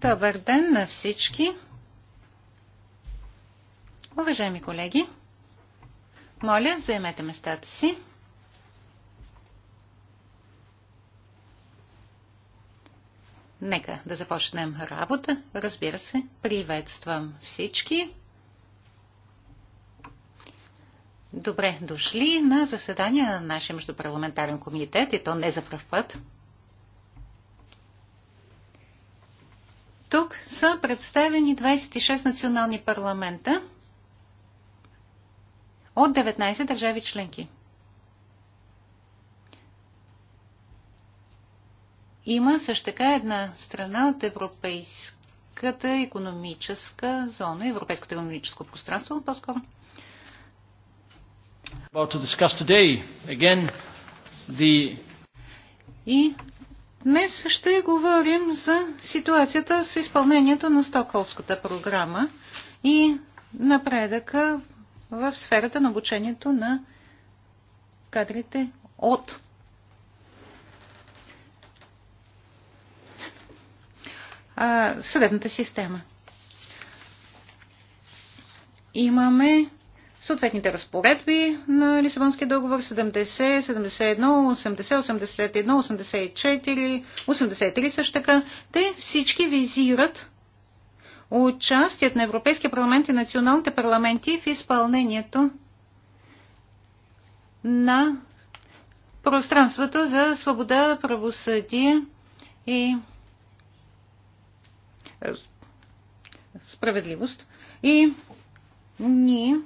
Добър ден на всички. Уважаеми колеги, моля, заемете местата си. Нека да започнем работа. Разбира се, приветствам всички. Добре дошли на заседание на нашия междупарламентарен комитет и то не за пръв път. Тук са представени 26 национални парламента от 19 държави членки. Има също така една страна от Европейската економическа зона, Европейското економическо пространство, по-скоро. The... И Днес ще говорим за ситуацията с изпълнението на Стокхолмската програма и напредъка в сферата на обучението на кадрите от съдебната система. Имаме съответните разпоредби на Лисабонския договор 70, 71, 80, 81, 84, 83 също така. Те всички визират участият на Европейския парламент и националните парламенти в изпълнението на пространството за свобода, правосъдие и е, справедливост. И ние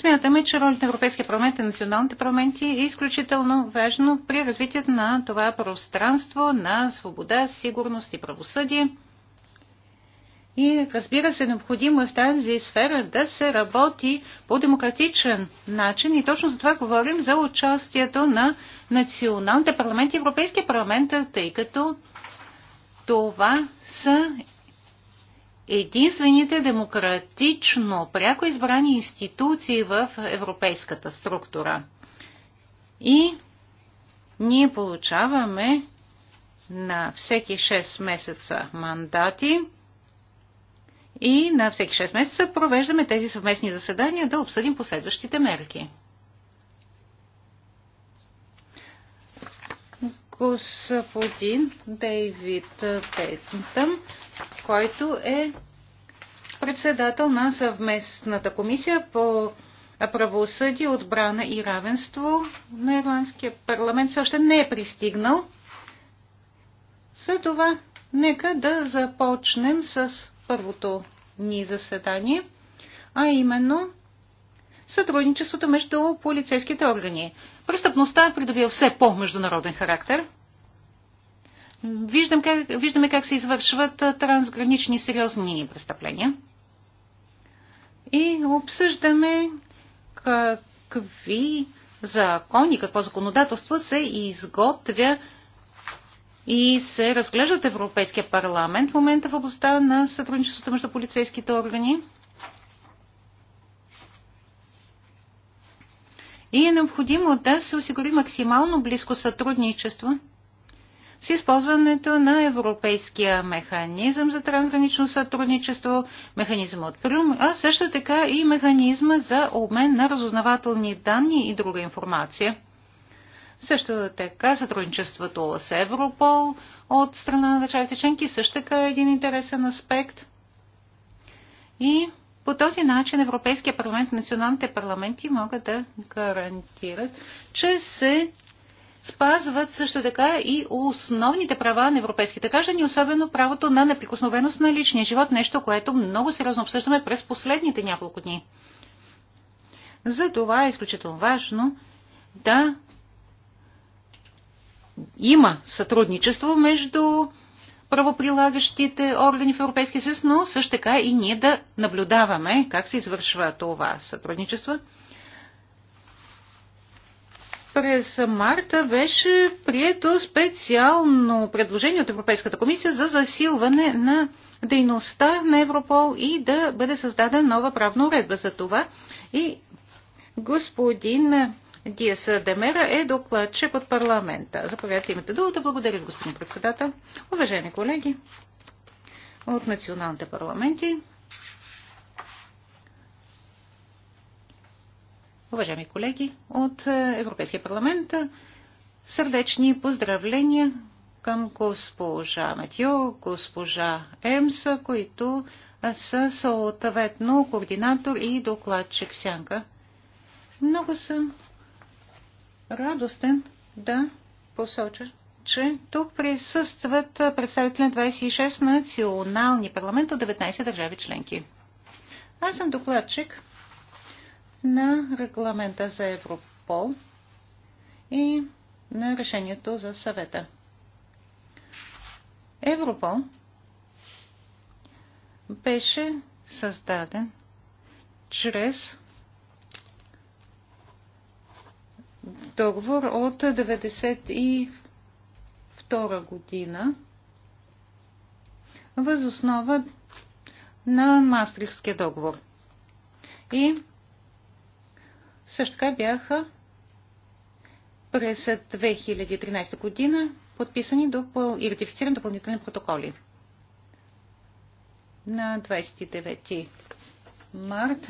Смятаме, че ролята на Европейския парламент и националните парламенти е изключително важно при развитието на това пространство на свобода, сигурност и правосъдие. И разбира се, необходимо е в тази сфера да се работи по демократичен начин и точно за това говорим за участието на националните парламенти и Европейския парламент, тъй като това са единствените демократично пряко избрани институции в европейската структура. И ние получаваме на всеки 6 месеца мандати и на всеки 6 месеца провеждаме тези съвместни заседания да обсъдим последващите мерки. Господин Дейвид Пентъм който е председател на съвместната комисия по правосъдие, отбрана и равенство на Ирландския парламент. Все още не е пристигнал. За това нека да започнем с първото ни заседание, а именно сътрудничеството между полицейските органи. Престъпността е придобива все по-международен характер – Виждам как, виждаме как се извършват трансгранични сериозни престъпления. И обсъждаме какви закони, какво законодателство се изготвя и се разглеждат Европейския парламент в момента в областта на сътрудничеството между полицейските органи. И е необходимо да се осигури максимално близко сътрудничество – с използването на европейския механизъм за трансгранично сътрудничество, механизъм от Прюм, а също така и механизма за обмен на разузнавателни данни и друга информация. Също така сътрудничеството с Европол от страна на държавите членки също така е един интересен аспект. И по този начин Европейския парламент и националните парламенти могат да гарантират, че се спазват също така и основните права на европейските граждани, особено правото на неприкосновеност на личния живот, нещо, което много сериозно обсъждаме през последните няколко дни. За това е изключително важно да има сътрудничество между правоприлагащите органи в Европейския съюз, но също така и ние да наблюдаваме как се извършва това сътрудничество през марта беше прието специално предложение от Европейската комисия за засилване на дейността на Европол и да бъде създадена нова правна уредба за това. И господин Диас Демера е докладчик от парламента. Заповядайте имате думата. Благодаря ви, господин председател. Уважаеми колеги от националните парламенти, Уважаеми колеги от е, Европейския парламент, сърдечни поздравления към госпожа Матио, госпожа Емс, които са съответно координатор и докладчик Сянка. Много съм радостен да посоча, че тук присъстват представители на 26 национални парламента от 19 държави членки. Аз съм докладчик на регламента за Европол и на решението за съвета. Европол беше създаден чрез договор от 1992 година възоснова на Мастрихския договор. И също така бяха през 2013 година подписани допъл... и ратифицирани допълнителни протоколи. На 29 март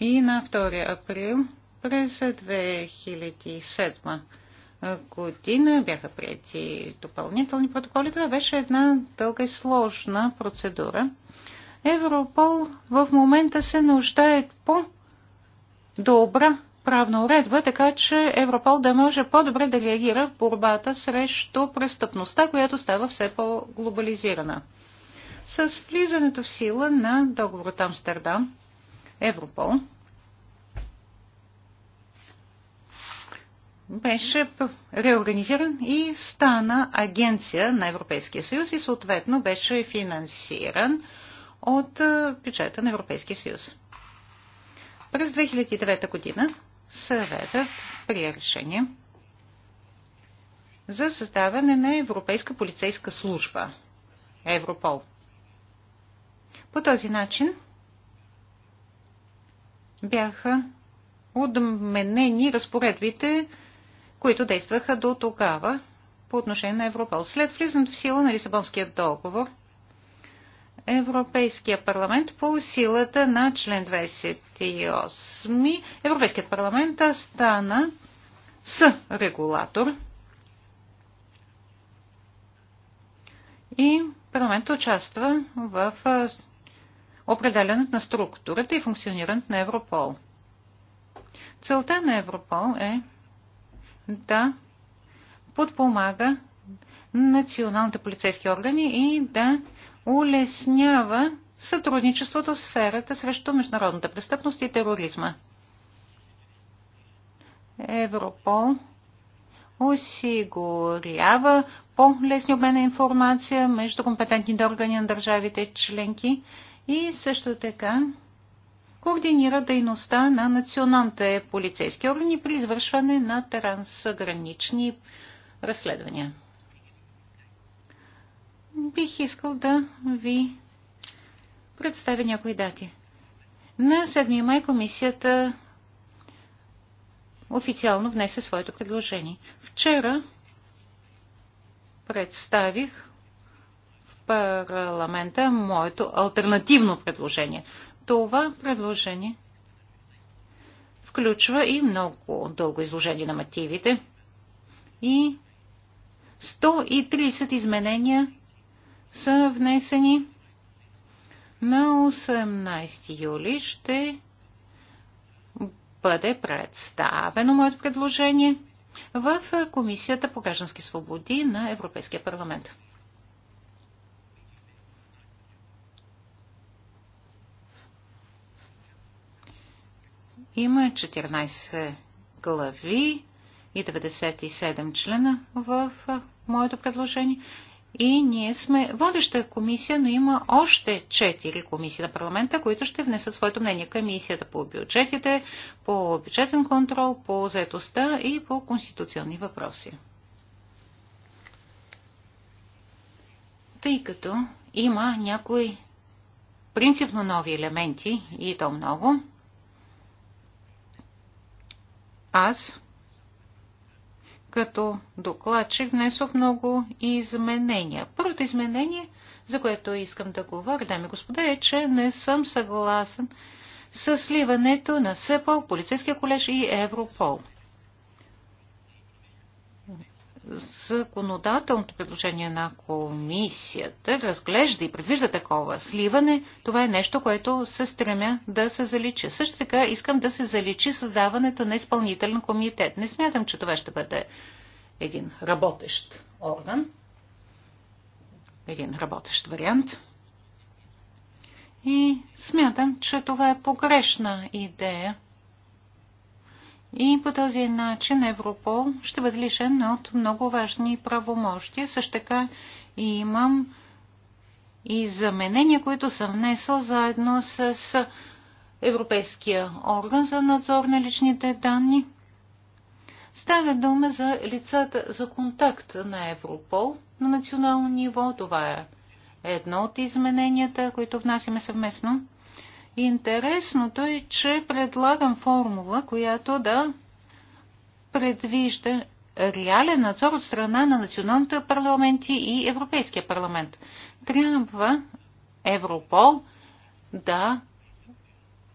и на 2 април през 2007 година бяха прияти допълнителни протоколи. Това беше една дълга и сложна процедура. Европол в момента се нуждае по добра правна уредба, така че Европол да може по-добре да реагира в борбата срещу престъпността, която става все по-глобализирана. С влизането в сила на договор от Амстердам, Европол беше реорганизиран и стана агенция на Европейския съюз и съответно беше финансиран от е, бюджета на Европейския съюз. През 2009 година съветът прие решение за създаване на Европейска полицейска служба Европол. По този начин бяха отменени разпоредбите, които действаха до тогава по отношение на Европол. След влизането в сила на Лисабонския договор – Европейския парламент по силата на член 28. Европейският парламент стана с регулатор и парламентът участва в определенът на структурата и функционирането на Европол. Целта на Европол е да подпомага националните полицейски органи и да улеснява сътрудничеството в сферата срещу международната престъпност и тероризма. Европол осигурява по-лесни обмен на информация между компетентните органи на държавите членки и също така координира дейността на националните полицейски органи при извършване на трансгранични разследвания бих искал да ви представя някои дати. На 7 май комисията официално внесе своето предложение. Вчера представих в парламента моето альтернативно предложение. Това предложение включва и много дълго изложение на мотивите и 130 изменения са внесени. На 18 юли ще бъде представено моето предложение в Комисията по граждански свободи на Европейския парламент. Има 14 глави и 97 члена в моето предложение и ние сме водеща комисия, но има още четири комисии на парламента, които ще внесат своето мнение. Комисията по бюджетите, по бюджетен контрол, по заетостта и по конституционни въпроси. Тъй като има някои принципно нови елементи и то много, аз като докладчик внесох много изменения. Първото изменение, за което искам да говоря, дами и господа, е, че не съм съгласен с сливането на СЕПОЛ, Полицейския колеж и Европол законодателното предложение на комисията разглежда и предвижда такова сливане, това е нещо, което се стремя да се заличи. Също така искам да се заличи създаването на изпълнителен комитет. Не смятам, че това ще бъде един работещ орган, един работещ вариант. И смятам, че това е погрешна идея и по този начин Европол ще бъде лишен от много важни правомощи. Също така и имам и заменения, които съм внесъл заедно с Европейския орган за надзор на личните данни. Ставя дума за лицата за контакт на Европол на национално ниво. Това е едно от измененията, които внасяме съвместно. Интересното е, че предлагам формула, която да предвижда реален надзор от страна на националните парламенти и Европейския парламент. Трябва Европол да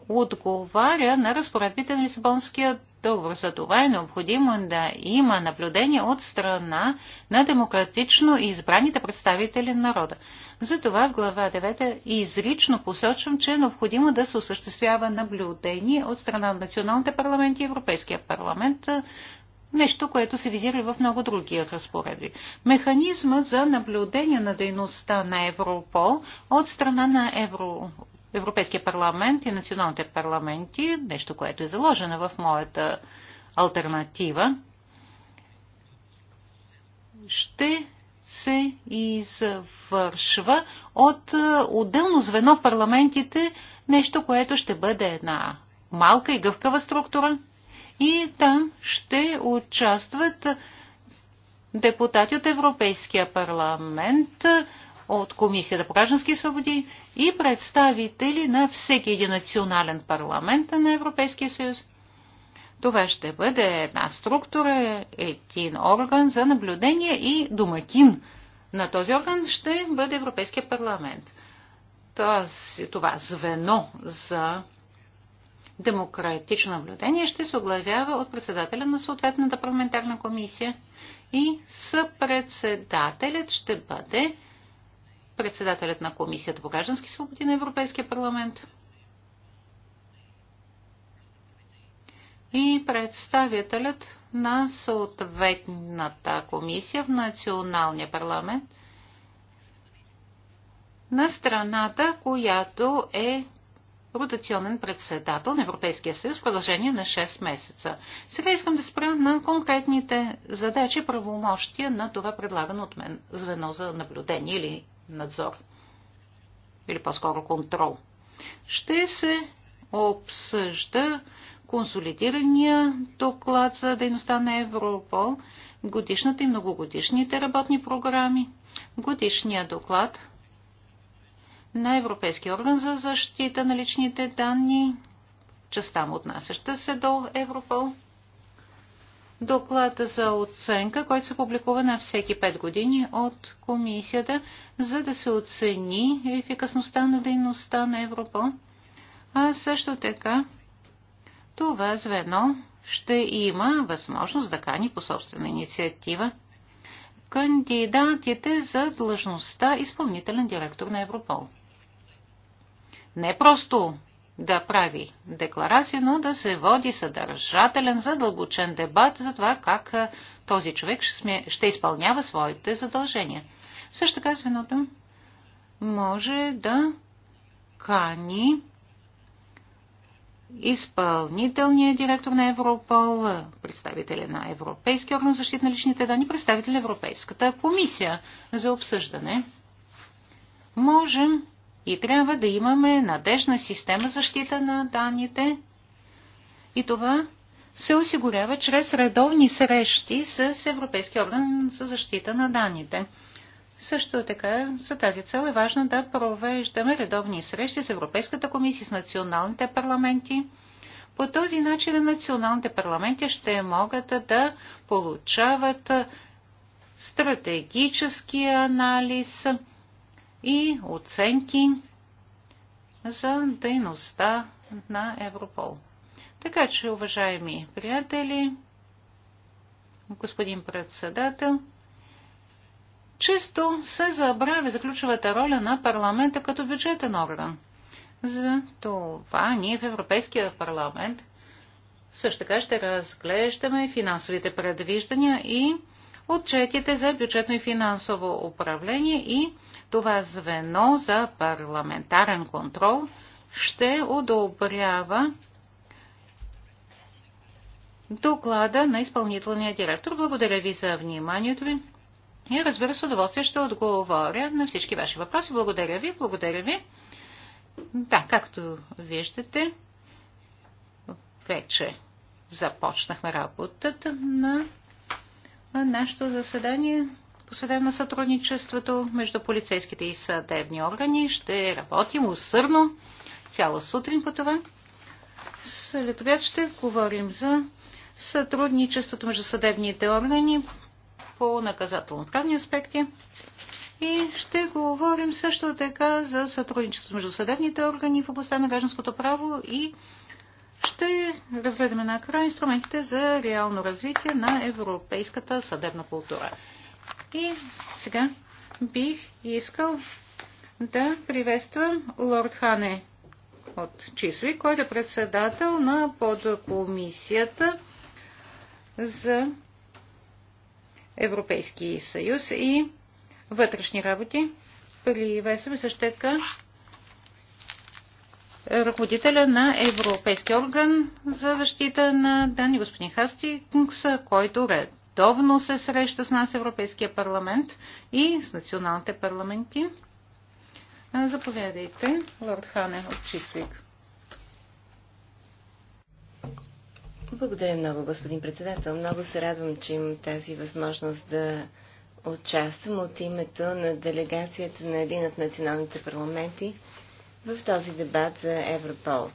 отговаря на разпоредбите на Лисабонския договор. За това е необходимо да има наблюдение от страна на демократично избраните представители на народа. Затова в глава 9 изрично посочвам, че е необходимо да се осъществява наблюдение от страна на националните парламенти и Европейския парламент, нещо, което се визира в много други разпоредби. Механизма за наблюдение на дейността на Европол от страна на Евро... Европейския парламент и националните парламенти, нещо, което е заложено в моята альтернатива, ще се извършва от е, отделно звено в парламентите, нещо, което ще бъде една малка и гъвкава структура. И там ще участват депутати от Европейския парламент, от Комисията по граждански свободи и представители на всеки един национален парламент на Европейския съюз. Това ще бъде една структура, един орган за наблюдение и домакин на този орган ще бъде Европейския парламент. Този, това звено за демократично наблюдение ще се оглавява от председателя на съответната парламентарна комисия и съпредседателят ще бъде председателят на Комисията по граждански свободи на Европейския парламент. и представителят на съответната комисия в националния парламент на страната, която е ротационен председател на Европейския съюз в продължение на 6 месеца. Сега искам да спра на конкретните задачи, правомощия на това предлагано от мен звено за наблюдение или надзор, или по-скоро контрол. Ще се обсъжда консолидирания доклад за дейността на Европол, годишната и многогодишните работни програми, годишния доклад на Европейския орган за защита на личните данни, частта му отнасяща се до Европол, доклада за оценка, който се публикува на всеки 5 години от комисията, за да се оцени ефикасността на дейността на Европол, а също така това звено ще има възможност да кани по собствена инициатива кандидатите за длъжността изпълнителен директор на Европол. Не просто да прави декларация, но да се води съдържателен, задълбочен дебат за това как този човек ще изпълнява своите задължения. Също така звеното може да кани изпълнителният директор на Европол, представителя на Европейския орган за защита на личните данни, представител на Европейската комисия за обсъждане. Можем и трябва да имаме надежна система защита на данните и това се осигурява чрез редовни срещи с Европейския орган за защита на данните. Също така, за тази цел е важно да провеждаме редовни срещи с Европейската комисия, с националните парламенти. По този начин националните парламенти ще могат да получават стратегически анализ и оценки за дейността на Европол. Така че, уважаеми приятели, господин председател, често се забравя заключвата роля на парламента като бюджетен орган. За това ние в Европейския парламент също така ще разглеждаме финансовите предвиждания и отчетите за бюджетно и финансово управление и това звено за парламентарен контрол ще одобрява доклада на изпълнителния директор. Благодаря ви за вниманието ви. И разбира се, удоволствие ще отговоря на всички ваши въпроси. Благодаря ви, благодаря ви. Да, както виждате, вече започнахме работата на нашето заседание посветено на сътрудничеството между полицейските и съдебни органи. Ще работим усърно цяла сутрин по това. След обяд ще говорим за сътрудничеството между съдебните органи по наказателно-правни аспекти. И ще говорим също така за сътрудничество между съдебните органи в областта на гражданското право и ще разгледаме накрая инструментите за реално развитие на европейската съдебна култура. И сега бих искал да приветствам лорд Хане от Чисви, който е председател на подкомисията за Европейски съюз и вътрешни работи. Приветствам също така ръководителя на Европейски орган за защита на данни, господин Хастингс, който редовно се среща с нас Европейския парламент и с националните парламенти. Заповядайте, лорд Хане от Чисвик. Благодаря много, господин председател. Много се радвам, че имам тази възможност да участвам от името на делегацията на един от националните парламенти в този дебат за Европол.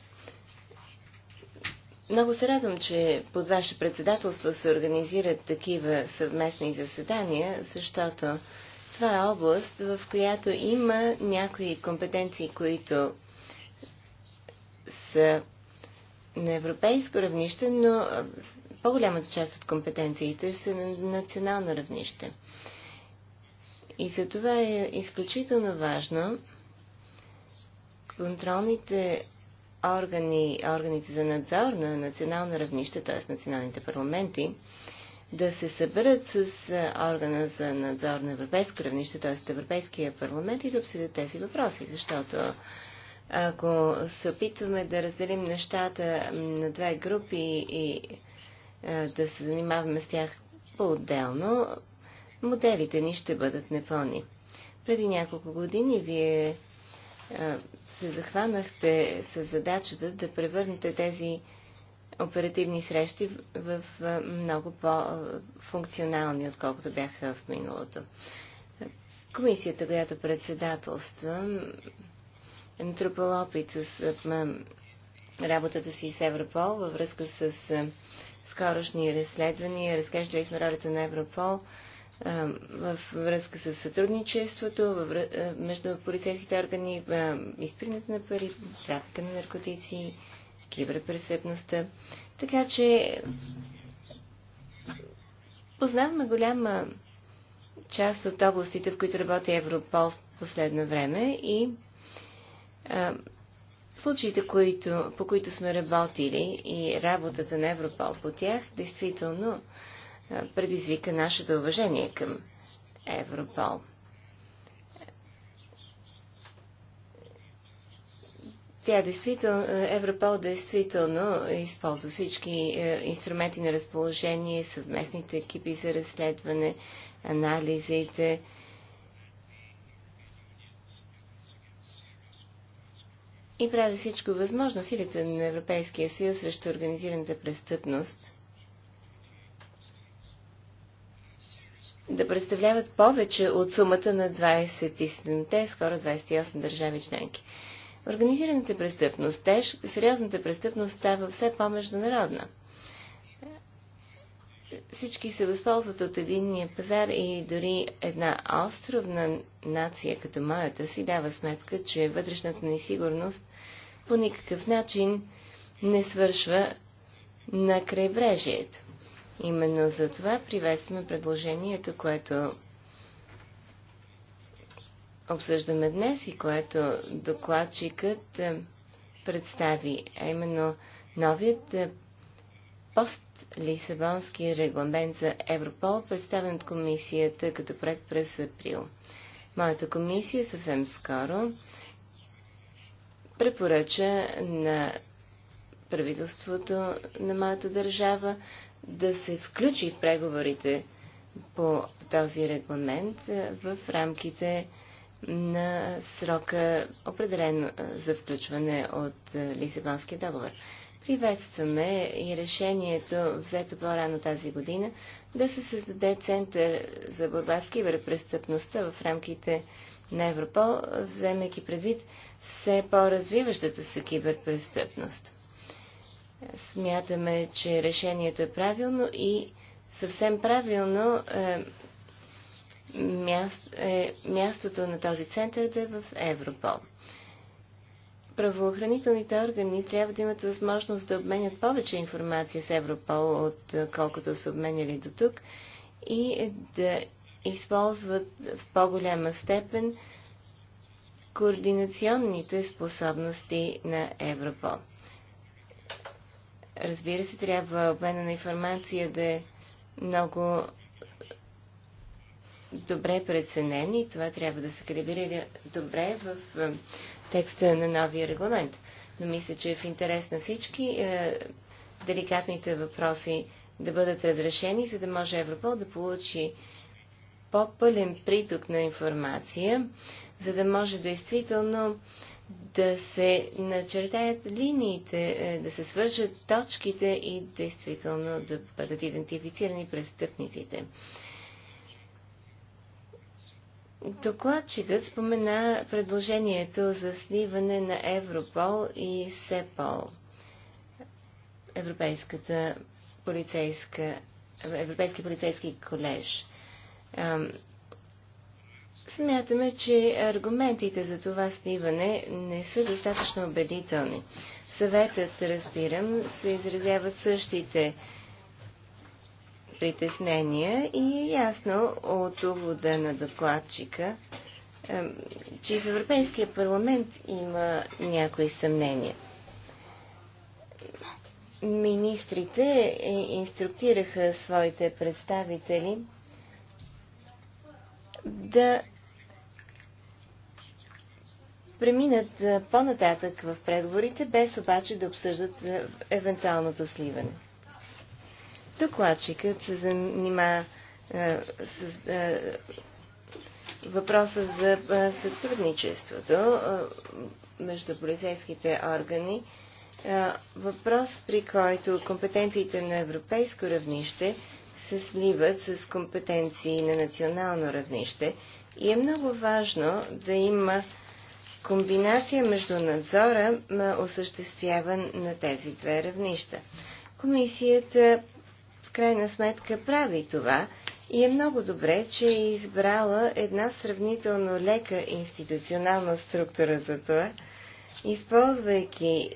Много се радвам, че под ваше председателство се организират такива съвместни заседания, защото това е област, в която има някои компетенции, които са на европейско равнище, но по-голямата част от компетенциите са на национално равнище. И за това е изключително важно контролните органи, органите за надзор на национално равнище, т.е. националните парламенти, да се съберат с органа за надзор на европейско равнище, т.е. Европейския парламент и да обсъдят тези въпроси, защото ако се опитваме да разделим нещата на две групи и да се занимаваме с тях по-отделно, моделите ни ще бъдат непълни. Преди няколко години вие се захванахте с задачата да превърнете тези оперативни срещи в много по-функционални, отколкото бяха в миналото. Комисията, която председателствам, натрупал е, опит с е, е, работата си с Европол във връзка с скорошни разследвания. Разкажете сме ролята на Европол във връзка с сътрудничеството между полицейските органи, изпирането на пари, трафика на наркотици, киберпресъпността. Така че познаваме голяма част от областите, в които работи Европол в последно време и е, случаите, които, по които сме работили и работата на Европол по тях, действително е, предизвика нашето уважение към Европол. Тя действително, Европол действително използва всички е, инструменти на разположение, съвместните екипи за разследване, анализите, и прави всичко възможно силите на Европейския съюз срещу организираната престъпност да представляват повече от сумата на 27-те, скоро 28 държави членки. Организираната престъпност, теж, сериозната престъпност става все по-международна – всички се възползват от единния пазар и дори една островна нация като моята си дава сметка, че вътрешната несигурност по никакъв начин не свършва на крайбрежието. Именно за това приветстваме предложението, което обсъждаме днес и което докладчикът е, представи, а именно новият е, пост лисабонския регламент за Европол, представен от комисията като проект през април. Моята комисия съвсем скоро препоръча на правителството на моята държава да се включи в преговорите по този регламент в рамките на срока определен за включване от Лисабонския договор. Приветстваме и решението, взето по-рано тази година, да се създаде Център за борба с киберпрестъпността в рамките на Европол, вземайки предвид все по-развиващата се киберпрестъпност. Смятаме, че решението е правилно и съвсем правилно е, място, е мястото на този център да е в Европол правоохранителните органи трябва да имат възможност да обменят повече информация с Европол, отколкото е, са обменяли до тук, и да използват в по-голяма степен координационните способности на Европол. Разбира се, трябва обмена на информация да е много добре преценен и това трябва да се калибрира добре в е, текста на новия регламент. Но мисля, че е в интерес на всички е, деликатните въпроси да бъдат разрешени, за да може Европол да получи по-пълен приток на информация, за да може действително да се начертаят линиите, е, да се свържат точките и действително да бъдат идентифицирани престъпниците. Докладчикът спомена предложението за сливане на Европол и СЕПОЛ, Европейската полицейска, Европейски полицейски колеж. Смятаме, че аргументите за това сливане не са достатъчно убедителни. Съветът, разбирам, се изразява същите притеснения и е ясно от увода на докладчика, че в Европейския парламент има някои съмнения. Министрите е, инструктираха своите представители да преминат е, по-нататък в преговорите, без обаче да обсъждат е, евентуалното сливане. Докладчикът се занима е, с е, въпроса за е, сътрудничеството между полицейските органи. Въпрос, при който компетенциите на европейско равнище се сливат с компетенции на национално равнище и е много важно да има комбинация между надзора, осъществяван на тези две равнища. Комисията крайна сметка прави това и е много добре, че е избрала една сравнително лека институционална структура за това, използвайки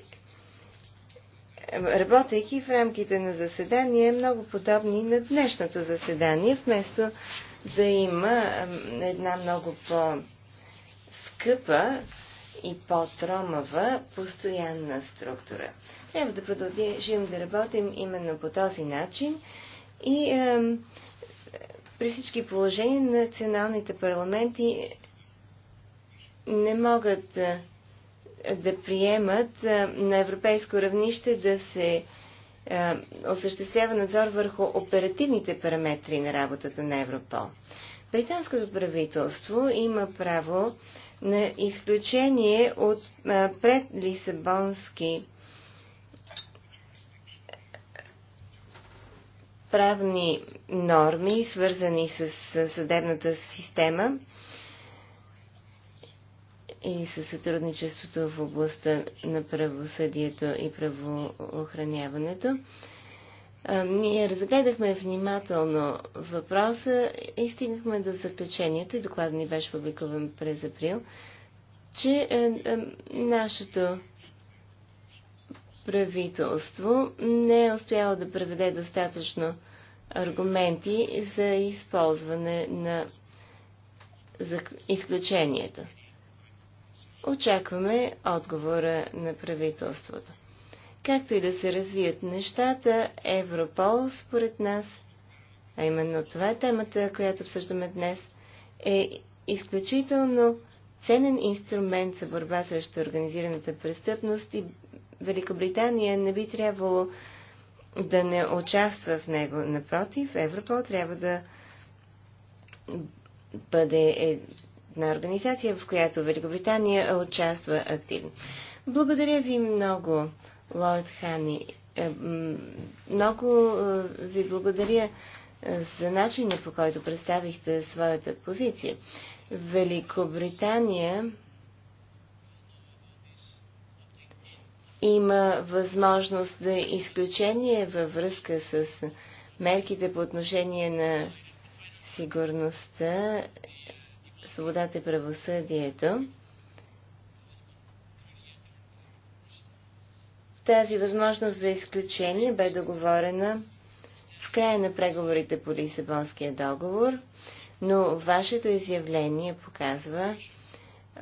работейки в рамките на заседания, много подобни на днешното заседание, вместо да има една много по-скъпа и по-тромава постоянна структура. Трябва да продължим да работим именно по този начин и е, при всички положения националните парламенти не могат да, да приемат е, на европейско равнище да се е, осъществява надзор върху оперативните параметри на работата на Европол. Британското правителство има право на изключение от пред Лисабонски правни норми, свързани с съдебната система и със сътрудничеството в областта на правосъдието и правоохраняването. Ние разгледахме внимателно въпроса и стигнахме до заключението, и докладът ни беше публикуван през април, че е, е, нашето правителство не е успяло да преведе достатъчно аргументи за използване на изключението. Очакваме отговора на правителството. Както и да се развият нещата, Европол, според нас, а именно това е темата, която обсъждаме днес, е изключително ценен инструмент за борба срещу организираната престъпност и Великобритания не би трябвало да не участва в него. Напротив, Европол трябва да бъде една организация, в която Великобритания участва активно. Благодаря ви много, лорд Хани. Е, много е, ви благодаря е, за начина по който представихте своята позиция. Великобритания има възможност за изключение във връзка с мерките по отношение на сигурността, свободата и правосъдието. Тази възможност за изключение бе договорена в края на преговорите по Лисабонския договор, но вашето изявление показва,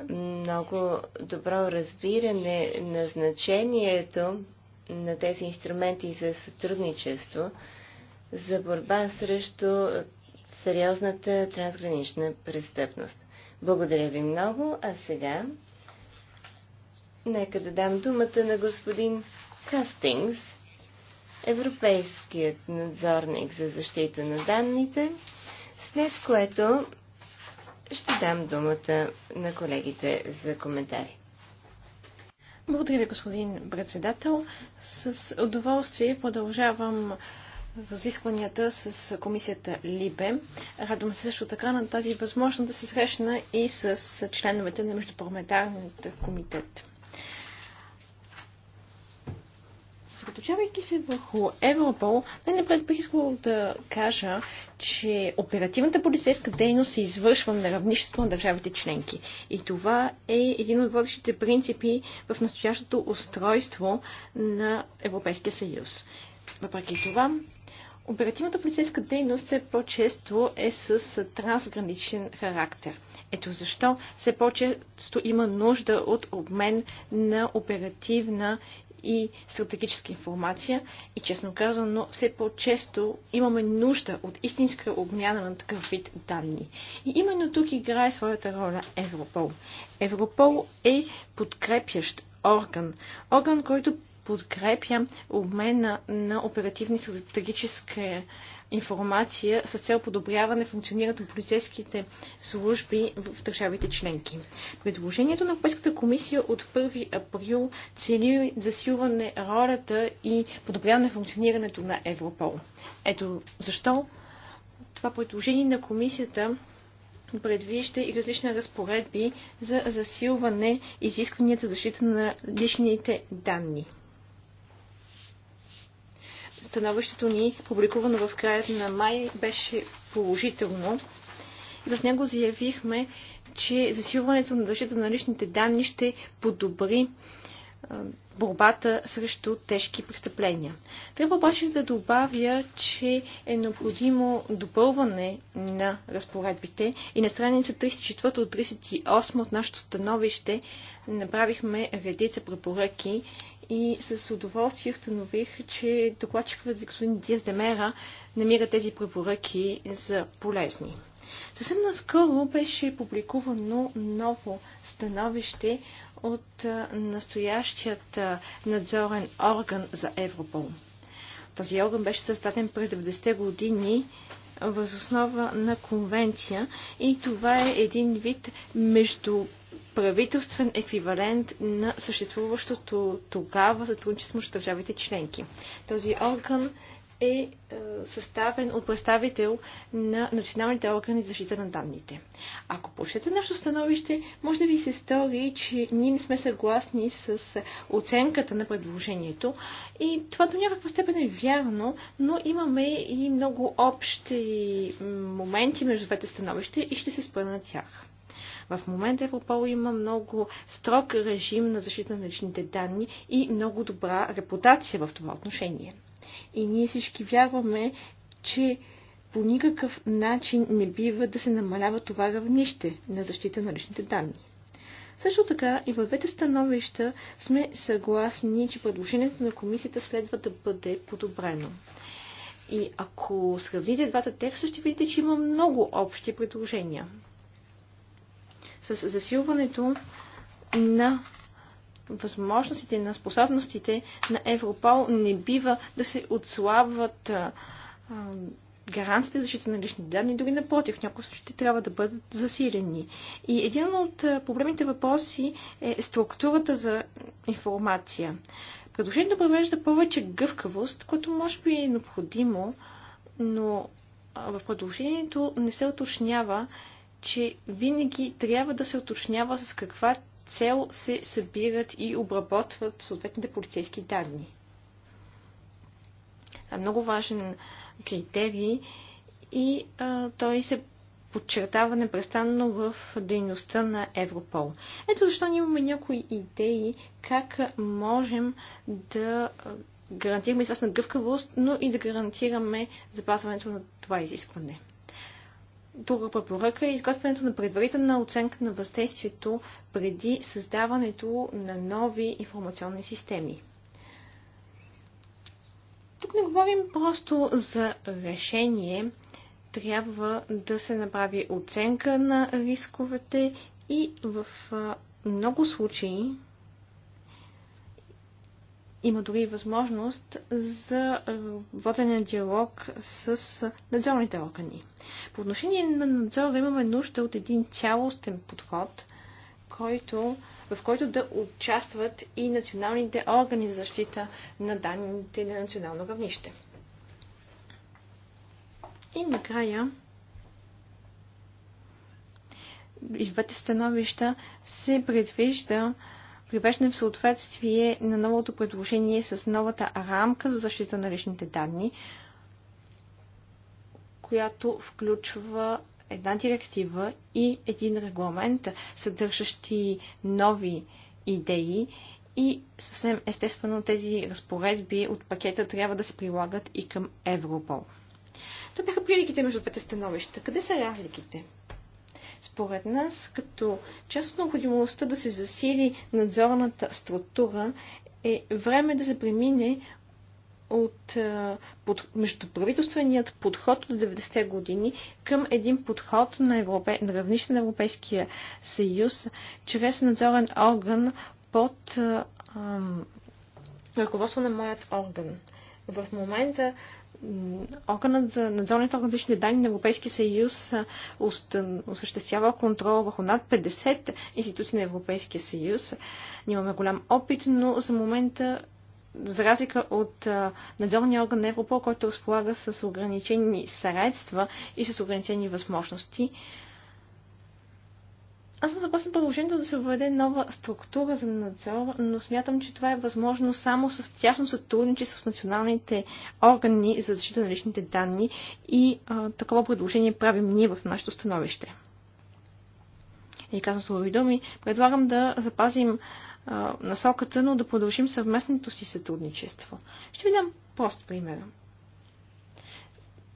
много добро разбиране на значението на тези инструменти за сътрудничество за борба срещу сериозната трансгранична престъпност. Благодаря ви много, а сега нека да дам думата на господин Хастингс, Европейският надзорник за защита на данните, след което ще дам думата на колегите за коментари. Благодаря господин председател. С удоволствие продължавам разискванията с комисията Либе. Радвам се също така на тази възможност да се срещна и с членовете на Междупарламентарната комитет. Съсредоточавайки се върху Европол, най-напред бих искал да кажа, че оперативната полицейска дейност се извършва на равнището на държавите членки. И това е един от водещите принципи в настоящото устройство на Европейския съюз. Въпреки това, оперативната полицейска дейност все по-често е с трансграничен характер. Ето защо все по-често има нужда от обмен на оперативна и стратегическа информация. И честно казано, все по-често имаме нужда от истинска обмяна на такъв вид данни. И именно тук играе своята роля Европол. Европол е подкрепящ орган. Орган, който подкрепя обмена на оперативни стратегически информация с цел подобряване функционирането на полицейските служби в държавите членки. Предложението на Европейската комисия от 1 април цели засилване ролята и подобряване функционирането на Европол. Ето защо това предложение на комисията предвижда и различни разпоредби за засилване изискванията за защита на личните данни становището ни, публикувано в края на май, беше положително. И в него заявихме, че засилването на защита на личните данни ще подобри е, борбата срещу тежки престъпления. Трябва обаче да добавя, че е необходимо допълване на разпоредбите и на страница 34 от 38 от нашето становище направихме редица препоръки и с удоволствие установих, че докладчикът господин Диас Демера намира тези препоръки за полезни. Съвсем наскоро беше публикувано ново становище от настоящият надзорен орган за Европол. Този орган беше създаден през 90-те години възоснова на конвенция и това е един вид между правителствен еквивалент на съществуващото тогава сътрудничество с държавите членки. Този орган е, е съставен от представител на националните органи за защита на данните. Ако почете нашето становище, може да ви се стори, че ние не сме съгласни с оценката на предложението и това до някаква степен е вярно, но имаме и много общи моменти между двете становища и ще се спра на тях. В момента Европол има много строг режим на защита на личните данни и много добра репутация в това отношение. И ние всички вярваме, че по никакъв начин не бива да се намалява това равнище на защита на личните данни. Също така и във двете становища сме съгласни, че предложението на комисията следва да бъде подобрено. И ако сравните двата текста, ще видите, че има много общи предложения. С засилването на възможностите, на способностите на Европол не бива да се отслабват гаранциите за защита на лични данни, дори напротив, в някои случаи трябва да бъдат засилени. И един от проблемните въпроси е структурата за информация. Предложението провежда повече гъвкавост, което може би е необходимо, но в предложението не се уточнява, че винаги трябва да се уточнява с каква цел се събират и обработват съответните полицейски данни. Е много важен критерий и а, той се подчертава непрестанно в дейността на Европол. Ето защо ние имаме някои идеи как можем да гарантираме известна гъвкавост, но и да гарантираме запазването на това изискване друга препоръка е изготвянето на предварителна оценка на въздействието преди създаването на нови информационни системи. Тук не говорим просто за решение, трябва да се направи оценка на рисковете и в много случаи има дори възможност за е, водене на диалог с надзорните органи. По отношение на надзора имаме нужда от един цялостен подход, който, в който да участват и националните органи за защита на данните на национално равнище. И накрая и в двете становища се предвижда привеждане в съответствие на новото предложение с новата рамка за защита на личните данни, която включва една директива и един регламент, съдържащи нови идеи и съвсем естествено тези разпоредби от пакета трябва да се прилагат и към Европол. Това бяха приликите между двете становища. Къде са разликите? Според нас, като част от необходимостта да се засили надзорната структура, е време да се премине от под, междуправителственият подход от 90-те години към един подход на, Европе, на равнище на Европейския съюз, чрез надзорен орган под ръководство на моят орган. В момента Органът за надзорните органични данни на Европейския съюз осъществява контрол върху над 50 институции на Европейския съюз. Нямаме голям опит, но за момента за разлика от надзорния орган на Европол, който разполага с ограничени средства и с ограничени възможности, аз съм съгласен предложението да се въведе нова структура за надзор, но смятам, че това е възможно само с тяхно сътрудничество с националните органи за защита на личните данни и а, такова предложение правим ние в нашето становище. И казвам слови думи, предлагам да запазим а, насоката, но да продължим съвместното си сътрудничество. Ще ви дам прост пример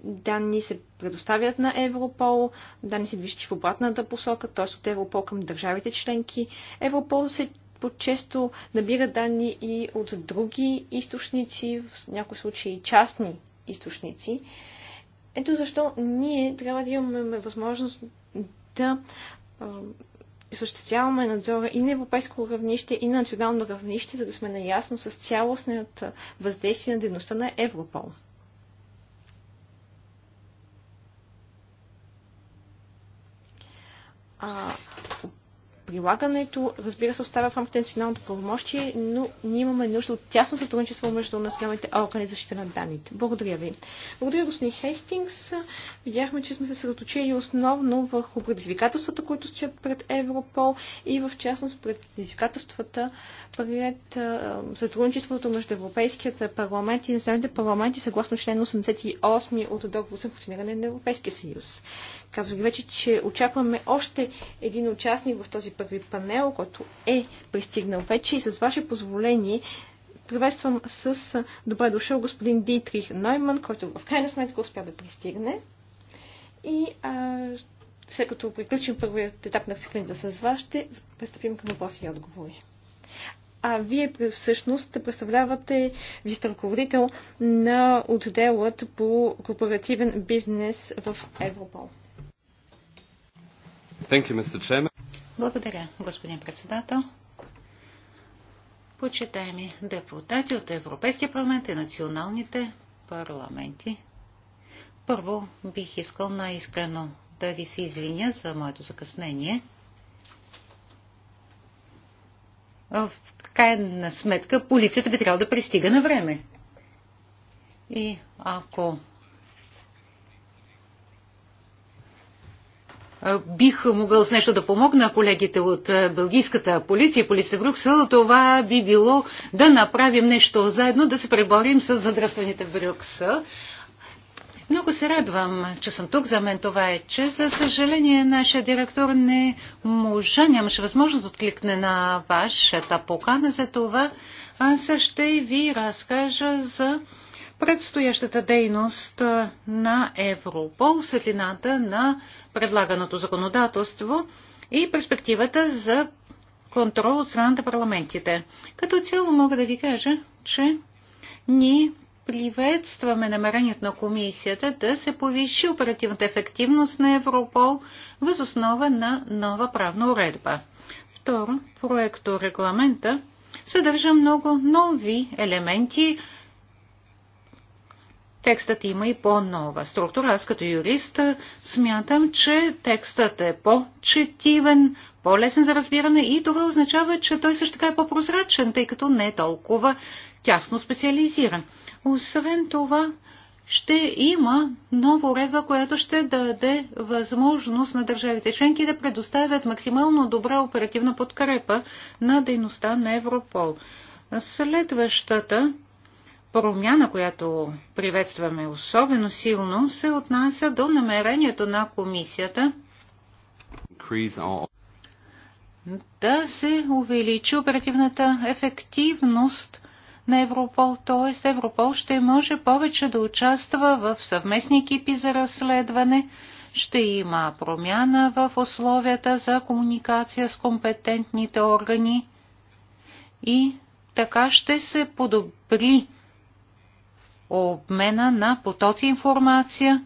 данни се предоставят на Европол, данни се движат в обратната посока, т.е. от Европол към държавите членки. Европол се по-често набира данни и от други източници, в някои случаи частни източници. Ето защо ние трябва да имаме възможност да осъществяваме надзора и на европейско равнище, и на национално равнище, за да сме наясно с цялостният въздействие на дейността на Европол. а, Прилагането, разбира се, остава в рамките на националното правомощие, но ние имаме нужда от тясно сътрудничество между националните органи за защита на данните. Благодаря ви. Благодаря, господин Хейстингс. Видяхме, че сме се съсредоточили основно върху предизвикателствата, които стоят пред Европол и в частност предизвикателствата пред сътрудничеството между Европейският парламент и националните парламенти съгласно член 88 от договор за функциониране на Европейския съюз. Казвам вече, че очакваме още един участник в този първи панел, който е пристигнал вече и с ваше позволение приветствам с добре дошъл господин Дитрих Нойман, който в крайна сметка успя да пристигне. И а, след като приключим първият етап на циклината с вас, ще пристъпим към въпроси и отговори. А вие всъщност представлявате, вие ръководител на отделът по корпоративен бизнес в Европол. Thank you, Mr. Chairman. Благодаря, господин председател. Почитаеми депутати от Европейския парламент и националните парламенти. Първо бих искал най-искрено да ви се извиня за моето закъснение. В крайна сметка полицията би трябвало да пристига на време. И ако бих могъл с нещо да помогна колегите от бългийската полиция и полиция в Брюксел, това би било да направим нещо заедно, да се преборим с задръстваните в Брюксел. Много се радвам, че съм тук. За мен това е че. За съжаление, нашия директор не можа, нямаше възможност да откликне на вашата покана. За това аз ще ви разкажа за предстоящата дейност на Европол, светлината на предлаганото законодателство и перспективата за контрол от страна на парламентите. Като цяло мога да ви кажа, че ние приветстваме намерението на комисията да се повиши оперативната ефективност на Европол въз основа на нова правна уредба. Второ, проекто регламента съдържа много нови елементи, Текстът има и по-нова структура. Аз като юрист смятам, че текстът е по-четивен, по-лесен за разбиране и това означава, че той също така е по-прозрачен, тъй като не е толкова тясно специализиран. Освен това, ще има нова уредба, която ще даде възможност на държавите членки да предоставят максимално добра оперативна подкрепа на дейността на Европол. Следващата промяна, която приветстваме особено силно, се отнася до намерението на комисията да се увеличи оперативната ефективност на Европол, т.е. Европол ще може повече да участва в съвместни екипи за разследване, ще има промяна в условията за комуникация с компетентните органи и така ще се подобри обмена на потоци информация.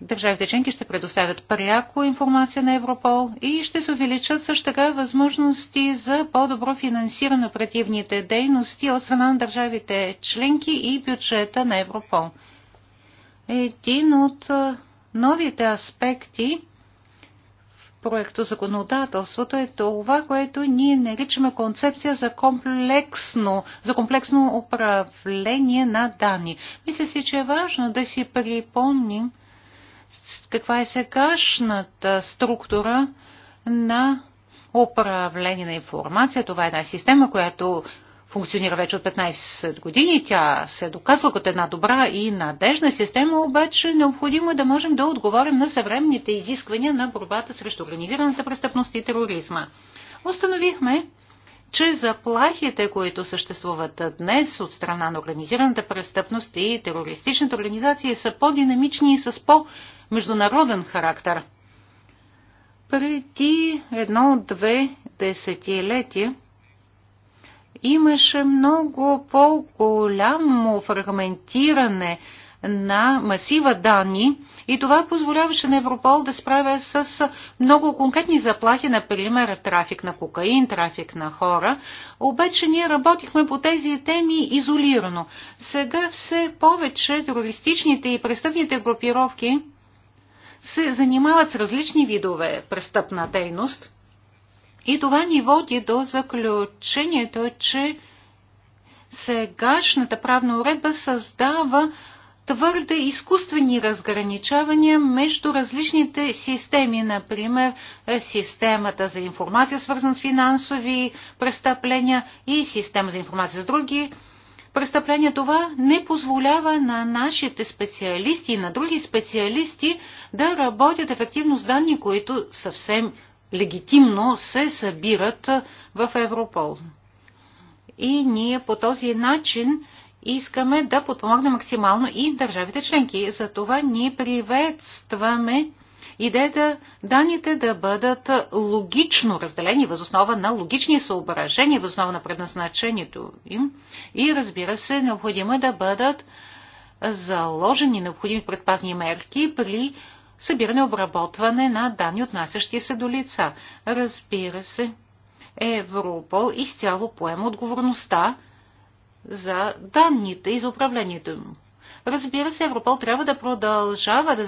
Държавите членки ще предоставят пряко информация на Европол и ще се увеличат също така възможности за по-добро финансиране на оперативните дейности от страна на държавите членки и бюджета на Европол. Един от новите аспекти – проекто законодателството е това, което ние наричаме концепция за комплексно, за комплексно управление на данни. Мисля си, че е важно да си припомним каква е сегашната структура на управление на информация. Това е една система, която функционира вече от 15 години. Тя се е доказала като една добра и надежна система, обаче необходимо е да можем да отговорим на съвременните изисквания на борбата срещу организираната престъпност и тероризма. Установихме, че заплахите, които съществуват днес от страна на организираната престъпност и терористичната организация са по-динамични и с по-международен характер. Преди едно-две десетилетия имаше много по-голямо фрагментиране на масива данни и това позволяваше на Европол да справя с много конкретни заплахи, например трафик на кокаин, трафик на хора. Обаче ние работихме по тези теми изолирано. Сега все повече терористичните и престъпните групировки се занимават с различни видове престъпна дейност – и това ни води до заключението, че сегашната правна уредба създава твърде изкуствени разграничавания между различните системи, например системата за информация, свързана с финансови престъпления и система за информация с други престъпления. Това не позволява на нашите специалисти и на други специалисти да работят ефективно с данни, които съвсем легитимно се събират в Европол. И ние по този начин искаме да подпомогнем максимално и държавите членки. Затова ние приветстваме идеята данните да бъдат логично разделени възоснова на логични съображения, възоснова на предназначението им и разбира се, необходимо е да бъдат заложени необходими предпазни мерки при събиране обработване на данни, отнасящи се до лица. Разбира се, Европол изцяло поема отговорността за данните и за управлението им. Разбира се, Европол трябва да продължава да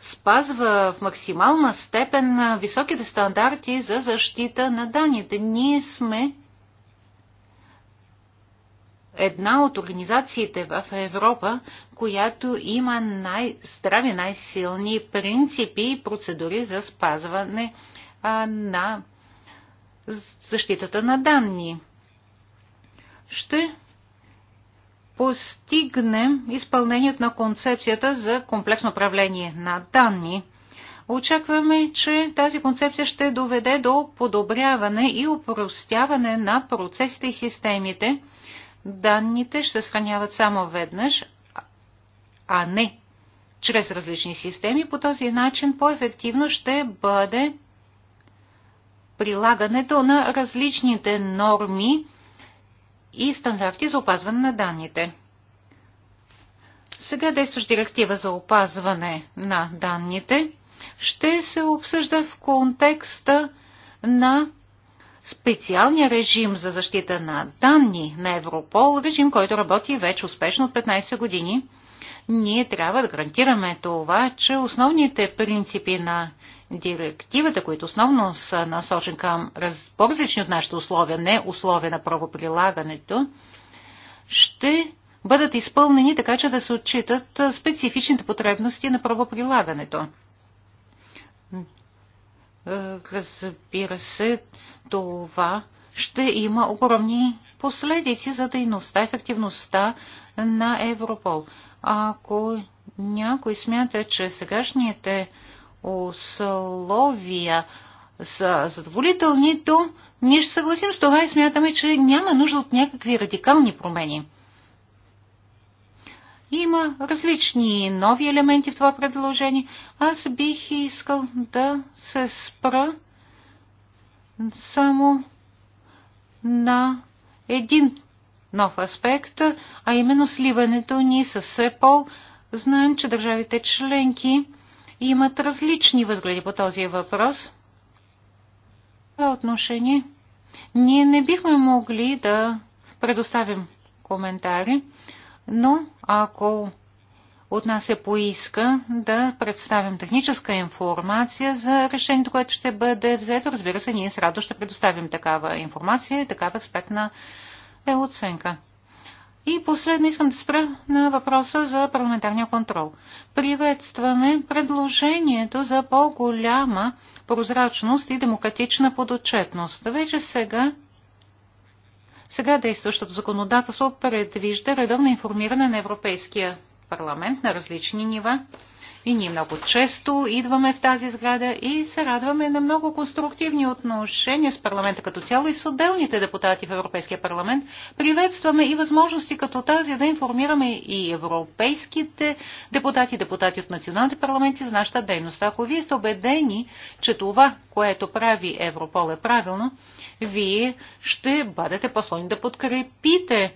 спазва в максимална степен високите стандарти за защита на данните. Ние сме една от организациите в Европа, която има най-здрави, най-силни принципи и процедури за спазване а, на защитата на данни. Ще постигнем изпълнението на концепцията за комплексно управление на данни. Очакваме, че тази концепция ще доведе до подобряване и упростяване на процесите и системите, данните ще се съхраняват само веднъж, а не чрез различни системи. По този начин по-ефективно ще бъде прилагането на различните норми и стандарти за опазване на данните. Сега действащ директива за опазване на данните ще се обсъжда в контекста на специалния режим за защита на данни на Европол, режим, който работи вече успешно от 15 години, ние трябва да гарантираме това, че основните принципи на директивата, които основно са насочени към по-различни от нашите условия, не условия на правоприлагането, ще бъдат изпълнени така, че да се отчитат специфичните потребности на правоприлагането. Разбира се, това ще има огромни последици за дейността, ефективността на Европол. Ако някой смята, че сегашните условия са задоволителни, то ние ще съгласим с това и смятаме, че няма нужда от някакви радикални промени. Има различни нови елементи в това предложение. Аз бих искал да се спра само на един нов аспект, а именно сливането ни с СЕПОЛ. Знаем, че държавите членки имат различни възгледи по този въпрос. В това отношение ние не бихме могли да предоставим коментари, но ако от нас се поиска да представим техническа информация за решението, което ще бъде взето. Разбира се, ние с радост ще предоставим такава информация и такава експертна е оценка. И последно искам да спра на въпроса за парламентарния контрол. Приветстваме предложението за по-голяма прозрачност и демократична подотчетност. Вече сега сега действащото законодателство предвижда редовно информиране на Европейския парламент на различни нива. И ние много често идваме в тази сграда и се радваме на много конструктивни отношения с парламента като цяло и с отделните депутати в Европейския парламент. Приветстваме и възможности като тази да информираме и европейските депутати, депутати от националните парламенти за нашата дейност. Ако вие сте убедени, че това, което прави Европол е правилно, вие ще бъдете послани да подкрепите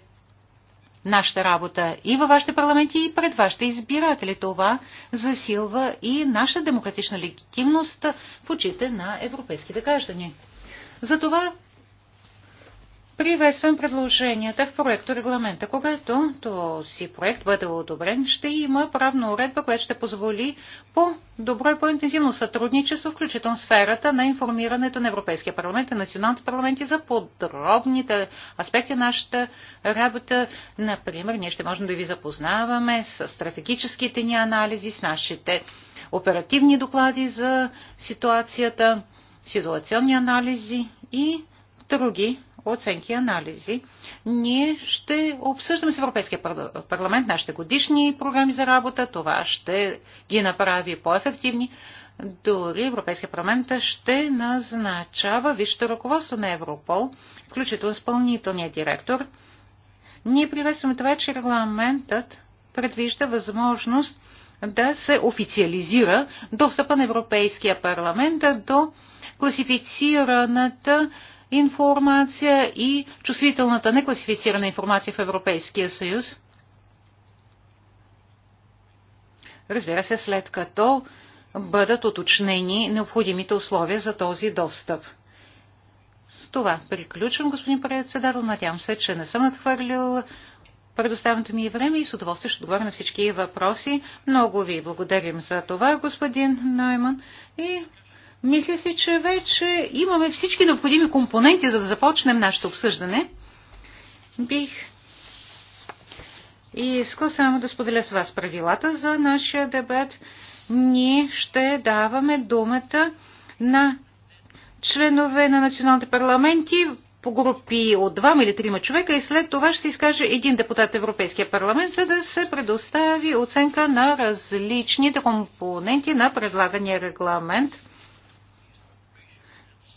нашата работа и във вашите парламенти, и пред вашите избиратели. Това засилва и наша демократична легитимност в очите на европейските граждани. Затова Приветствам предложенията в проекто регламента. Когато този проект бъде одобрен, ще има правна уредба, която ще позволи по-добро и по-интензивно сътрудничество, включително сферата на информирането на Европейския парламент и националните парламенти за подробните аспекти на нашата работа. Например, ние ще можем да ви запознаваме с стратегическите ни анализи, с нашите оперативни доклади за ситуацията, ситуационни анализи и други оценки и анализи. Ние ще обсъждаме с Европейския парламент нашите годишни програми за работа. Това ще ги направи по-ефективни. Дори Европейския парламент ще назначава висшето ръководство на Европол, включително изпълнителния директор. Ние приветстваме това, че регламентът предвижда възможност да се официализира достъпа на Европейския парламент до класифицираната информация и чувствителната некласифицирана информация в Европейския съюз. Разбира се, след като бъдат уточнени необходимите условия за този достъп. С това приключвам, господин председател. Надявам се, че не съм надхвърлил предоставеното ми време и с удоволствие ще отговоря на всички въпроси. Много ви благодарим за това, господин Нойман. И мисля си, че вече имаме всички необходими компоненти, за да започнем нашето обсъждане. Бих искал само да споделя с вас правилата за нашия дебат. Ние ще даваме думата на членове на националните парламенти по групи от двама или трима човека и след това ще се изкаже един депутат Европейския парламент, за да се предостави оценка на различните компоненти на предлагания регламент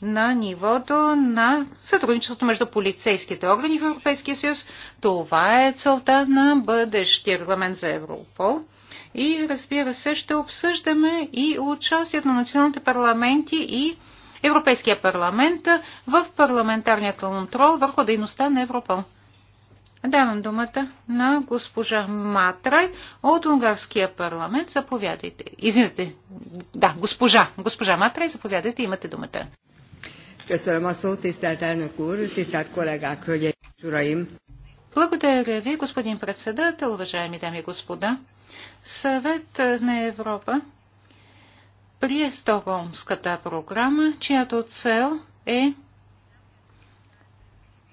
на нивото на сътрудничеството между полицейските органи в Европейския съюз. Това е целта на бъдещия регламент за Европол. И разбира се, ще обсъждаме и участието на националните парламенти и Европейския парламент в парламентарния контрол върху дейността на Европол. Давам думата на госпожа Матрай от Унгарския парламент. Заповядайте. Извинете. Да, госпожа. Госпожа Матрай, заповядайте. Имате думата. Köszönöm a szót, tisztelt elnök úr, tisztelt kollégák, hölgyeim és uraim! Благодаря ви, господин председател, уважаеми дами и господа. Съвет на Европа прие Стокхолмската програма, чиято цел е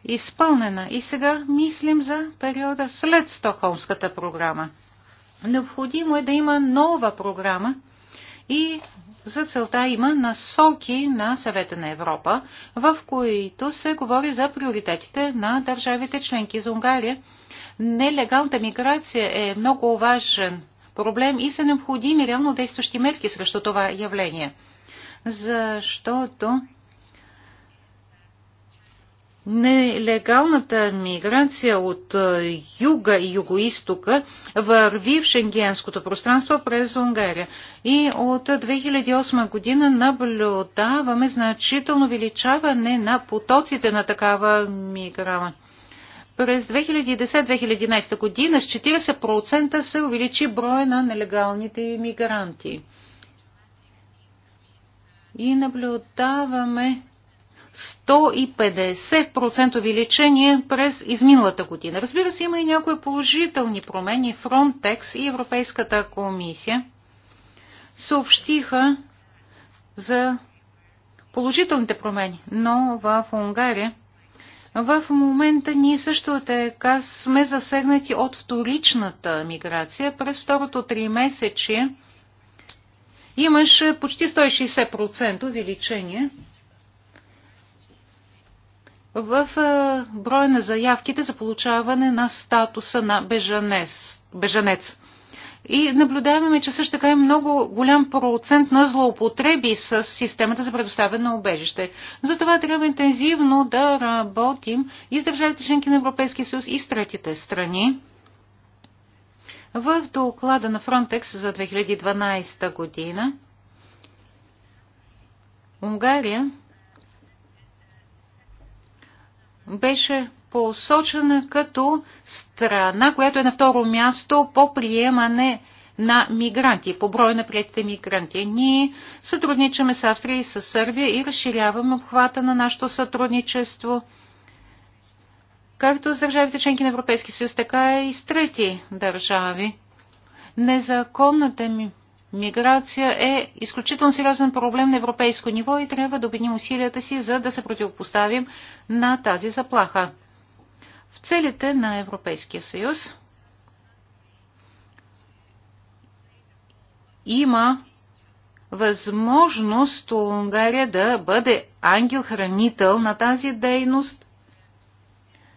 изпълнена. И сега мислим за периода след Стокхолмската програма. Необходимо е да има нова програма и за целта има насоки на съвета на Европа, в които се говори за приоритетите на държавите членки за Унгария. Нелегалната миграция е много важен проблем и са необходими реално действащи мерки срещу това явление. Защото Нелегалната миграция от е, юга и юго-истока върви в шенгенското пространство през Унгария. И от 2008 година наблюдаваме значително увеличаване на потоците на такава миграма. През 2010-2011 година с 40% се увеличи броя на нелегалните мигранти. И наблюдаваме 150% увеличение през изминалата година. Разбира се, има и някои положителни промени. Frontex и Европейската комисия съобщиха за положителните промени, но в Унгария в момента ние също така сме засегнати от вторичната миграция. През второто три месече имаше почти 160% увеличение в е, броя на заявките за получаване на статуса на бежанец. бежанец. И наблюдаваме, че също така е много голям процент на злоупотреби с системата за предоставяне на убежище. Затова трябва интензивно да работим и с държавите членки на Европейския съюз и с третите страни. В доклада на Frontex за 2012 година Унгария беше посочена като страна, която е на второ място по приемане на мигранти, по брой на приятите мигранти. Ние сътрудничаме с Австрия и с Сърбия и разширяваме обхвата на нашето сътрудничество както с държавите членки на Европейския съюз, така и с трети държави. Незаконната ми миграция е изключително сериозен проблем на европейско ниво и трябва да обединим усилията си, за да се противопоставим на тази заплаха. В целите на Европейския съюз има възможност Унгария да бъде ангел-хранител на тази дейност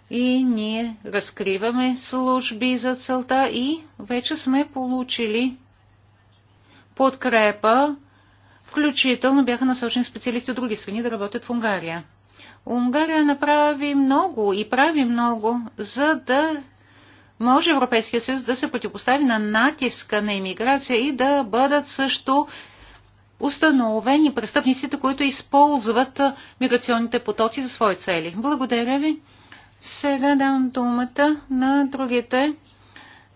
и ние разкриваме служби за целта и вече сме получили подкрепа, включително бяха насочени специалисти от други страни да работят в Унгария. Унгария направи много и прави много, за да може Европейския съюз да се противопостави на натиска на иммиграция и да бъдат също установени престъпниците, които използват миграционните потоци за свои цели. Благодаря ви. Сега дам думата на другите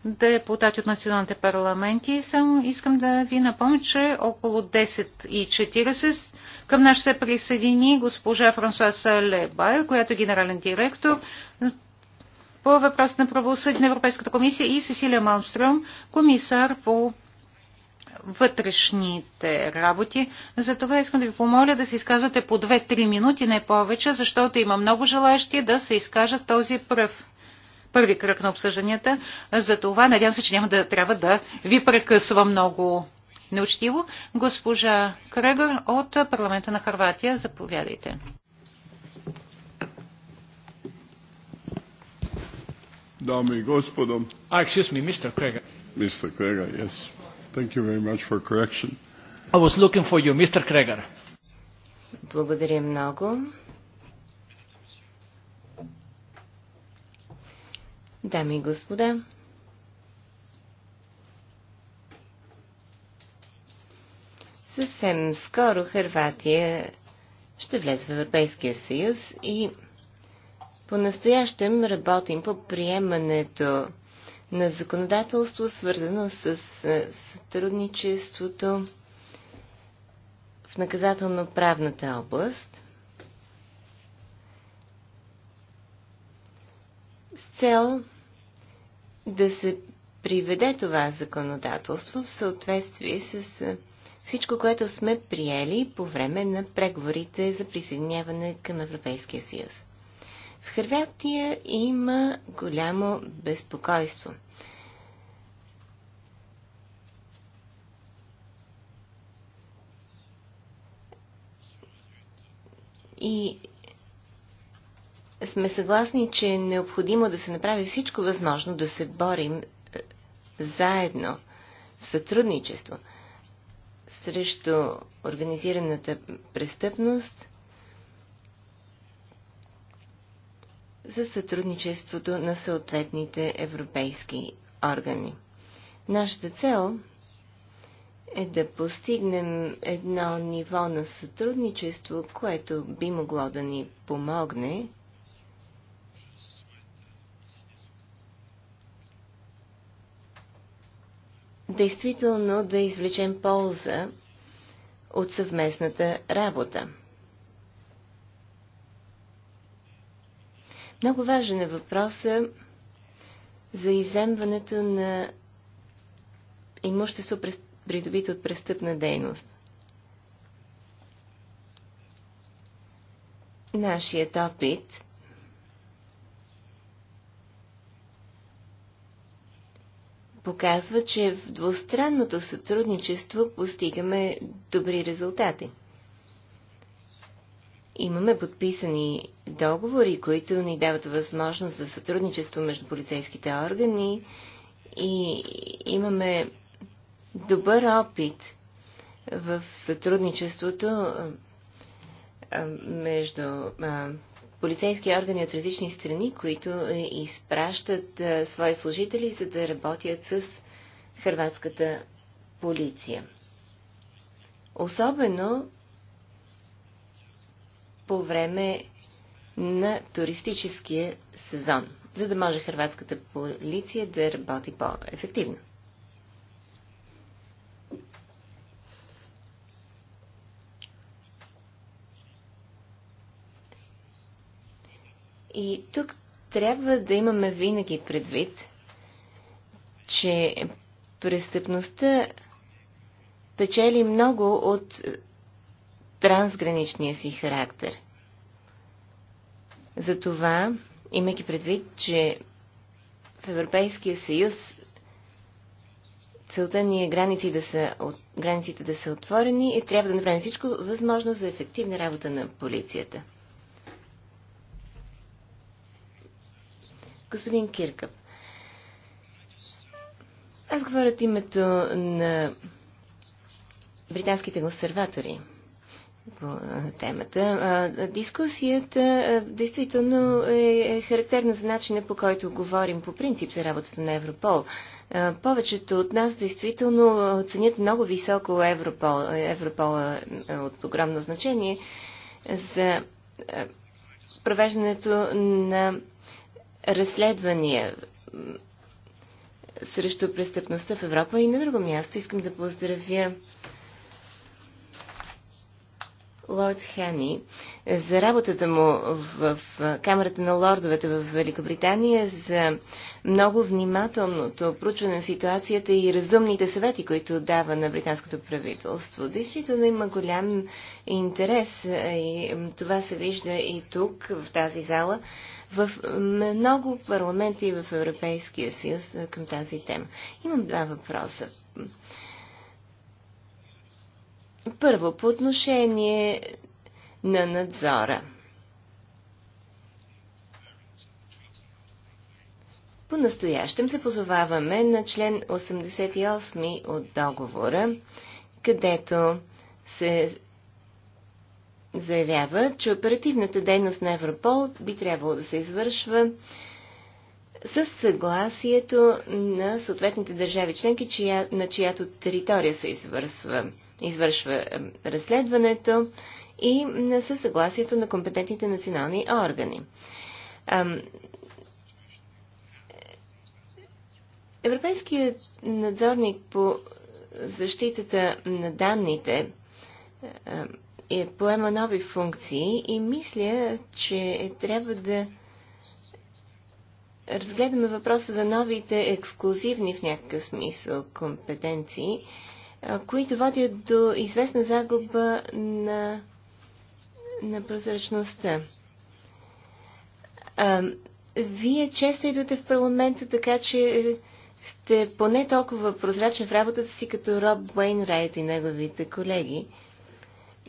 депутати от националните парламенти. Само искам да ви напомня, че около 10.40 към нас се присъедини госпожа Франсуаса Лебай, която е генерален директор по въпрос на правосъдие на Европейската комисия и Сесилия Малмстрем, комисар по вътрешните работи. Затова искам да ви помоля да се изказвате по 2-3 минути, не повече, защото има много желащи да се изкажат този пръв първи кръг на обсъжданията. За това надявам се, че няма да трябва да ви прекъсва много неучтиво. Госпожа Крегор от парламента на Харватия, заповядайте. Дами и господа. А, excuse me, мистер Крегор. Мистер Крегор, yes. Thank you very much for correction. I was looking for you, Mr. Kreger. Благодаря много. дами и господа, съвсем скоро Хърватия ще влезе в Европейския съюз и по-настоящем работим по приемането на законодателство, свързано с сътрудничеството в наказателно-правната област с цел да се приведе това законодателство в съответствие с всичко, което сме приели по време на преговорите за присъединяване към Европейския съюз. В Хрватия има голямо безпокойство. И сме съгласни, че е необходимо да се направи всичко възможно да се борим е, заедно в сътрудничество срещу организираната престъпност за сътрудничеството на съответните европейски органи. Нашата цел е да постигнем едно ниво на сътрудничество, което би могло да ни помогне действително да извлечем полза от съвместната работа. Много важен е въпроса за иземването на имущество, придобито от престъпна дейност. Нашият опит показва, че в двустранното сътрудничество постигаме добри резултати. Имаме подписани договори, които ни дават възможност за сътрудничество между полицейските органи и имаме добър опит в сътрудничеството между полицейски органи от различни страни, които е, изпращат е, свои служители, за да работят с хрватската полиция. Особено по време на туристическия сезон, за да може хрватската полиция да работи по-ефективно. И тук трябва да имаме винаги предвид, че престъпността печели много от трансграничния си характер. Затова, имайки предвид, че в Европейския съюз целта ни е граници да са, границите да са отворени и е, трябва да направим всичко възможно за ефективна работа на полицията. Господин Киркъп, аз говоря от името на британските консерватори по темата. Дискусията действително е, е характерна за начина по който говорим по принцип за работата на Европол. Повечето от нас действително ценят много високо Европол. Европол е от огромно значение за провеждането на разследвания срещу престъпността в Европа. И на друго място искам да поздравя Лорд Хани за работата му в Камерата на лордовете в Великобритания, за много внимателното проучване на ситуацията и разумните съвети, които дава на британското правителство. Действително има голям интерес и това се вижда и тук, в тази зала в много парламенти в Европейския съюз към тази тема. Имам два въпроса. Първо, по отношение на надзора. По-настоящем се позоваваме на член 88 от договора, където се заявява, че оперативната дейност на Европол би трябвало да се извършва с съгласието на съответните държави членки, чия, на чиято територия се извършва, извършва разследването и със съгласието на компетентните национални органи. Европейският надзорник по защитата на данните е, поема нови функции и мисля, че трябва да разгледаме въпроса за новите ексклюзивни в някакъв смисъл компетенции, които водят до известна загуба на, на прозрачността. А, вие често идвате в парламента, така че сте поне толкова прозрачен в работата си, като Роб Уейнрайт и неговите колеги.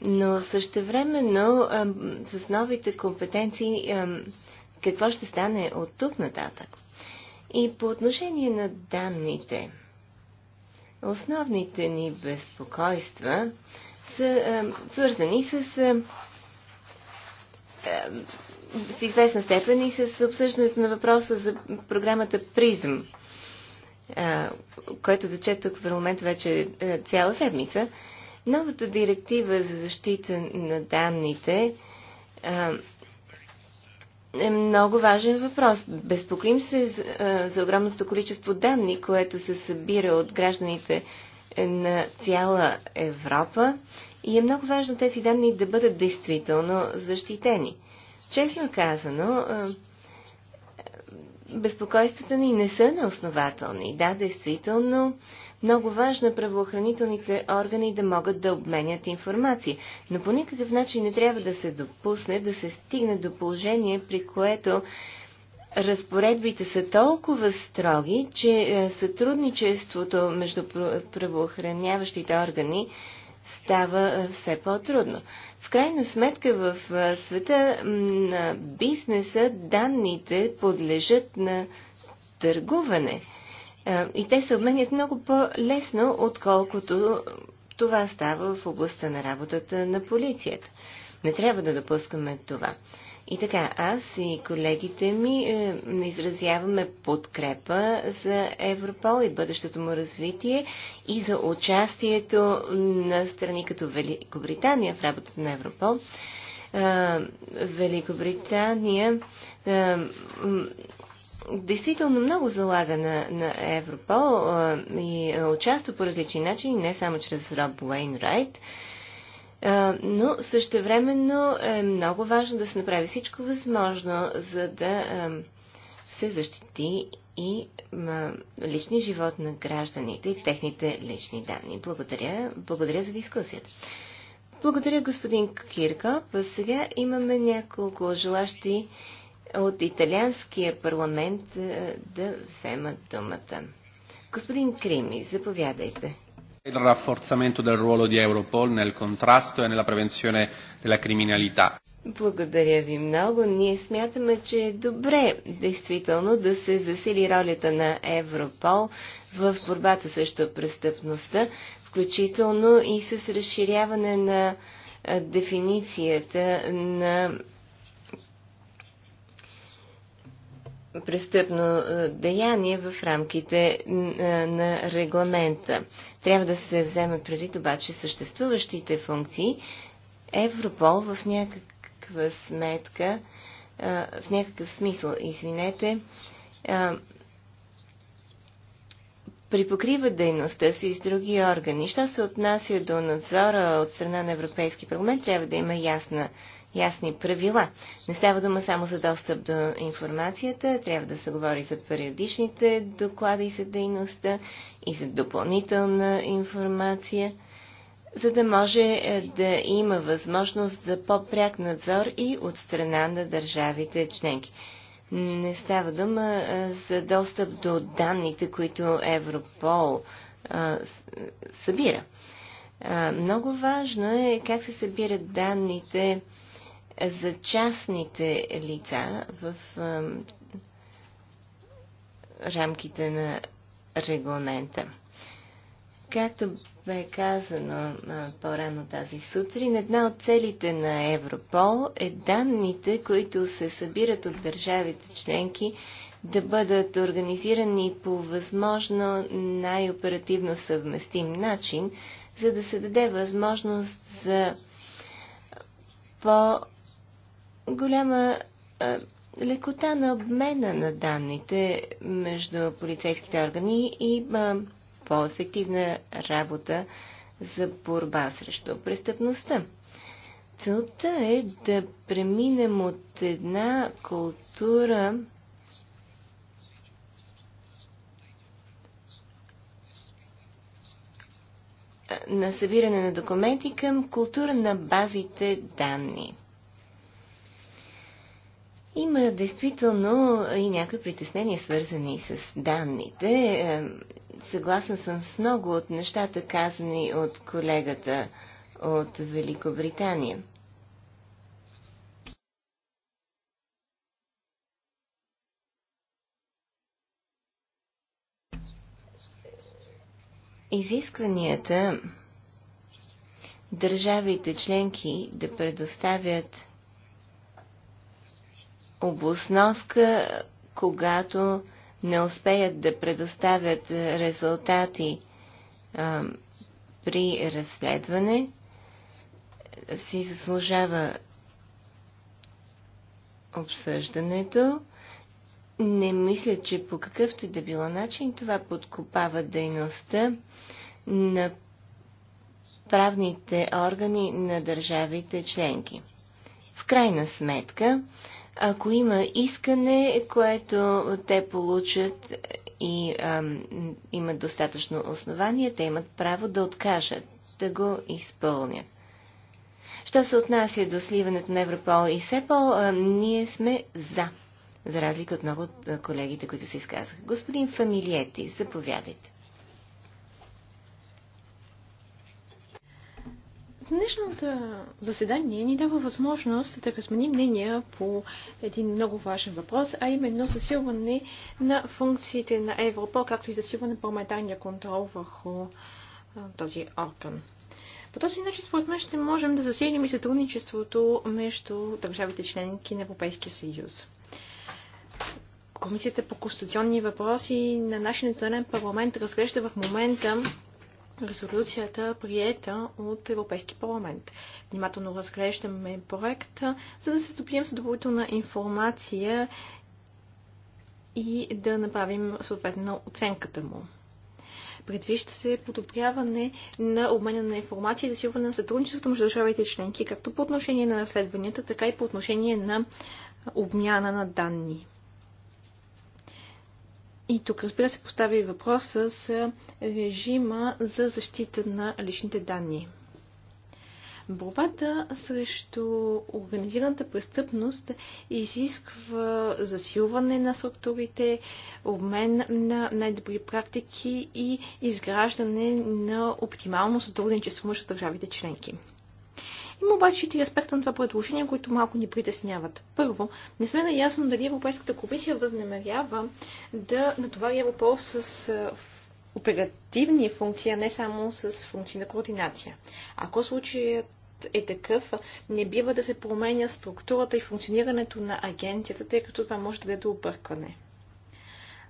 Но същевременно а, с новите компетенции какво ще стане от тук нататък? И по отношение на данните, основните ни безпокойства са свързани с в известна степен и с обсъждането на въпроса за програмата Призм, което тече тук в парламент вече е, цяла седмица. Новата директива за защита на данните а, е много важен въпрос. Безпокоим се за, а, за огромното количество данни, което се събира от гражданите на цяла Европа и е много важно тези данни да бъдат действително защитени. Честно казано, безпокойствата ни не са неоснователни. Да, действително, много важно е правоохранителните органи да могат да обменят информация. Но по никакъв начин не трябва да се допусне да се стигне до положение, при което разпоредбите са толкова строги, че е, сътрудничеството между правоохраняващите органи става е, все по-трудно. В крайна сметка в света на бизнеса данните подлежат на търгуване – е, и те се обменят много по-лесно, отколкото това става в областта на работата на полицията. Не трябва да допускаме това. И така, аз и колегите ми е, изразяваме подкрепа за Европол и бъдещото му развитие и за участието на страни като Великобритания в работата на Европол. Е, Великобритания е, действително много залага на, на Европол а, и участва по различни начини, не само чрез Роб Уейн а, но същевременно е много важно да се направи всичко възможно, за да а, се защити и а, личния живот на гражданите и техните лични данни. Благодаря, благодаря за дискусията. Благодаря, господин Киркоп. Сега имаме няколко желащи от италианския парламент е, да вземат думата. Господин Крими, заповядайте. Il rafforzamento del ruolo di Europol nel contrasto e nella prevenzione della criminalità. Благодаря ви много. Ние смятаме, че е добре действително да се засили ролята на Европол в борбата срещу престъпността, включително и с разширяване на е, дефиницията на престъпно е, деяние в рамките е, на регламента. Трябва да се вземе предвид обаче съществуващите функции. Европол в някаква сметка, е, в някакъв смисъл, извинете, припокриват дейността си с други органи. Що се отнася до надзора от страна на Европейски парламент, трябва да има ясна ясни правила. Не става дума само за достъп до информацията, трябва да се говори за периодичните доклади и за дейността и за допълнителна информация, за да може е, да има възможност за по-пряк надзор и от страна на държавите членки. Не става дума е, за достъп до данните, които Европол а, е, събира. А, много важно е как се събират данните за частните лица в рамките на регламента. Както бе казано по-рано тази сутрин, една от целите на Европол е данните, които се събират от държавите членки, да бъдат организирани по възможно най-оперативно съвместим начин, за да се даде възможност за по- голяма а, лекота на обмена на данните между полицейските органи и по-ефективна работа за борба срещу престъпността. Целта е да преминем от една култура на събиране на документи към култура на базите данни. Има действително и някои притеснения, свързани с данните. Съгласен съм с много от нещата, казани от колегата от Великобритания. Изискванията държавите членки да предоставят обосновка, когато не успеят да предоставят резултати а, при разследване, си заслужава обсъждането. Не мисля, че по какъвто и да било начин това подкопава дейността на правните органи на държавите членки. В крайна сметка, ако има искане, което те получат и ам, имат достатъчно основания, те имат право да откажат, да го изпълнят. Що се отнася до сливането на Европол и СЕПОЛ, ам, ние сме за, за разлика от много от колегите, които се изказаха. Господин Фамилиети, заповядайте. Днешното заседание ни дава възможност да размени мнения по един много важен въпрос, а именно засилване на функциите на Европол, както и засилване на парламентарния контрол върху този орган. По този начин, според мен, ще можем да засилим и сътрудничеството между държавите членки на Европейския съюз. Комисията по конституционни въпроси на нашия национален парламент разглежда в момента резолюцията, приета от Европейски парламент. Внимателно разглеждаме проекта, за да се стопим с допълнителна информация и да направим съответно оценката му. Предвижда се подобряване на обмена на информация и засилване на сътрудничеството между държавите членки, както по отношение на разследванията, така и по отношение на обмяна на данни. И тук, разбира се, поставя и въпроса с режима за защита на личните данни. Борбата срещу организираната престъпност изисква засилване на структурите, обмен на най-добри практики и изграждане на оптимално сътрудничество между държавите членки. Има обаче три аспекта на това предложение, които малко ни притесняват. Първо, не сме наясно дали Европейската комисия възнамерява да натовари Европол с оперативни функции, а не само с функции на координация. Ако случаят е такъв, не бива да се променя структурата и функционирането на агенцията, тъй като това може да даде до объркване.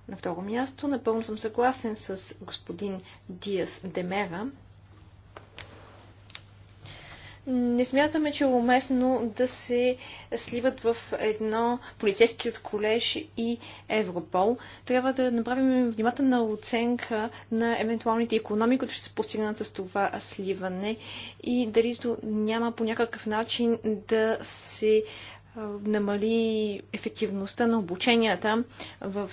На второ място, напълно съм съгласен с господин Диас Демера, не смятаме, че е уместно да се сливат в едно полицейският колеж и Европол. Трябва да направим внимателна оценка на евентуалните економии, които ще се постигнат с това сливане и дали няма по някакъв начин да се намали ефективността на обученията в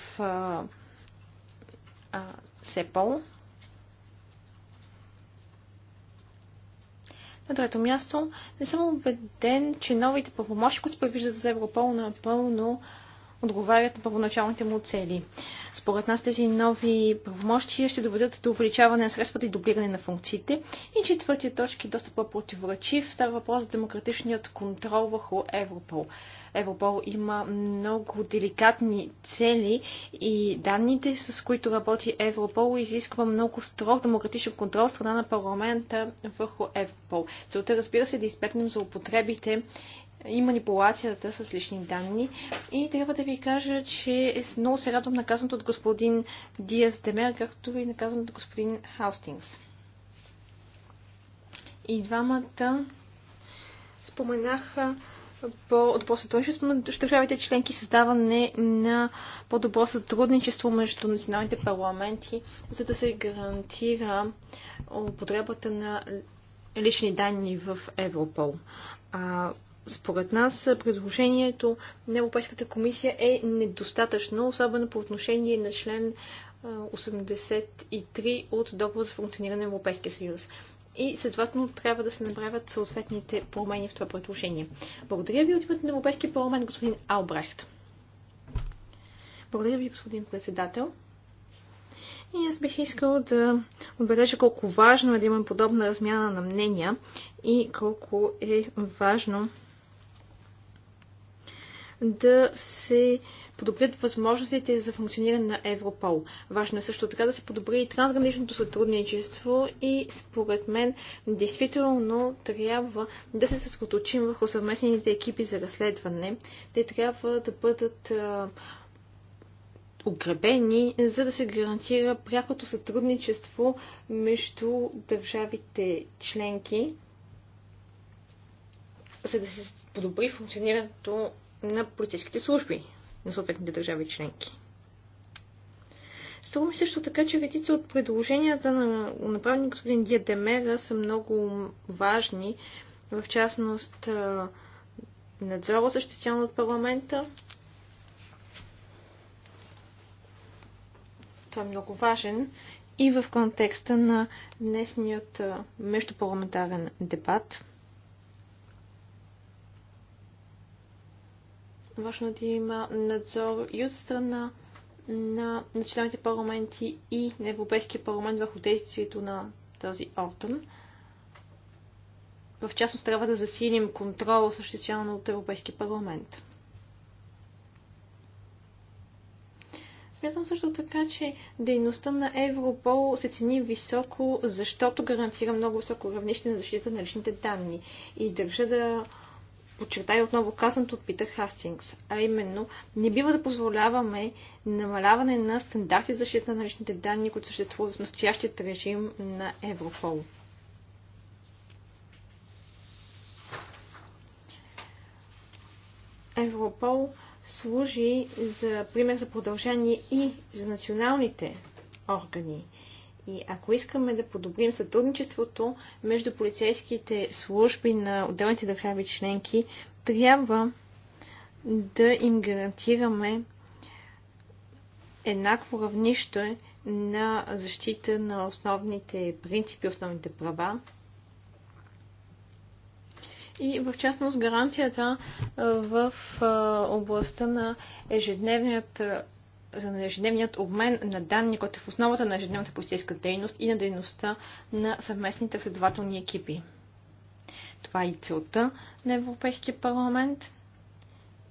СЕПОЛ. На трето място, не съм убеден, че новите правомощи, които се предвиждат за Европол, напълно отговарят на първоначалните му цели. Според нас тези нови правомощия ще доведат до увеличаване на средствата и дублиране на функциите. И четвъртия точки е доста по-противоречив става въпрос за демократичният контрол върху Европол. Европол има много деликатни цели и данните, с които работи Европол, изисква много строг демократичен контрол страна на парламента върху Европол. Целта, разбира се, е да избегнем злоупотребите и манипулацията с лични данни. И трябва да ви кажа, че е много се радвам наказаното от господин Диас Демер, както и наказаното от господин Хаустингс. И двамата споменаха по-добро сътрудничество на държавите членки, създаване на по-добро сътрудничество между националните парламенти, за да се гарантира употребата на лични данни в Европол. А според нас предложението на Европейската комисия е недостатъчно, особено по отношение на член 83 от договор за функциониране на Европейския съюз. И следователно трябва да се направят съответните промени в това предложение. Благодаря ви от името на Европейския парламент, господин Албрехт. Благодаря ви, господин председател. И аз бих искал да отбележа колко важно е да имам подобна размяна на мнения и колко е важно да се подобрят възможностите за функциониране на Европол. Важно е също така да се подобри и трансграничното сътрудничество и според мен действително трябва да се съсредоточим върху съвместните екипи за разследване. Те трябва да бъдат огребени, за да се гарантира прякото сътрудничество между държавите членки, за да се подобри функционирането на полицейските служби на съответните държави членки. Струва ми също така, че редица от предложенията на направени господин Диадемера са много важни, в частност надзор осъществяван от парламента. Той е много важен и в контекста на днесният междупарламентарен дебат – Важно е да има надзор и от страна на националните парламенти и на Европейския парламент върху действието на този орган. В частност трябва да засилим контрол, осъществяван от Европейския парламент. Смятам също така, че дейността на Европол се цени високо, защото гарантира много високо равнище на защита на личните данни. И държа да подчертая отново казаното от Питър Хастингс, а именно не бива да позволяваме намаляване на стандарти за защита на личните данни, които съществуват в настоящия режим на Европол. Европол служи за пример за продължение и за националните органи. И ако искаме да подобрим сътрудничеството между полицейските служби на отделните държави членки, трябва да им гарантираме еднакво равнище на защита на основните принципи, основните права. И в частност гаранцията в областта на ежедневният за ежедневният обмен на данни, който е в основата на ежедневната полицейска дейност и на дейността на съвместните следователни екипи. Това е и целта на Европейския парламент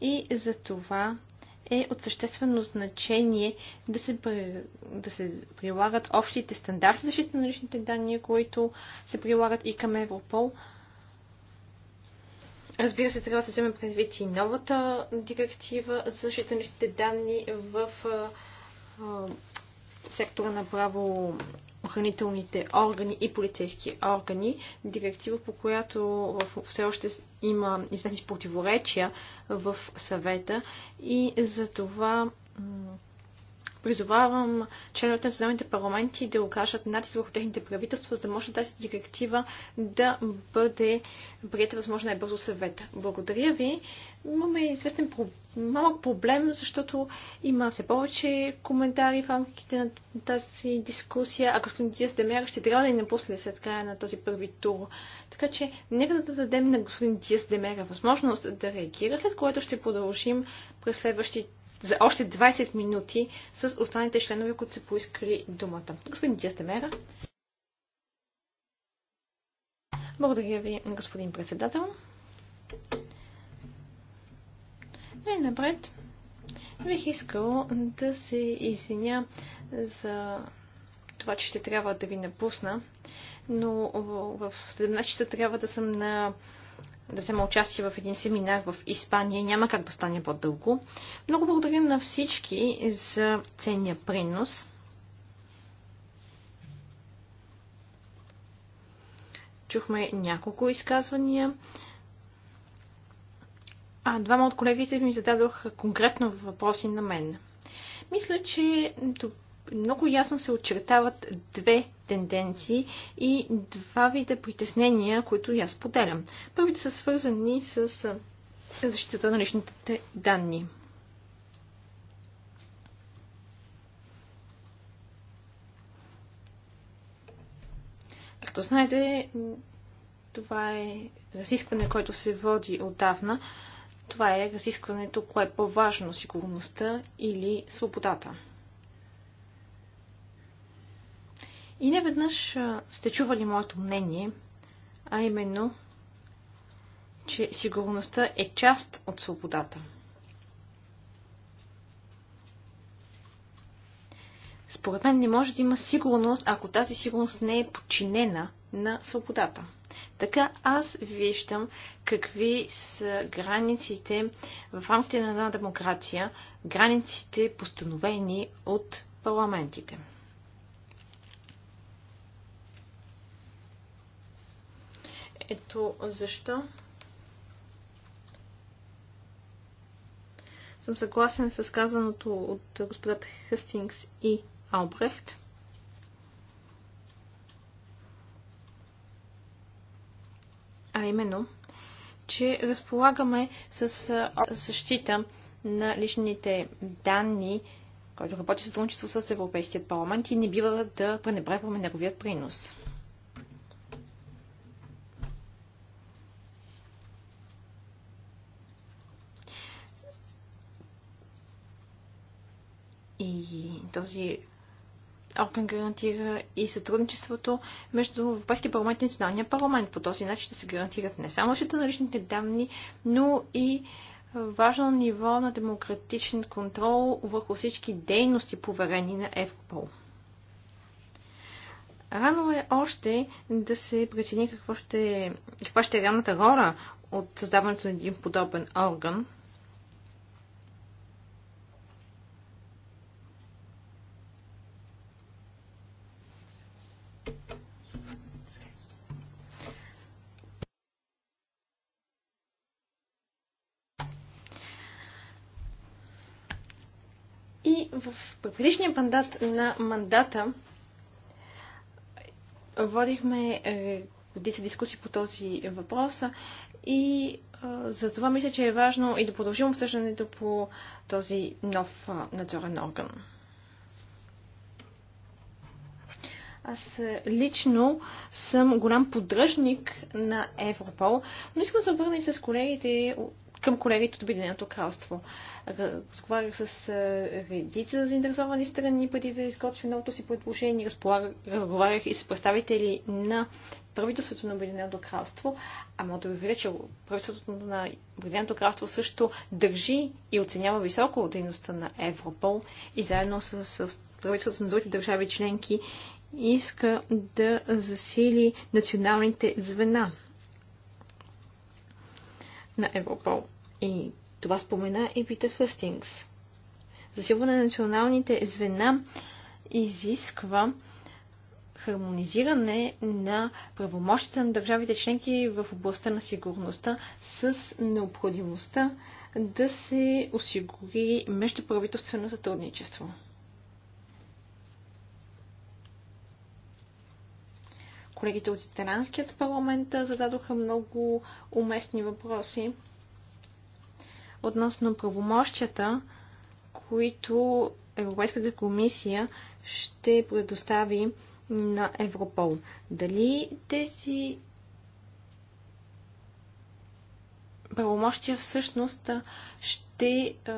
и за това е от съществено значение да се, да се прилагат общите стандарти за защита на личните данни, които се прилагат и към Европол, Разбира се, трябва да се вземе предвид и новата директива за защита на личните данни в а, а, сектора на право охранителните органи и полицейски органи. Директива, по която все още има известни противоречия в съвета и за това призовавам членовете на националните парламенти да окажат натиск върху техните правителства, за да може тази директива да бъде прията възможно най-бързо съвета. Благодаря ви. Имаме известен малък проблем, защото има все повече коментари в рамките на тази дискусия, а господин Диас Демер ще трябва да ни напусне след края на този първи тур. Така че нека да дадем на господин Диас Демера възможност да реагира, след което ще продължим през следващите за още 20 минути с останалите членове, които са поискали думата. Господин Диастемера. Благодаря ви, господин председател. Най-напред бих искал да се извиня за това, че ще трябва да ви напусна, но в 17 часа трябва да съм на да взема участие в един семинар в Испания. Няма как да стане по-дълго. Много благодарим на всички за ценния принос. Чухме няколко изказвания. А, двама от колегите ми зададоха конкретно въпроси на мен. Мисля, че много ясно се очертават две тенденции и два вида притеснения, които аз поделям. Първите са свързани с защитата на личните данни. Както знаете, това е разискване, което се води отдавна. Това е разискването, кое е по-важно, сигурността или свободата. И не веднъж сте чували моето мнение, а именно, че сигурността е част от свободата. Според мен не може да има сигурност, ако тази сигурност не е подчинена на свободата. Така аз виждам какви са границите в рамките на една демокрация, границите постановени от парламентите. Ето защо съм съгласен с казаното от господата Хъстингс и Албрехт. А именно, че разполагаме с защита на личните данни, който работи в сътрудничество с Европейският парламент и не бива да пренебрегваме неговият принос. И този орган гарантира и сътрудничеството между Европейския парламент и Националния парламент. По този начин да се гарантират не само защита на личните данни, но и е, важно ниво на демократичен контрол върху всички дейности, поверени на Европол. Рано е още да се прецени какво ще, каква ще е реалната роля от създаването на един подобен орган – мандат на мандата водихме е, дискусии по този въпрос и е, за това мисля, че е важно и да продължим обсъждането по този нов е, надзорен орган. Аз е, лично съм голям поддръжник на Европол, но искам да се обърна и с колегите към колегите от Обединеното кралство. Разговарях с редица заинтересовани страни преди да изготвя новото си предложение. Разговарях и с представители на правителството на Обединеното кралство, а мога да ви уверя, че правителството на Обединеното кралство също държи и оценява високо дейността на Европол и заедно с правителството на другите държави членки иска да засили националните звена на Европол. И това спомена и Питър Хъстингс. Засилване на националните звена изисква хармонизиране на правомощите на държавите членки в областта на сигурността с необходимостта да се осигури междуправителствено сътрудничество. Колегите от Италианският парламент зададоха много уместни въпроси относно правомощията, които Европейската комисия ще предостави на Европол. Дали тези правомощия всъщност ще е,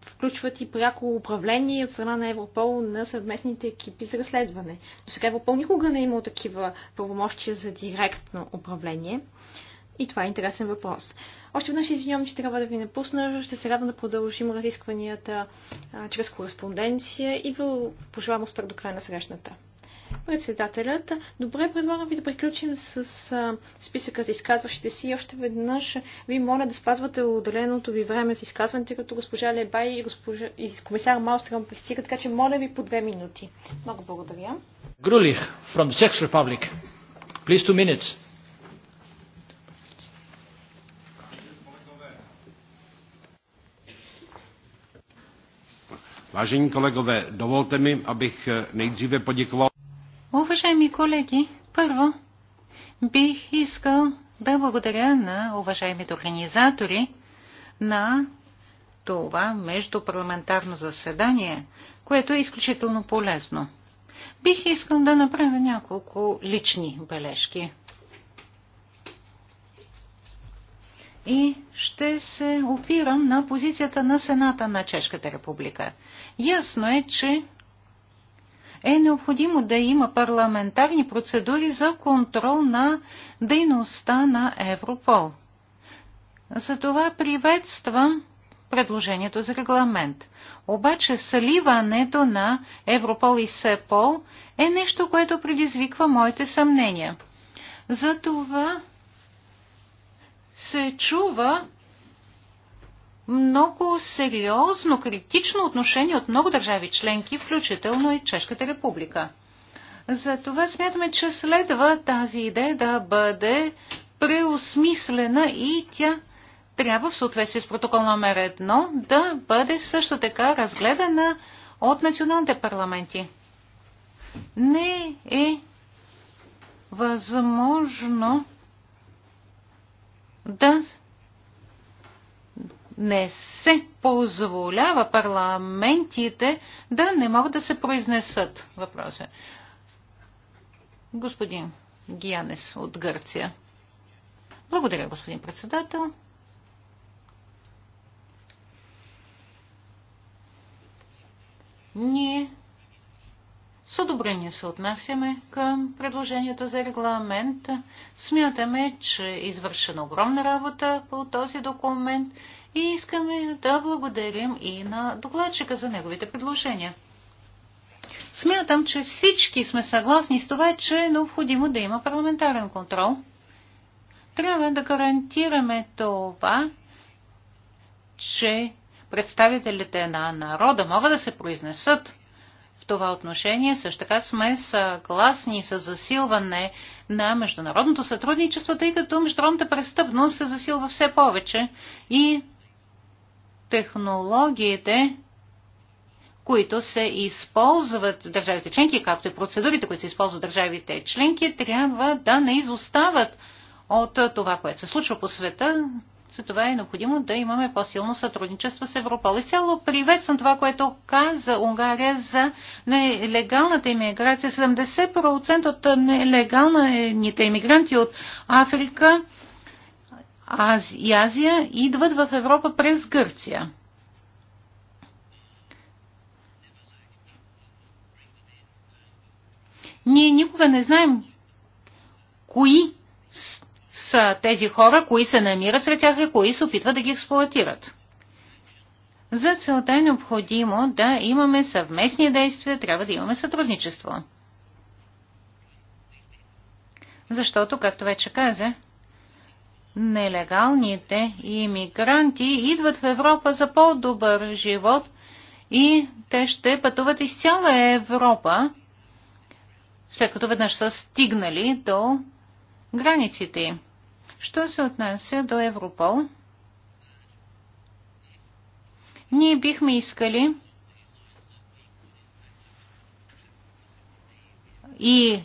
включват и пряко управление от страна на Европол на съвместните екипи за разследване. До сега Европол никога не е имал такива правомощия за директно управление. И това е интересен въпрос. Още веднъж извинявам, че трябва да ви напусна. Ще се радвам да продължим разискванията а, чрез кореспонденция и ви пожелавам успех до края на срещната. Председателят, добре предлагам ви да приключим с а, списъка за изказващите си. Още веднъж ви моля да спазвате отделеното ви време за изказване, тъй като госпожа Лебай и, госпожа, и комисар Маустрам пристига, така че моля ви по две минути. Много благодаря. Грулих, from the Czech Republic. Please two minutes. Vážení kolegové, dovolte mi, abych eh, nejdříve poděkoval. Уважаеми колеги, първо бих искал да благодаря на уважаемите организатори на това междупарламентарно заседание, което е изключително полезно. Бих искал да направя няколко лични бележки. и ще се опирам на позицията на Сената на Чешката република. Ясно е, че е необходимо да има парламентарни процедури за контрол на дейността на Европол. Затова приветствам предложението за регламент. Обаче сливането на Европол и СЕПОЛ е нещо, което предизвиква моите съмнения. Затова се чува много сериозно критично отношение от много държави членки, включително и Чешката република. Затова смятаме, че следва тази идея да бъде преосмислена и тя трябва в съответствие с протокол номер едно да бъде също така разгледана от националните парламенти. Не е възможно да не се позволява парламентите да не могат да се произнесат въпроса. Е. Господин Гиянес от Гърция. Благодаря, господин председател. Ние с одобрение се отнасяме към предложението за регламент. Смятаме, че е извършена огромна работа по този документ и искаме да благодарим и на докладчика за неговите предложения. Смятам, че всички сме съгласни с това, че е необходимо да има парламентарен контрол. Трябва да гарантираме това, че представителите на народа могат да се произнесат това отношение също така сме съгласни с засилване на международното сътрудничество, тъй като международната престъпност се засилва все повече и технологиите, които се използват в държавите членки, както и процедурите, които се използват в държавите членки, трябва да не изостават от това, което се случва по света, затова е необходимо да имаме по-силно сътрудничество с Европол. И цяло приветствам това, което каза Унгария за нелегалната иммиграция. 70% от нелегалните иммигранти от Африка Аз... и Азия идват в Европа през Гърция. Ние никога не знаем кои са тези хора, кои се намират сред тях и кои се опитват да ги експлуатират. За целта е необходимо да имаме съвместни действия, трябва да имаме сътрудничество. Защото, както вече каза, нелегалните иммигранти идват в Европа за по-добър живот и те ще пътуват из цяла Европа, след като веднъж са стигнали до границите им. Що се отнася до Европол, ние бихме искали и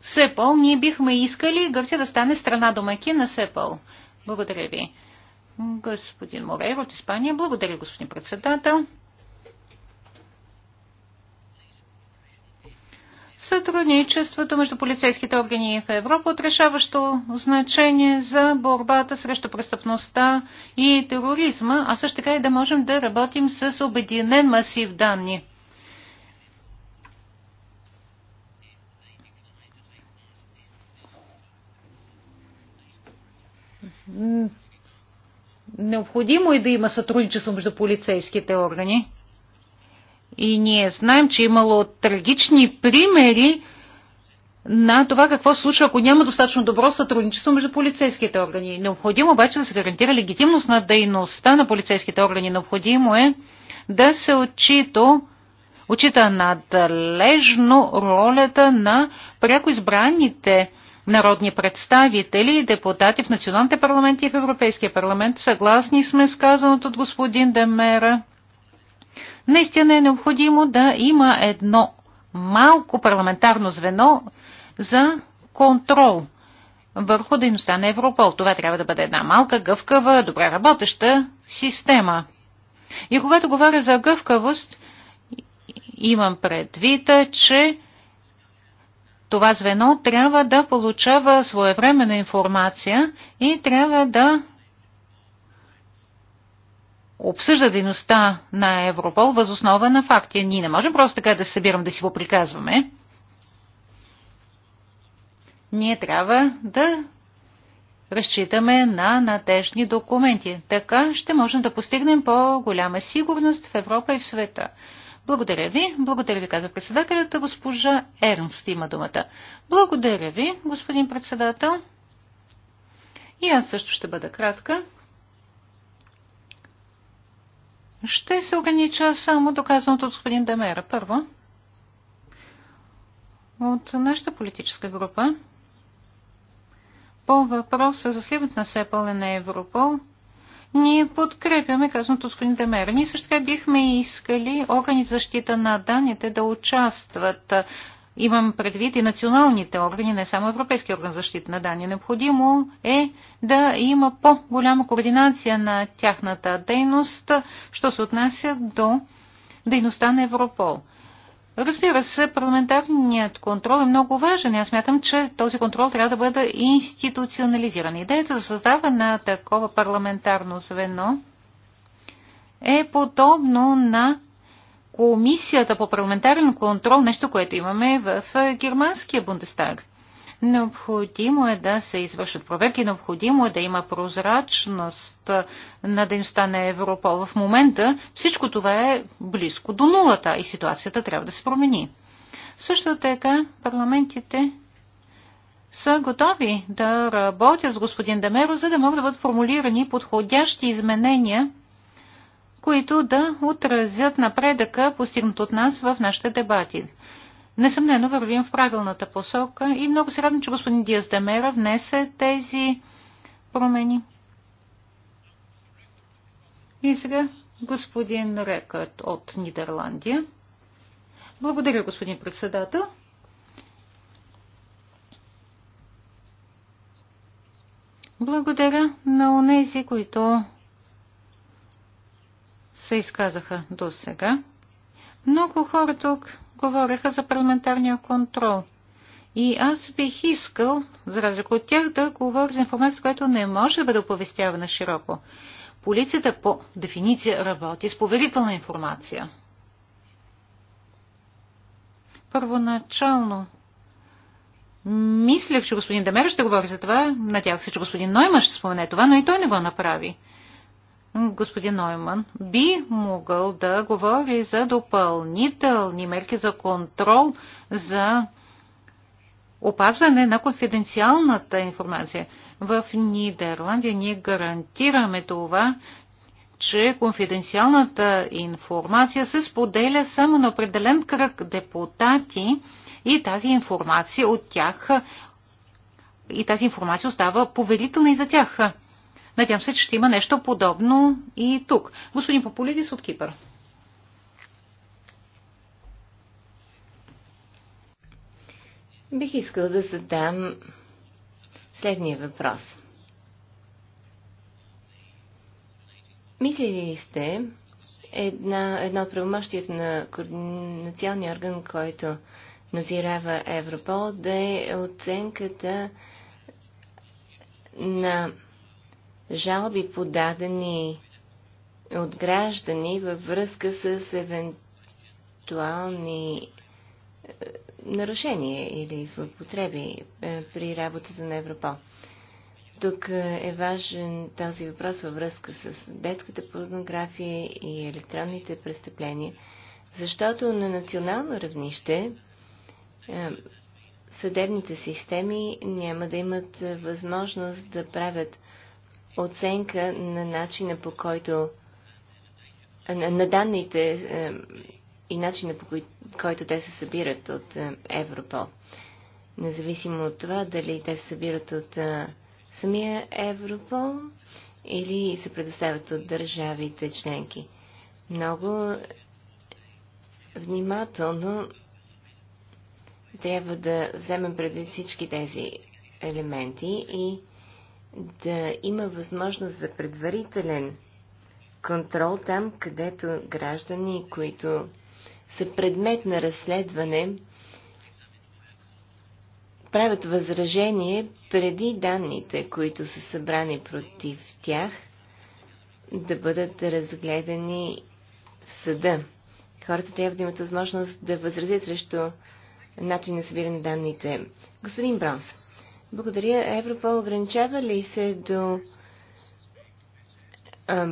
СЕПОЛ, ние бихме искали Гърция да стане страна домаки на СЕПОЛ. Благодаря ви. Господин Морейро от Испания. Благодаря, господин председател. Сътрудничеството между полицейските органи в Европа от решаващо значение за борбата срещу престъпността и тероризма, а също така и да можем да работим с обединен масив данни. Необходимо е да има сътрудничество между полицейските органи. И ние знаем, че е имало трагични примери на това какво се случва, ако няма достатъчно добро сътрудничество между полицейските органи. Необходимо обаче да се гарантира легитимност на дейността на полицейските органи. Необходимо е да се отчита, отчита надлежно ролята на пряко избраните народни представители и депутати в националните парламенти и в Европейския парламент. Съгласни сме с казаното от господин Демера наистина е необходимо да има едно малко парламентарно звено за контрол върху дейността на Европол. Това трябва да бъде една малка, гъвкава, добре работеща система. И когато говоря за гъвкавост, имам предвид, че това звено трябва да получава своевременна информация и трябва да обсъжда дейността на Европол възоснова на факти. Ние не можем просто така да се събирам да си го приказваме. Ние трябва да разчитаме на надежни документи. Така ще можем да постигнем по-голяма сигурност в Европа и в света. Благодаря ви. Благодаря ви, каза председателята. Госпожа Ернст има думата. Благодаря ви, господин председател. И аз също ще бъда кратка. Ще се огранича само доказаното от господин Демера. Първо, от нашата политическа група по въпроса за сливът на Сепъл и на Европол, ние подкрепяме казаното от господин Демер. Ние също така бихме искали органи защита на данните да участват Имам предвид и националните органи, не само Европейския орган за защита на данни. Необходимо е да има по-голяма координация на тяхната дейност, що се отнася до дейността на Европол. Разбира се, парламентарният контрол е много важен. Аз мятам, че този контрол трябва да бъде институционализиран. Идеята за създаване на такова парламентарно звено е подобно на комисията по парламентарен контрол, нещо, което имаме в е, германския Бундестаг. Необходимо е да се извършат проверки, необходимо е да има прозрачност на дейността на Европол. В момента всичко това е близко до нулата и ситуацията трябва да се промени. Също така парламентите са готови да работят с господин Демеро, за да могат да бъдат формулирани подходящи изменения – които да отразят напредъка, постигнат от нас в нашите дебати. Несъмнено вървим в правилната посока и много се радвам, че господин Диас Демера внесе тези промени. И сега господин Рекът от Нидерландия. Благодаря, господин председател. Благодаря на онези, които се изказаха до сега. Много хора тук говореха за парламентарния контрол. И аз бих искал, за разлика от тях, да говоря за информация, която не може да бъде оповестявана широко. Полицията по дефиниция работи с поверителна информация. Първоначално мислех, че господин Демер ще говори за това. Надявах се, че господин Нойма ще спомене това, но и той не го направи господин Нойман би могъл да говори за допълнителни мерки за контрол за опазване на конфиденциалната информация. В Нидерландия ние гарантираме това, че конфиденциалната информация се споделя само на определен кръг депутати и тази информация от тях и тази информация остава поверителна и за тях. Надявам се, че ще има нещо подобно и тук. Господин Популидис от Кипър. Бих искал да задам следния въпрос. Мислили ли сте една, едно от правомощията на координационния орган, който назирава Европол, да е оценката на жалби подадени от граждани във връзка с евентуални е, нарушения или злоупотреби е, при работата на Европол. Тук е, е важен този въпрос във връзка с детската порнография и електронните престъпления, защото на национално равнище съдебните системи няма да имат възможност да правят оценка на начина по който на, на данните е, и начина по кой, който те се събират от е, Европол. Независимо от това дали те се събират от е, самия Европол или се предоставят от държавите членки. Много внимателно трябва да вземем предвид всички тези елементи и да има възможност за предварителен контрол там, където граждани, които са предмет на разследване, правят възражение преди данните, които са събрани против тях, да бъдат разгледани в съда. Хората трябва да имат възможност да възразят срещу начин на събиране данните. Господин Бронс, благодаря. Европол ограничава ли се до а,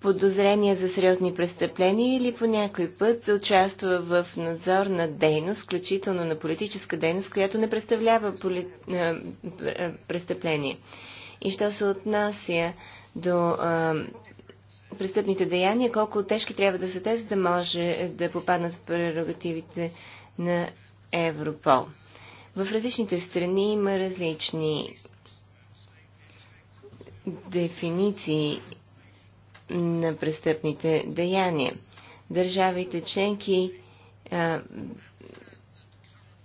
подозрения за сериозни престъпления или по някой път участва в надзор на дейност, включително на политическа дейност, която не представлява поли... престъпление. И що се отнася до а, престъпните деяния, колко тежки трябва да са те, за да може да попаднат в прерогативите на Европол. В различните страни има различни дефиниции на престъпните деяния. Държавите членки а,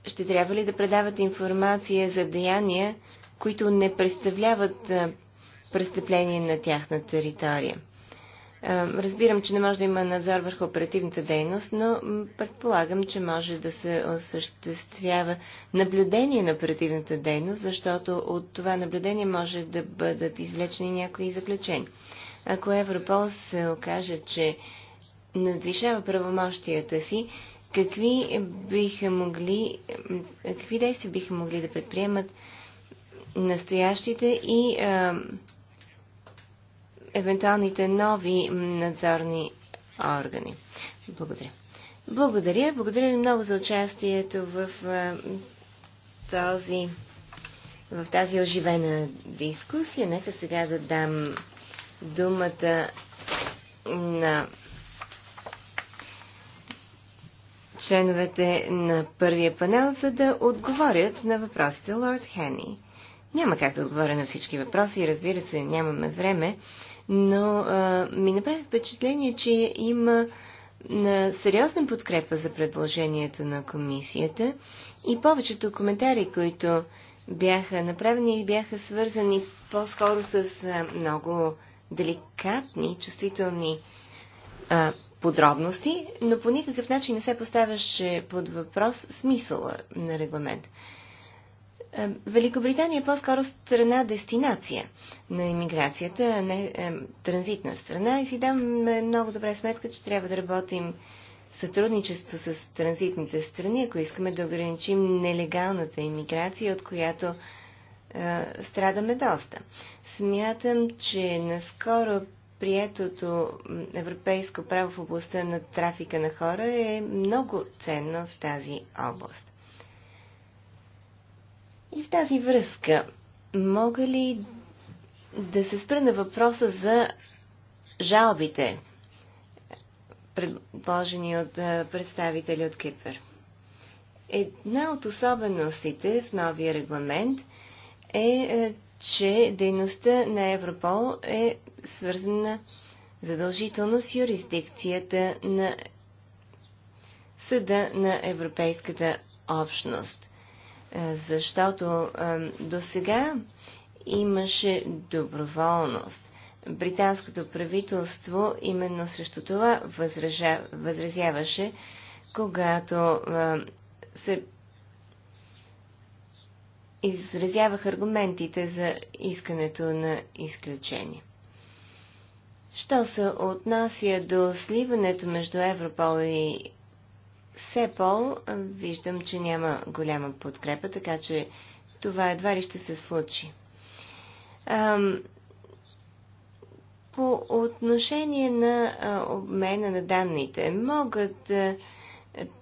ще трябва ли да предават информация за деяния, които не представляват а, престъпление на тяхна територия? Разбирам, че не може да има надзор върху оперативната дейност, но предполагам, че може да се осъществява наблюдение на оперативната дейност, защото от това наблюдение може да бъдат извлечени някои заключения. Ако Европол се окаже, че надвишава правомощията си, какви, биха могли, какви действия биха могли да предприемат настоящите и а, евентуалните нови надзорни органи. Благодаря. Благодаря. Благодаря ви много за участието в този в тази оживена дискусия. Нека сега да дам думата на членовете на първия панел, за да отговорят на въпросите Лорд Хени. Няма как да отговоря на всички въпроси, разбира се, нямаме време, но а, ми направи впечатление, че има на сериозна подкрепа за предложението на комисията и повечето коментари, които бяха направени, бяха свързани по-скоро с а, много деликатни, чувствителни а, подробности, но по никакъв начин не се поставяше под въпрос смисъла на регламент. Е, Великобритания е по-скоро страна-дестинация на иммиграцията, а не е, транзитна страна и си дам много добре сметка, че трябва да работим в сътрудничество с транзитните страни, ако искаме да ограничим нелегалната иммиграция, от която е, страдаме доста. Смятам, че наскоро приетото европейско право в областта на трафика на хора е много ценно в тази област. И в тази връзка, мога ли да се спра на въпроса за жалбите, предложени от представители от Кипър? Една от особеностите в новия регламент е, че дейността на Европол е свързана задължително с юрисдикцията на Съда на Европейската общност. Е, защото е, до сега имаше доброволност. Британското правителство именно срещу това възразяваше, когато е, се изразявах аргументите за искането на изключение. Що се отнася до сливането между Европол и СЕПОЛ виждам, че няма голяма подкрепа, така че това едва ли ще се случи. Ам, по отношение на а, обмена на данните, могат а,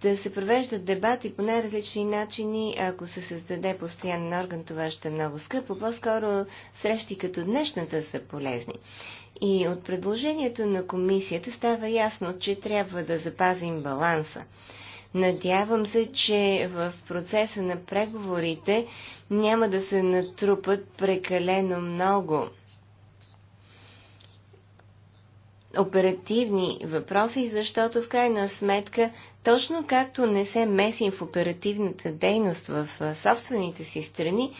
да се провеждат дебати по най-различни начини. Ако се създаде постоянен орган, това ще е много скъпо. По-скоро срещи като днешната са полезни. И от предложението на комисията става ясно, че трябва да запазим баланса. Надявам се, че в процеса на преговорите няма да се натрупат прекалено много оперативни въпроси, защото в крайна сметка, точно както не се месим в оперативната дейност в собствените си страни,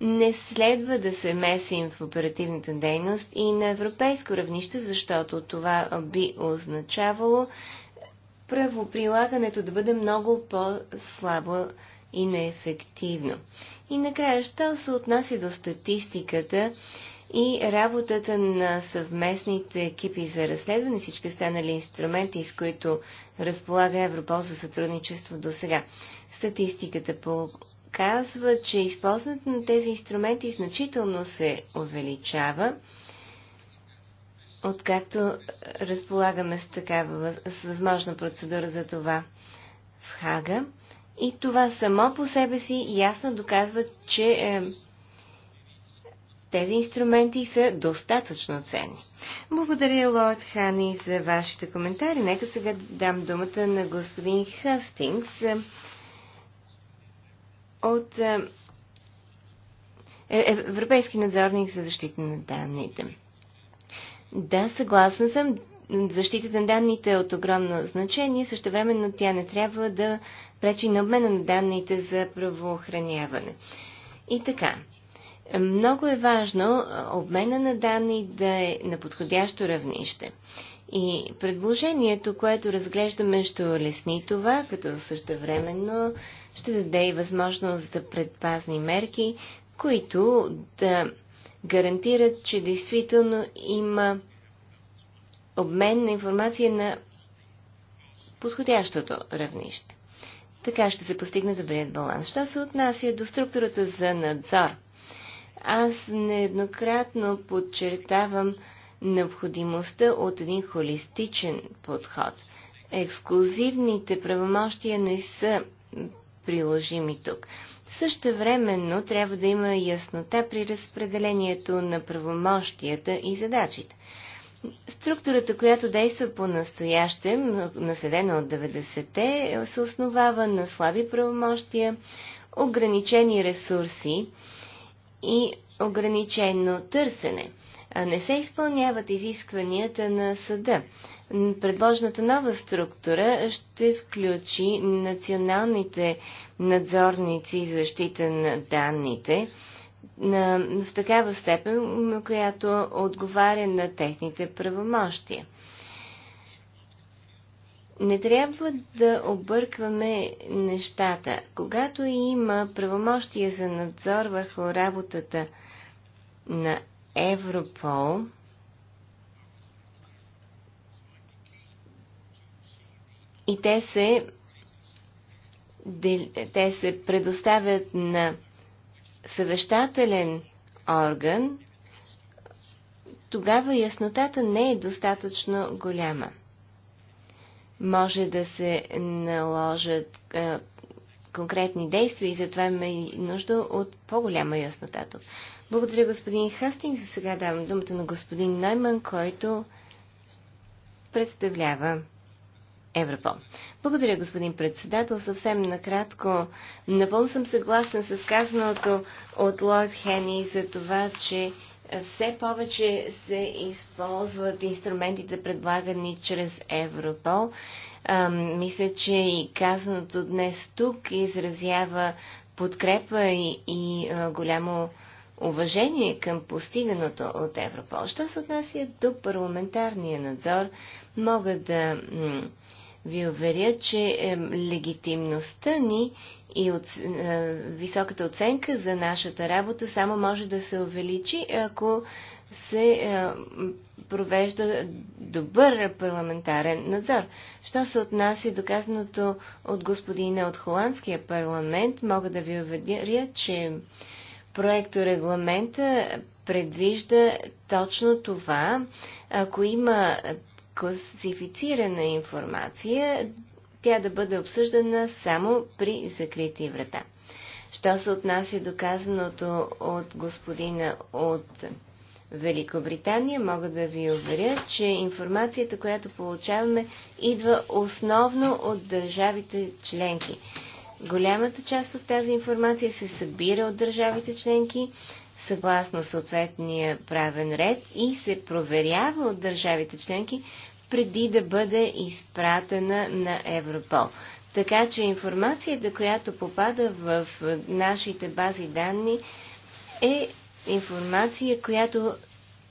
не следва да се месим в оперативната дейност и на европейско равнище, защото това би означавало, правоприлагането да бъде много по-слабо и неефективно. И накрая, що се отнася до статистиката и работата на съвместните екипи за разследване, всички останали инструменти, с които разполага Европол за сътрудничество до сега. Статистиката показва, че използването на тези инструменти значително се увеличава откакто разполагаме с такава с възможна процедура за това в Хага. И това само по себе си ясно доказва, че е, тези инструменти са достатъчно ценни. Благодаря, Лорд Хани, за вашите коментари. Нека сега дам думата на господин Хъстингс е, от е, е Европейски надзорник за защита на данните. Да, съгласна съм. Защитата на данните е от огромно значение, също времено тя не трябва да пречи на обмена на данните за правоохраняване. И така, много е важно обмена на данни да е на подходящо равнище. И предложението, което разглеждаме, ще улесни това, като същевременно ще даде и възможност за предпазни мерки, които да гарантират, че действително има обмен на информация на подходящото равнище. Така ще се постигне добрият баланс. Що се отнася до структурата за надзор? Аз нееднократно подчертавам необходимостта от един холистичен подход. Ексклюзивните правомощия не са Приложими тук. Също времено трябва да има яснота при разпределението на правомощията и задачите. Структурата, която действа по настояще, наследена от 90-те, се основава на слаби правомощия, ограничени ресурси и ограничено търсене. не се изпълняват изискванията на съда предложената нова структура ще включи националните надзорници за защита на данните в такава степен, която отговаря на техните правомощия. Не трябва да объркваме нещата. Когато има правомощия за надзор върху работата на Европол, и те се, те се предоставят на съвещателен орган, тогава яснотата не е достатъчно голяма. Може да се наложат е, конкретни действия и затова има и нужда от по-голяма яснота Благодаря господин Хастинг. За сега давам думата на господин Найман, който представлява Европол. Благодаря, господин председател. Съвсем накратко. Напълно съм съгласен с казаното от Лорд Хени за това, че все повече се използват инструментите предлагани чрез Европол. А, мисля, че и казаното днес тук изразява подкрепа и, и а, голямо уважение към постиганото от Европол. Що се отнася до парламентарния надзор, мога да ви уверя, че легитимността ни и от, е, високата оценка за нашата работа само може да се увеличи, ако се е, провежда добър парламентарен надзор. Що се отнася до казаното от господина от Холандския парламент, мога да ви уверя, че регламента предвижда точно това. Ако има класифицирана информация, тя да бъде обсъждана само при закрити врата. Що се отнася до казаното от господина от Великобритания, мога да ви уверя, че информацията, която получаваме, идва основно от държавите членки. Голямата част от тази информация се събира от държавите членки, съгласно съответния правен ред и се проверява от държавите членки преди да бъде изпратена на Европол. Така че информацията, която попада в нашите бази данни, е информация, която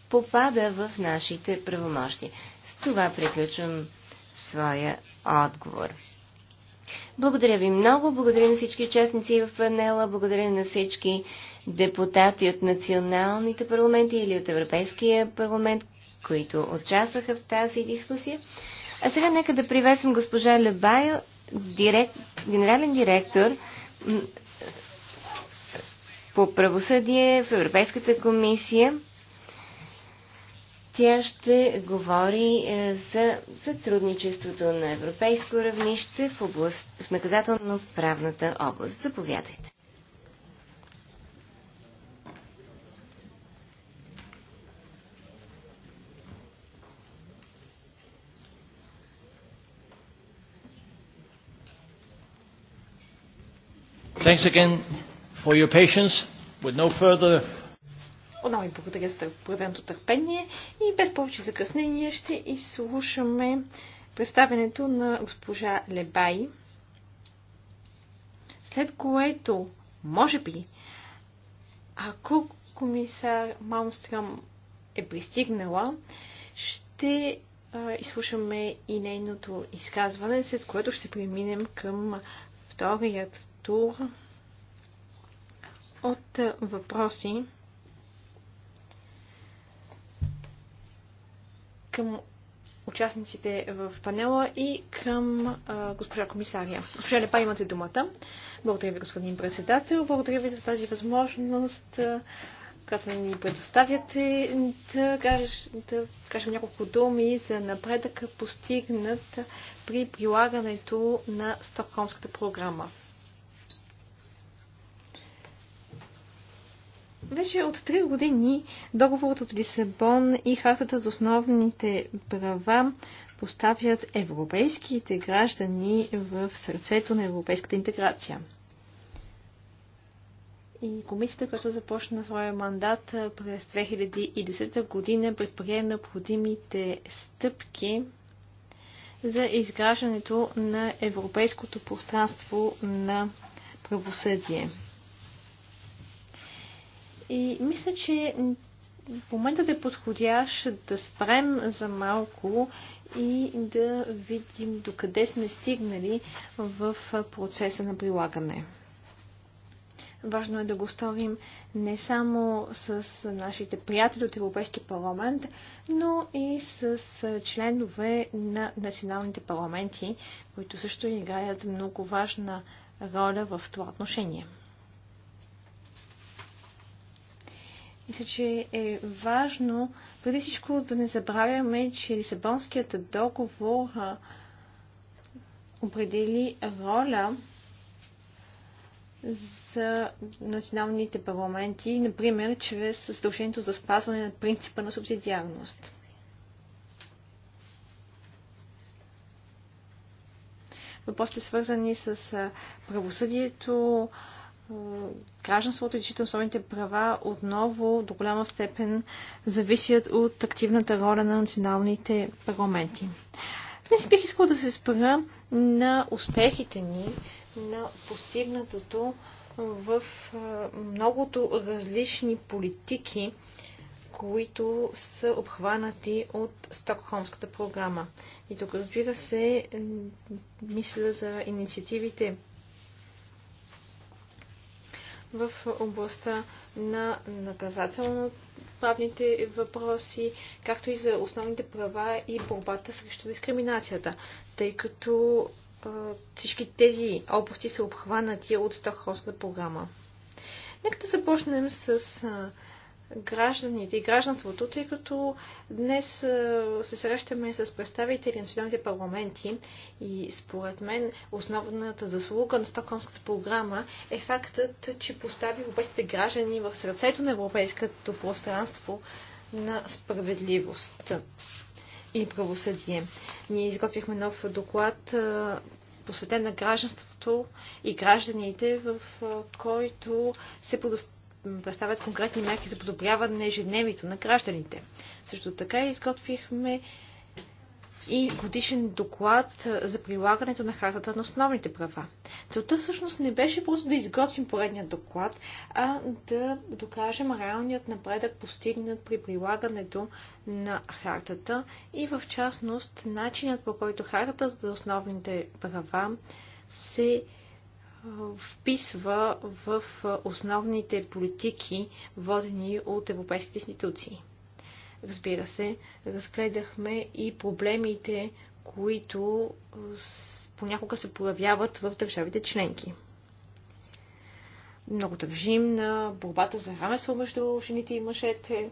попада в нашите правомощи. С това приключвам своя отговор. Благодаря ви много, благодаря на всички участници в панела, благодаря на всички депутати от националните парламенти или от Европейския парламент, които участваха в тази дискусия. А сега нека да приветствам госпожа Лебайо, директ, генерален директор по правосъдие в Европейската комисия. Тя ще говори е, за сътрудничеството на европейско равнище в, област, в наказателно-правната област. Заповядайте. Thanks again for your patience. With no further отново ви благодаря за проявеното търпение и без повече закъснение ще изслушаме представенето на госпожа Лебай, след което, може би, ако комисар Малмстрам е пристигнала, ще изслушаме и нейното изказване, след което ще преминем към вторият тур от въпроси към участниците в панела и към а, госпожа комисария. Госпожа Лепа, имате думата. Благодаря ви, господин председател. Благодаря ви за тази възможност, която ни предоставяте, да, каж, да кажем няколко думи за напредъка постигнат при прилагането на Стокхолмската програма. Вече от три години договорът от Лисабон и хартата за основните права поставят европейските граждани в сърцето на европейската интеграция. И комисията, която започна своя мандат през 2010 година, предприе необходимите стъпки за изграждането на европейското пространство на правосъдие. И мисля, че моментът е подходящ да спрем за малко и да видим докъде сме стигнали в процеса на прилагане. Важно е да го сторим не само с нашите приятели от Европейския парламент, но и с членове на националните парламенти, които също играят много важна роля в това отношение. Мисля, че е важно преди всичко да не забравяме, че Лисабонският договор определи роля за националните парламенти, например, чрез задължението за спазване на принципа на субсидиарност. Въпросите свързани с правосъдието, гражданството и защита основните права отново до голяма степен зависят от активната роля на националните парламенти. Днес бих искала да се спра на успехите ни, на постигнатото в многото различни политики, които са обхванати от Стокхолмската програма. И тук, разбира се, мисля за инициативите в областта на наказателно-правните въпроси, както и за основните права и борбата срещу дискриминацията, тъй като а, всички тези области са обхванати от Стокхолмската програма. Нека да започнем с А, гражданите и гражданството, тъй като днес се срещаме с представители на националните парламенти и според мен основната заслуга на Стокхолмската програма е фактът, че постави европейските граждани в сърцето на европейското пространство на справедливост и правосъдие. Ние изготвихме нов доклад посветен на гражданството и гражданите, в който се подоставя представят конкретни мерки за подобряване на ежедневието на гражданите. Също така изготвихме и годишен доклад за прилагането на хартата на основните права. Целта всъщност не беше просто да изготвим поредния доклад, а да докажем реалният напредък постигнат при прилагането на хартата и в частност начинът по който хартата за основните права се вписва в основните политики, водени от европейските институции. Разбира се, разгледахме и проблемите, които понякога се появяват в държавите членки. Много държим на борбата за равенство между жените и мъжете,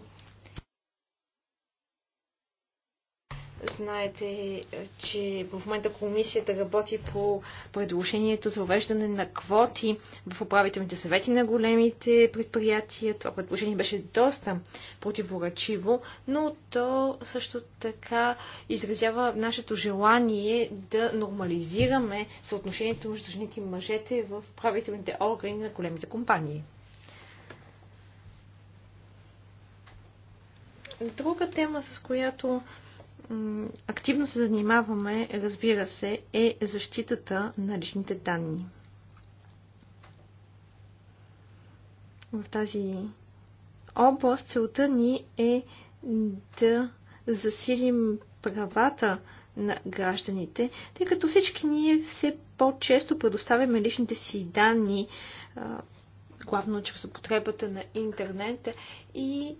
Знаете, че в момента комисията работи по предложението за въвеждане на квоти в управителните съвети на големите предприятия. Това предложение беше доста противоречиво, но то също така изразява нашето желание да нормализираме съотношението между жените и мъжете в управителните органи на големите компании. Друга тема, с която активно се занимаваме, разбира се, е защитата на личните данни. В тази област целта ни е да засилим правата на гражданите, тъй като всички ние все по-често предоставяме личните си данни, главно чрез употребата на интернет и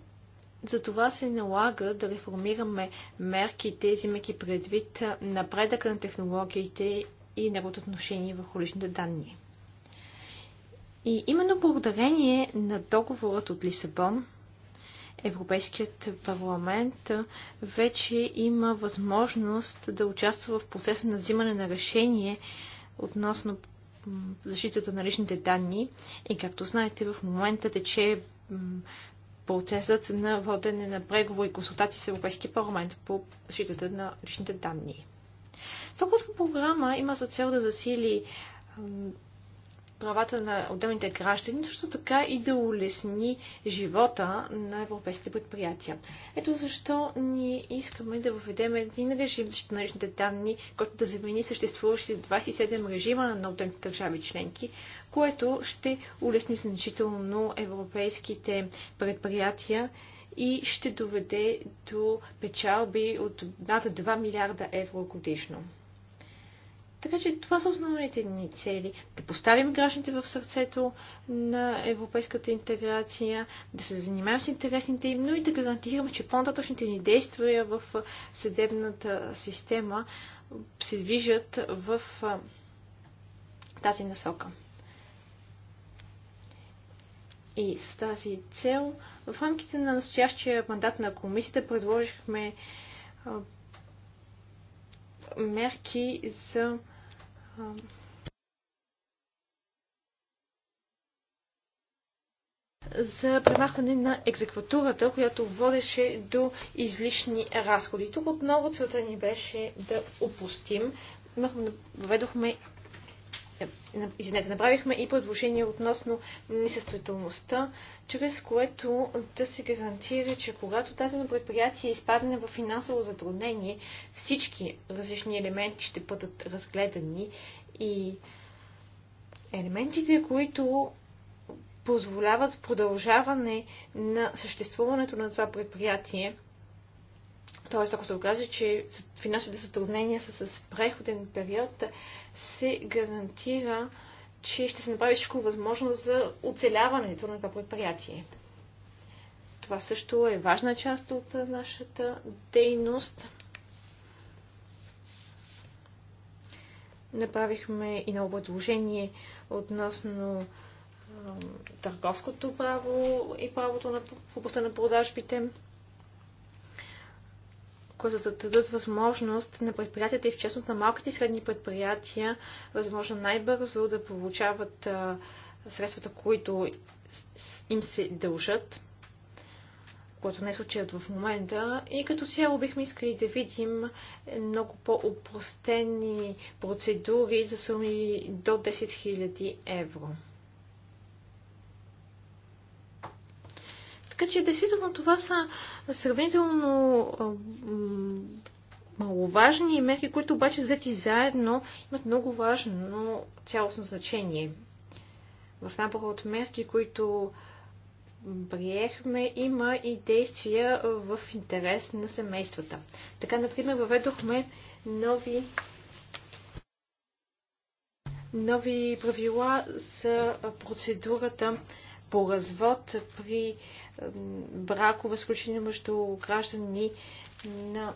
затова се налага да реформираме мерките, взимайки предвид напредъка на технологиите и неговото отношение върху личните данни. И именно благодарение на договорът от Лисабон, Европейският парламент вече има възможност да участва в процеса на взимане на решение относно защитата на личните данни. И както знаете, в момента тече процесът на водене на преговори и консултации с Европейския парламент по защитата на личните данни. Стокхолмска програма има за цел да засили правата на отделните граждани, защото така и да улесни живота на европейските предприятия. Ето защо ние искаме да въведем един режим за на личните данни, който да замени съществуващите 27 режима на отделните държави членки, което ще улесни значително европейските предприятия и ще доведе до печалби от над 2 милиарда евро годишно. Така че това са основните ни цели. Да поставим гражданите в сърцето на европейската интеграция, да се занимаем с интересните им, но и да гарантираме, че по-нататъчните ни действия в съдебната система се движат в тази насока. И с тази цел, в рамките на настоящия мандат на комисията предложихме мерки за за премахване на екзекватурата, която водеше до излишни разходи. Тук отново целта ни беше да опустим. Въведохме извинете, направихме и предложение относно несъстоятелността, чрез което да се гарантира, че когато дадено предприятие изпадне в финансово затруднение, всички различни елементи ще бъдат разгледани и елементите, които позволяват продължаване на съществуването на това предприятие, Тоест, ако се оказа, че финансовите затруднения са с преходен период, се гарантира, че ще се направи всичко възможно за оцеляването на това предприятие. Това също е важна част от нашата дейност. Направихме и на предложение относно търговското право и правото на, в областта на продажбите които да дадат възможност на предприятията и в частност на малките и средни предприятия, възможно най-бързо да получават средствата, които им се дължат, което не е случаят в момента. И като цяло бихме искали да видим много по-упростени процедури за суми до 10 000 евро. Така че, действително, това са сравнително маловажни мерки, които обаче взети заедно имат много важно цялостно значение. В набора от мерки, които приехме, има и действия в интерес на семействата. Така, например, въведохме нови нови правила за процедурата по развод при бракове, сключени между граждани на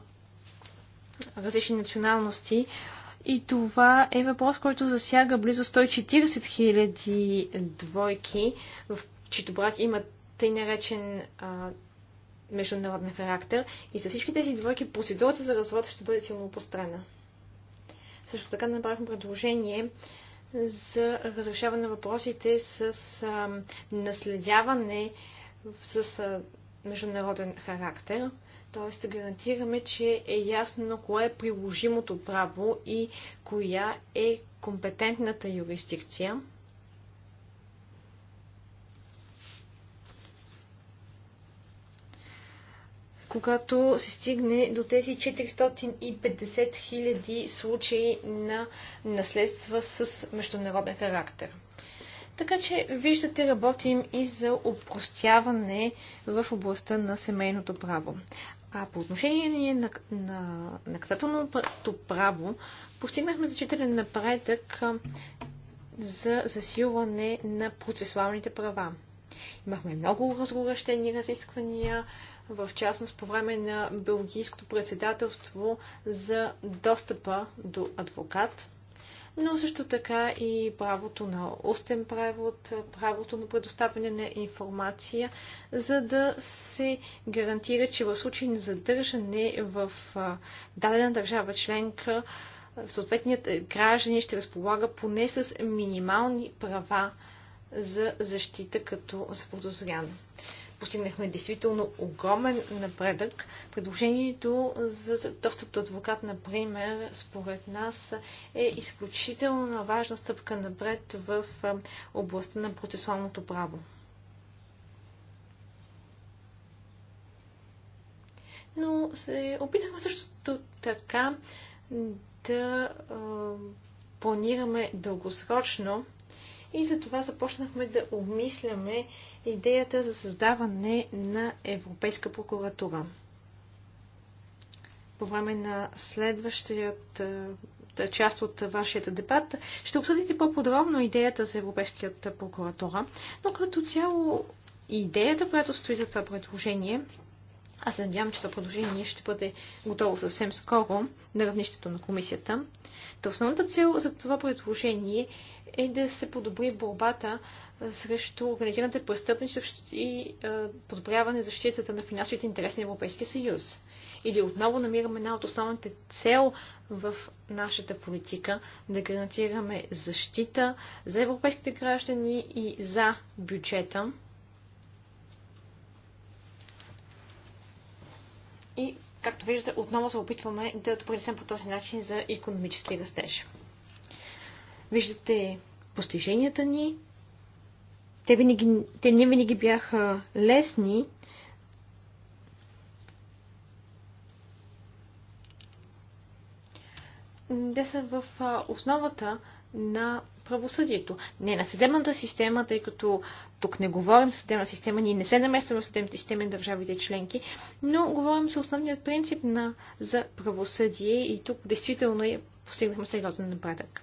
различни националности. И това е въпрос, който засяга близо 140 хиляди двойки, в чието брак има тъй наречен а, международен характер. И за всички тези двойки процедурата за развод ще бъде силно пострана. Също така направихме предложение за разрешаване на въпросите с а, наследяване с а, международен характер. т.е. да гарантираме, че е ясно кое е приложимото право и коя е компетентната юрисдикция. когато се стигне до тези 450 хиляди случаи на наследства с международен характер. Така че, виждате, работим и за упростяване в областта на семейното право. А по отношение на, на наказателното право, постигнахме значителен напредък за засилване на процесуалните права. Имахме много разгорещени разисквания, в частност по време на Белгийското председателство за достъпа до адвокат, но също така и правото на устен превод, правото на предоставяне на информация, за да се гарантира, че в случай на задържане в дадена държава членка, съответният граждани ще разполага поне с минимални права за защита като заподозряно постигнахме действително огромен напредък. Предложението за достъп до адвокат, например, според нас е изключително важна стъпка напред в областта на процесуалното право. Но се опитахме също така да планираме дългосрочно и за това започнахме да обмисляме идеята за създаване на Европейска прокуратура. По време на следващата е, част от вашия дебат ще обсъдите по-подробно идеята за Европейската прокуратура, но като цяло идеята, която стои за това предложение, аз се надявам, че това предложение ще бъде готово съвсем скоро на равнището на комисията. Та основната цел за това предложение е да се подобри борбата срещу организираната престъпност и подобряване защитата на финансовите интереси на Европейския съюз. Или отново намираме една от основните цел в нашата политика да гарантираме защита за европейските граждани и за бюджета. И, както виждате, отново се опитваме да допринесем по този начин за економически растеж. Виждате постиженията ни, те, винаги, те не винаги бяха лесни. Те са в основата на правосъдието. Не на съдебната система, тъй като тук не говорим за съдебна система, ние не се наместваме в съдебната системи на държавите членки, но говорим за основният принцип на, за правосъдие и тук действително е постигнахме сериозен напредък.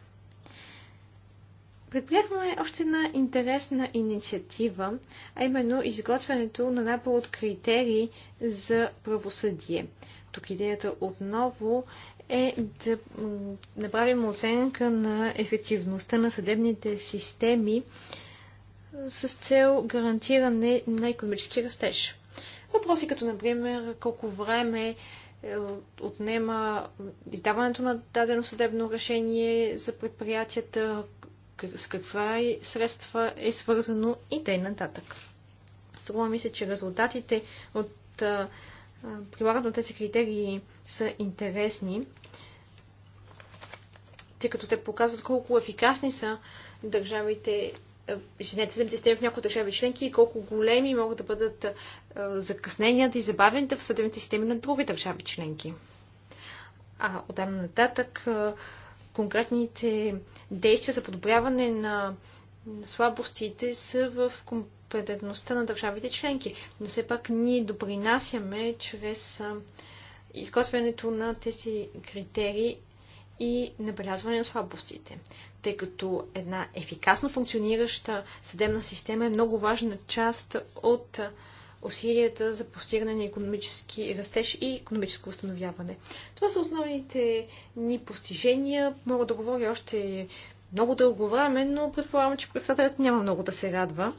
Предприехме още една интересна инициатива, а именно изготвянето на набор от критерии за правосъдие. Тук идеята отново е да направим оценка на ефективността на съдебните системи с цел гарантиране на економически растеж. Въпроси като, например, колко време е, отнема издаването на дадено съдебно решение за предприятията, с каква е средства е свързано и тъй нататък. Струва ми се, че резултатите от прилагането на тези критерии са интересни, тъй като те показват колко ефикасни са държавите извинете, съм системи в някои държави членки и колко големи могат да бъдат закъсненията и забавените в съдебните системи на други държави членки. А от там нататък конкретните действия за подобряване на слабостите са в компетентността на държавите членки. Но все пак ние допринасяме чрез изготвянето на тези критерии и набелязване на слабостите, тъй като една ефикасно функционираща съдебна система е много важна част от усилията за постигане на економически растеж и економическо установяване. Това са основните ни постижения. Мога да говоря още много дълго време, но предполагам, че председателят няма много да се радва.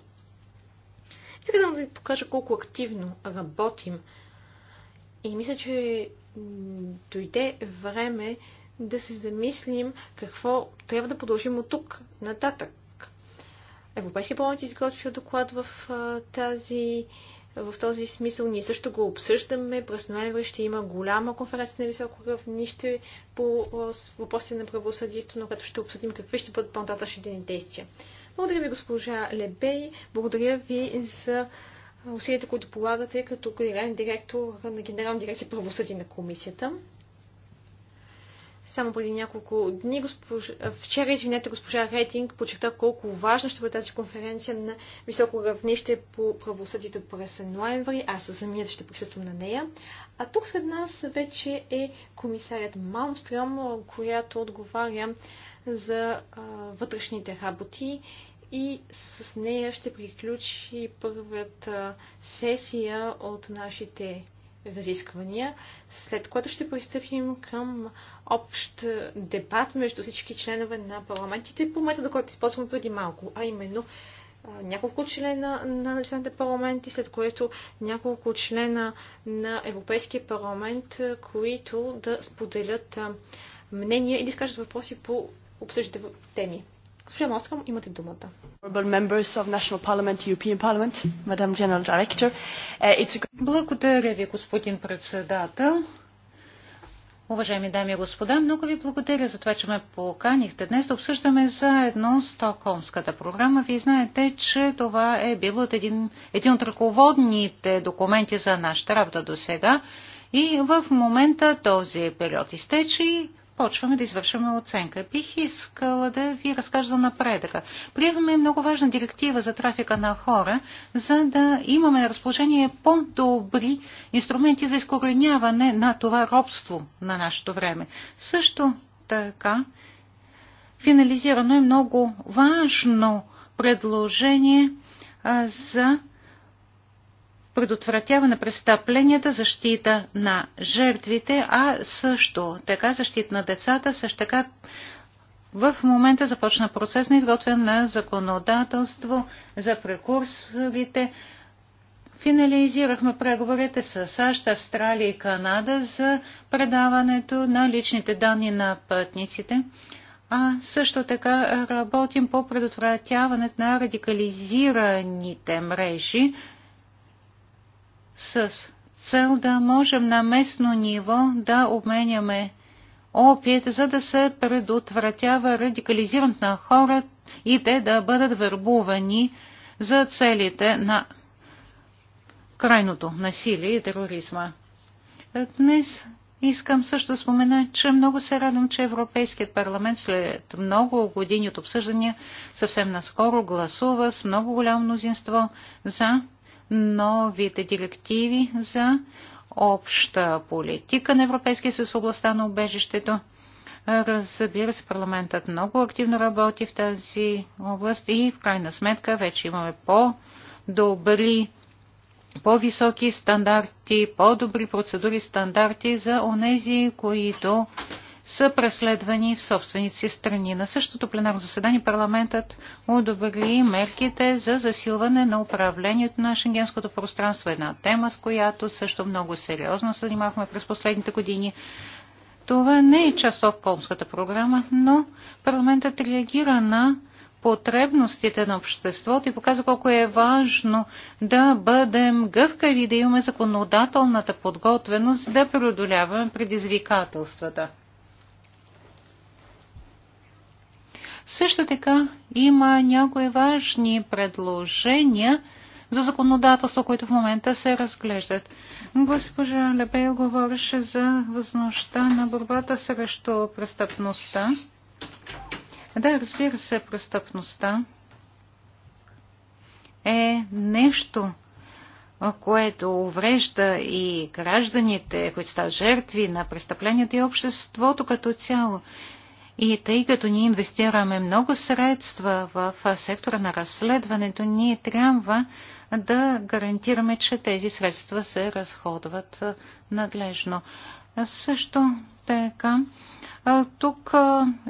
Искам да ви покажа колко активно работим. И мисля, че дойде време да се замислим какво трябва да продължим от тук нататък. Европейския парламент изготвя доклад в тази в този смисъл ние също го обсъждаме. През ноември ще има голяма конференция на високо равнище по въпросите на правосъдието, на която ще обсъдим какви ще бъдат по-нататъчните ни действия. Благодаря ви, госпожа Лебей. Благодаря ви за усилията, които полагате като генерален директор на Генерална дирекция правосъдие на комисията. Само преди няколко дни, госпож... вчера, извинете, госпожа Рейтинг почерта колко важна ще бъде тази конференция на високо равнище по правосъдието през ноември. Аз самият ще присъствам на нея. А тук сред нас вече е комисарят Малмстрам, която отговаря за а, вътрешните работи и с нея ще приключи първата сесия от нашите разисквания, след което ще пристъпим към общ дебат между всички членове на парламентите по метода, който използваме преди малко, а именно няколко члена на националните парламенти, след което няколко члена на Европейския парламент, които да споделят мнения и да изкажат въпроси по обсъждате теми. Госпожа Мострам, имате думата. Е, благодаря ви, господин председател. Уважаеми дами и господа, много ви благодаря за това, че ме поканихте днес да обсъждаме заедно Стокхолмската програма. Вие знаете, че това е бил един, един от ръководните документи за нашата работа до сега. И в момента този период изтече и почваме да извършваме оценка. Бих искала да ви разкажа за напредъка. Приемаме много важна директива за трафика на хора, за да имаме на разположение по-добри инструменти за изкореняване на това робство на нашето време. Също така, финализирано е много важно предложение за Предотвратяване престъпленията, защита на жертвите, а също така защита на децата, също така в момента започна процес на изготвяне на законодателство за прекурсорите. Финализирахме преговорите с САЩ, Австралия и Канада за предаването на личните данни на пътниците. А също така работим по предотвратяването на радикализираните мрежи, с цел да можем на местно ниво да обменяме опит, за да се предотвратява радикализирането на хора и те да бъдат вербувани за целите на крайното насилие и тероризма. Днес искам също да спомена, че много се радвам, че Европейският парламент след много години от обсъждания съвсем наскоро гласува с много голямо мнозинство за новите директиви за обща политика на Европейския съюз в областта на убежището. Разбира се, парламентът много активно работи в тази област и в крайна сметка вече имаме по-добри, по-високи стандарти, по-добри процедури стандарти за онези, които са преследвани в собственици страни. На същото пленарно заседание парламентът одобри мерките за засилване на управлението на шенгенското пространство. Една тема, с която също много сериозно се занимахме през последните години. Това не е част от Комската програма, но парламентът реагира на потребностите на обществото и показа колко е важно да бъдем гъвкави, да имаме законодателната подготвеност да преодоляваме предизвикателствата. Също така има някои важни предложения за законодателство, които в момента се разглеждат. Госпожа Лебейл говореше за възможността на борбата срещу престъпността. Да, разбира се, престъпността е нещо, което уврежда и гражданите, които стават жертви на престъпленията и обществото като цяло. И тъй като ние инвестираме много средства в сектора на разследването, ние трябва да гарантираме, че тези средства се разходват надлежно. Също така, тук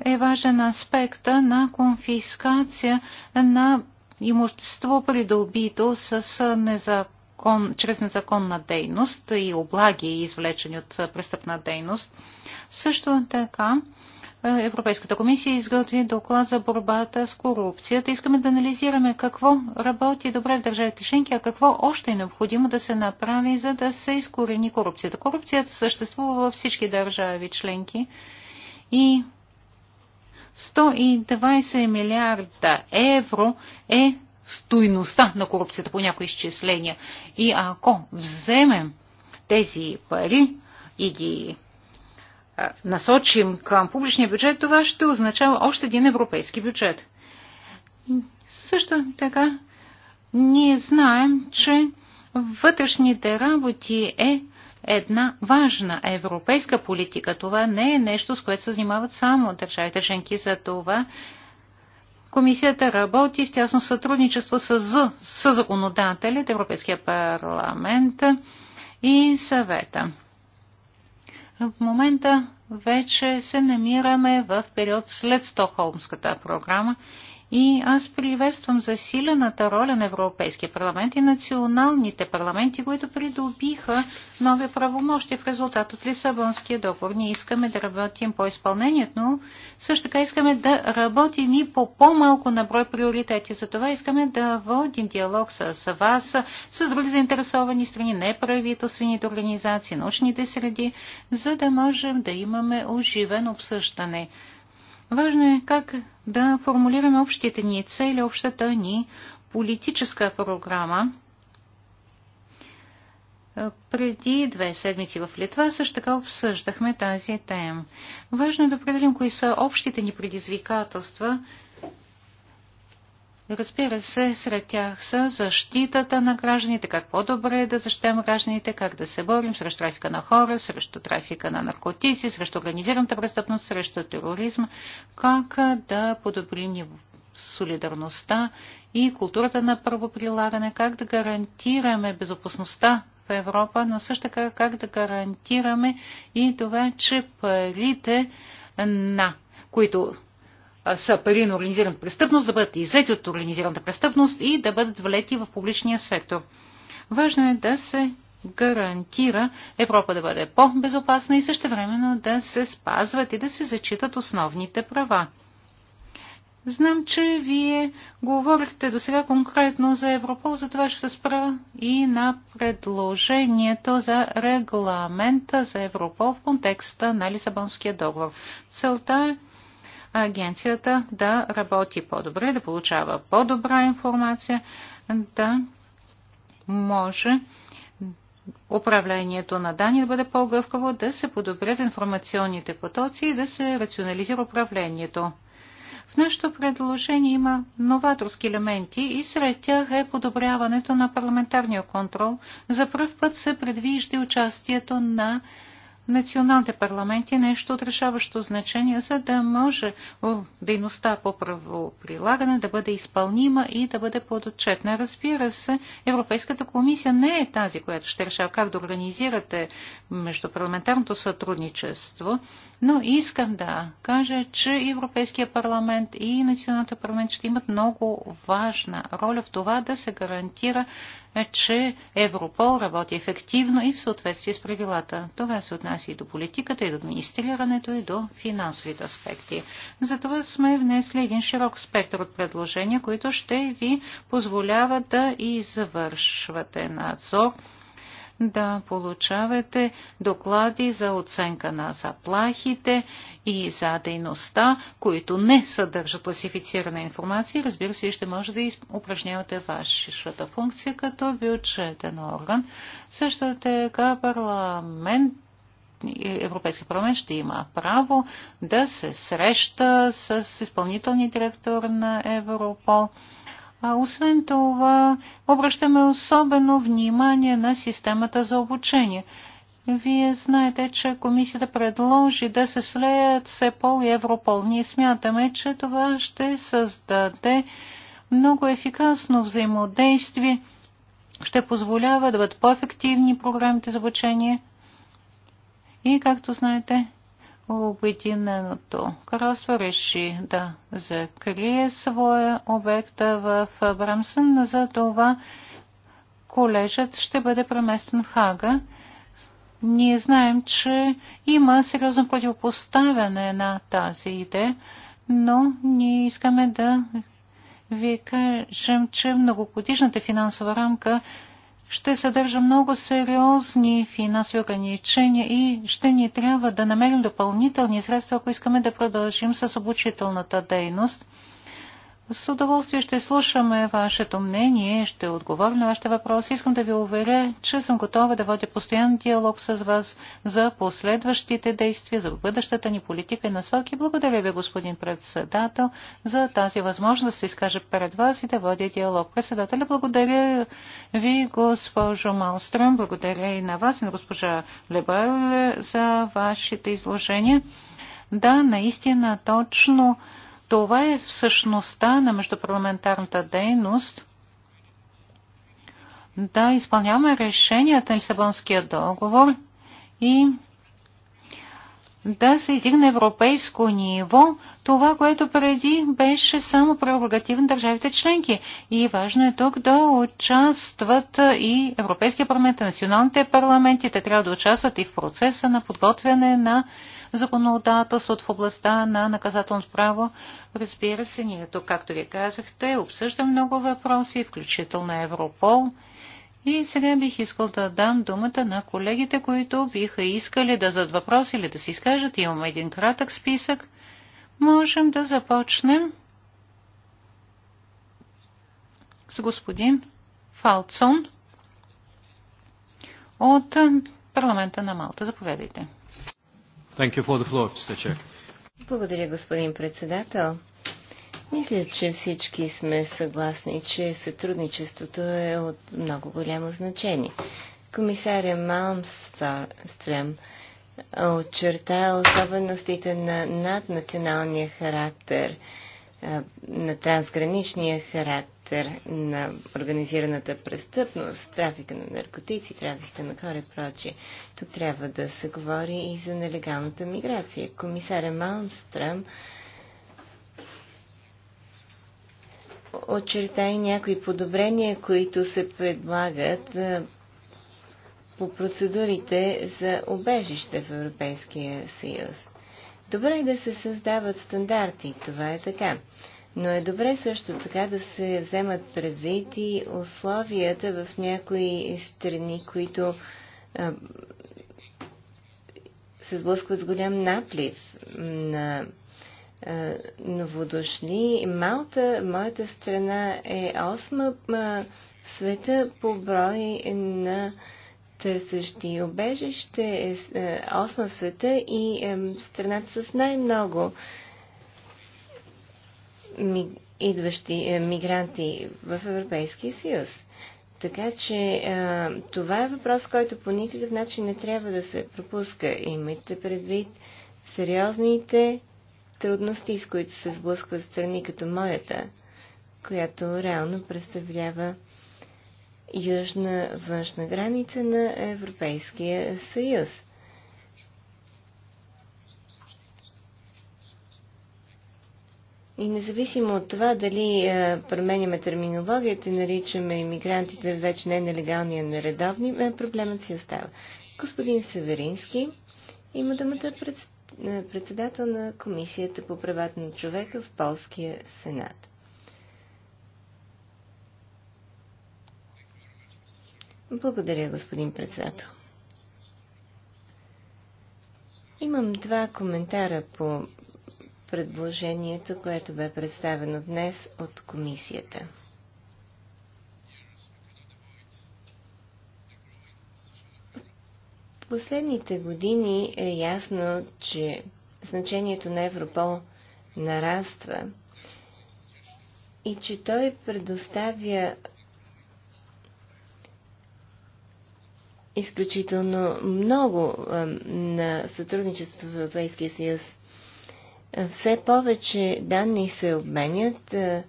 е важен аспект на конфискация на имущество, придобито с незакон, чрез незаконна дейност и облаги, извлечени от престъпна дейност. Също така, Европейската комисия изготви доклад за борбата с корупцията. Искаме да анализираме какво работи добре в държавите членки, а какво още е необходимо да се направи, за да се изкорени корупцията. Корупцията съществува във всички държави членки и 120 милиарда евро е стойността на корупцията по някои изчисления. И ако вземем тези пари и ги насочим към публичния бюджет, това ще означава още един европейски бюджет. Също така, ние знаем, че вътрешните работи е една важна европейска политика. Това не е нещо, с което се занимават само държавите женки. За това комисията работи в тясно сътрудничество с, с законодателите, Европейския парламент и съвета. В момента вече се намираме в период след Стокхолмската програма и аз приветствам засилената роля на Европейския парламент и националните парламенти, които придобиха нови правомощи в резултат от Лисабонския договор. Ние искаме да работим по изпълнението, но също така искаме да работим и по по-малко на брой приоритети. Затова искаме да водим диалог с вас, с други заинтересовани страни, неправителствените организации, научните среди, за да можем да имаме оживено обсъждане. Важно е как да формулираме общите ни цели, общата ни политическа програма. Преди две седмици в Литва също така обсъждахме тази тема. Важно е да определим кои са общите ни предизвикателства Разбира се, сред тях са защитата на гражданите, как по-добре е да защитаваме гражданите, как да се борим срещу трафика на хора, срещу трафика на наркотици, срещу организираната престъпност, срещу тероризма, как да подобрим солидарността и културата на правоприлагане, как да гарантираме безопасността в Европа, но също така как да гарантираме и това, че парите на които са пари на организираната престъпност, да бъдат иззети от организираната престъпност и да бъдат влети в публичния сектор. Важно е да се гарантира Европа да бъде по-безопасна и същевременно да се спазват и да се зачитат основните права. Знам, че вие говорихте до сега конкретно за Европол, затова ще се спра и на предложението за регламента за Европол в контекста на Лисабонския договор. Целта е агенцията да работи по-добре, да получава по-добра информация, да може управлението на данни да бъде по-гъвкаво, да се подобрят информационните потоци и да се рационализира управлението. В нашето предложение има новаторски елементи и сред тях е подобряването на парламентарния контрол. За първ път се предвижда участието на националните парламенти е нещо от решаващо значение, за да може дейността по правоприлагане да бъде изпълнима и да бъде подотчетна. Разбира се, Европейската комисия не е тази, която ще решава как да организирате междупарламентарното сътрудничество, но искам да кажа, че Европейския парламент и националните парламент ще имат много важна роля в това да се гарантира че Европол работи ефективно и в съответствие с правилата. Това се отнася и до политиката, и до администрирането, и до финансовите аспекти. Затова сме внесли един широк спектър от предложения, които ще ви позволяват да и завършвате надзор да получавате доклади за оценка на заплахите и за дейността, които не съдържат класифицирана информация. Разбира се, ще може да упражнявате вашата функция като бюджетен орган. Също така парламент Европейския парламент ще има право да се среща с изпълнителния директор на Европол а освен това, обръщаме особено внимание на системата за обучение. Вие знаете, че комисията предложи да се слеят СЕПОЛ и Европол. Ние смятаме, че това ще създаде много ефикасно взаимодействие, ще позволява да бъдат по-ефективни програмите за обучение. И, както знаете, Обединеното кралство реши да закрие своя обект в Брамсън, за това колежът ще бъде преместен в Хага. Ние знаем, че има сериозно противопоставяне на тази идея, но ние искаме да ви кажем, че многогодишната финансова рамка ще съдържа много сериозни финансови ограничения и ще ни трябва да намерим допълнителни средства, ако искаме да продължим с обучителната дейност – с удоволствие ще слушаме вашето мнение, ще отговоря на вашите въпроси. Искам да ви уверя, че съм готова да водя постоянен диалог с вас за последващите действия, за бъдещата ни политика и насоки. Благодаря ви, господин председател, за тази възможност да се изкаже пред вас и да водя диалог. Председателя, благодаря ви, госпожо Малстрем, благодаря и на вас и на госпожа Лебайл за вашите изложения. Да, наистина, точно това е всъщността на междупарламентарната дейност да изпълняваме решенията на Лисабонския договор и да се издигне европейско ниво, това, което преди беше само прерогатив на държавите членки. И важно е тук да участват и Европейския парламент, и националните парламенти. Те трябва да участват и в процеса на подготвяне на законодателството в областта на наказателното право. Разбира се, ние тук, както ви казахте, обсъждам много въпроси, включително Европол. И сега бих искал да дам думата на колегите, които биха искали да задат въпрос или да се изкажат. Имам един кратък списък. Можем да започнем с господин Фалцон от парламента на Малта. Заповядайте. Thank you for the floor, Mr. Chair. Благодаря, господин председател. Мисля, че всички сме съгласни, че сътрудничеството е от много голямо значение. Комисаря Малмстрем очерта особеностите на наднационалния характер, на трансграничния характер характер на организираната престъпност, трафика на наркотици, трафика на хора и прочие. Тук трябва да се говори и за нелегалната миграция. Комисаря Малмстрам очерта и някои подобрения, които се предлагат по процедурите за обежище в Европейския съюз. Добре е да се създават стандарти, това е така. Но е добре също така да се вземат предвид и условията в някои страни, които а, се сблъскват с голям наплив на а, новодошли. Малта, моята страна, е осма в света по брой на търсещи обежище, е осма в света и а, страната с най-много ми, идващи е, мигранти в Европейския съюз. Така че е, това е въпрос, който по никакъв начин не трябва да се пропуска. Имайте предвид сериозните трудности, с които се сблъскват страни като моята, която реално представлява южна външна граница на Европейския съюз. И независимо от това дали е, променяме терминологията и наричаме иммигрантите вече не нелегални, а нередовни, е, проблемът си остава. Господин Северински има думата пред, е, председател на Комисията по правата на човека в Полския сенат. Благодаря, господин председател. Имам два коментара по предложението, което бе представено днес от комисията. последните години е ясно, че значението на Европол нараства и че той предоставя изключително много на сътрудничеството в Европейския съюз все повече данни се обменят е,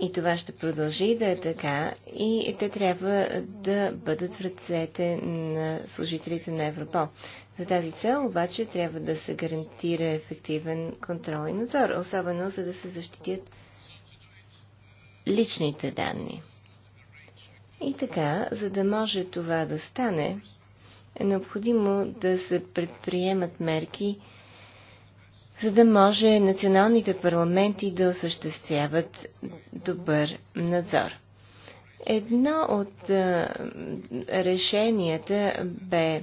и това ще продължи да е така и те трябва да бъдат в ръцете на служителите на Европол. За тази цел обаче трябва да се гарантира ефективен контрол и надзор, особено за да се защитят личните данни. И така, за да може това да стане, е необходимо да се предприемат мерки за да може националните парламенти да осъществяват добър надзор. Едно от решенията бе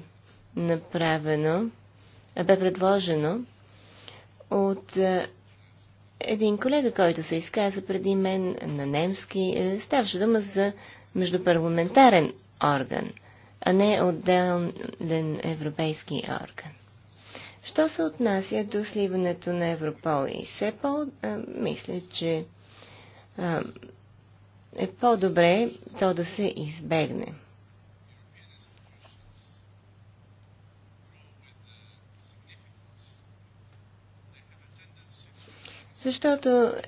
направено, бе предложено от един колега, който се изказа преди мен на немски. Е, ставаше дума за междупарламентарен орган, а не отделен европейски орган. Що се отнася до сливането на Европол и СЕПОЛ, а, мисля, че а, е по-добре то да се избегне. Защото е,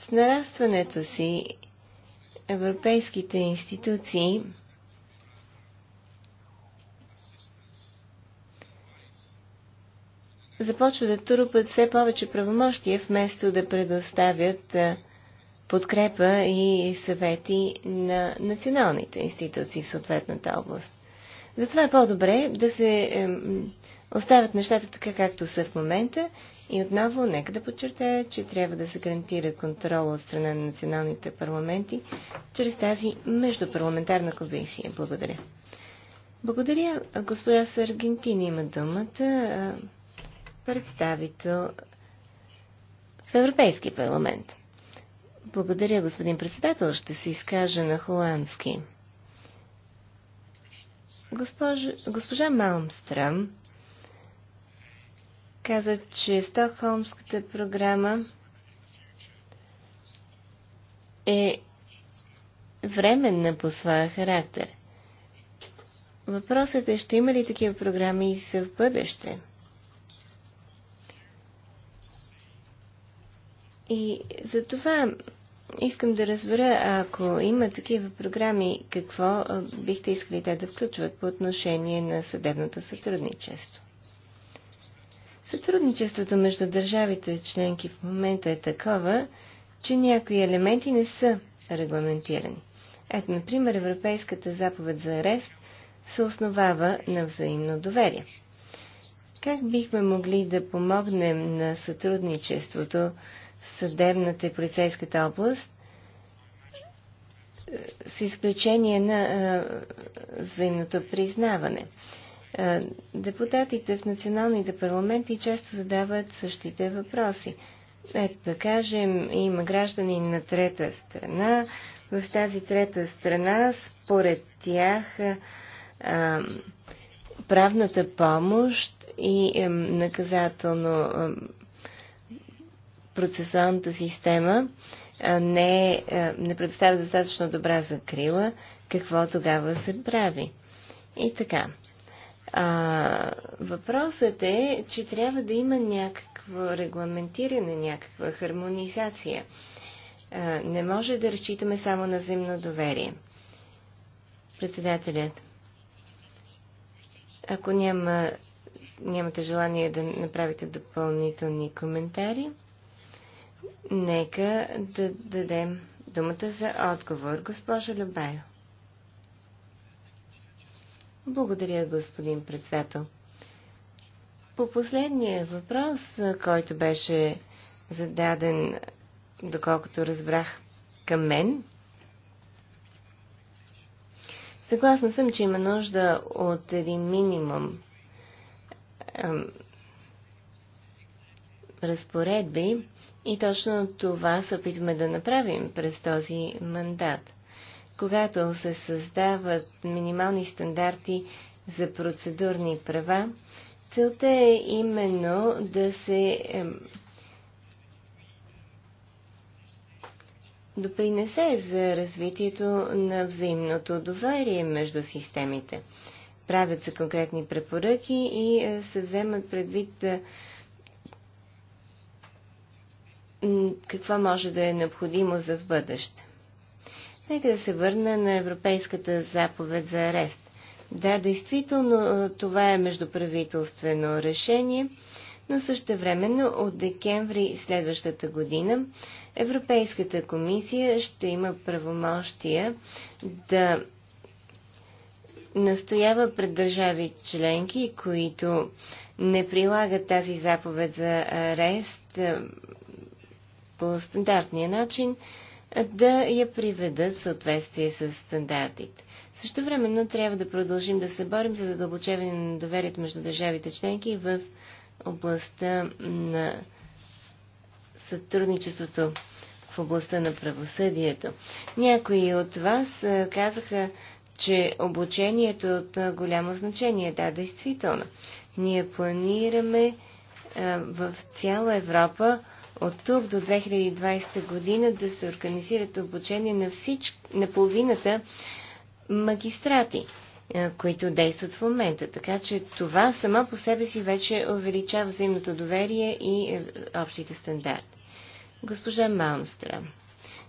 с нарастването си европейските институции Започва да трупат все повече правомощия, вместо да предоставят подкрепа и съвети на националните институции в съответната област. Затова е по-добре да се оставят нещата така, както са в момента. И отново, нека да подчертая, че трябва да се гарантира контрол от страна на националните парламенти чрез тази междупарламентарна комисия. Благодаря. Благодаря. Госпожа Саргентини има думата представител в Европейски парламент. Благодаря, господин председател. Ще се изкажа на холандски. Госпожа, госпожа Малмстрам каза, че Стокхолмската програма е временна по своя характер. Въпросът е, ще има ли такива програми и в бъдеще? И за това искам да разбера, ако има такива програми, какво бихте искали те да включват по отношение на съдебното сътрудничество? Сътрудничеството между държавите членки в момента е такова, че някои елементи не са регламентирани. Ето, например, Европейската заповед за арест се основава на взаимно доверие. Как бихме могли да помогнем на сътрудничеството съдебната и полицейската област, с изключение на взаимното признаване. депутатите в националните парламенти често задават същите въпроси. Ето да кажем, има граждани на трета страна. В тази трета страна, според тях, правната помощ и наказателно процесуалната система не, не предоставя достатъчно добра закрила, какво тогава се прави? И така. А, въпросът е, че трябва да има някакво регламентиране, някаква хармонизация. А, не може да разчитаме само на взаимно доверие. Председателят, ако няма, нямате желание да направите допълнителни коментари, Нека да дадем думата за отговор, госпожа Любайо. Благодаря, господин председател. По последния въпрос, който беше зададен, доколкото разбрах, към мен, съгласна съм, че има нужда от един минимум ам, разпоредби, и точно това се опитваме да направим през този мандат. Когато се създават минимални стандарти за процедурни права, целта е именно да се допринесе за развитието на взаимното доверие между системите. Правят се конкретни препоръки и е, се вземат предвид е, какво може да е необходимо за в бъдеще. Нека да се върна на Европейската заповед за арест. Да, действително това е междуправителствено решение, но същевременно от декември следващата година Европейската комисия ще има правомощия да настоява пред държави членки, които не прилагат тази заповед за арест по стандартния начин, да я приведат в съответствие с стандартите. Също времено трябва да продължим да се борим за задълбочаване на доверието между държавите членки в областта на сътрудничеството в областта на правосъдието. Някои от вас казаха, че обучението е от голямо значение. Да, действително. Ние планираме в цяла Европа от тук до 2020 година да се организират обучение на, всич... на половината магистрати, които действат в момента. Така че това само по себе си вече увеличава взаимното доверие и е, общите стандарти. Госпожа Малмстра,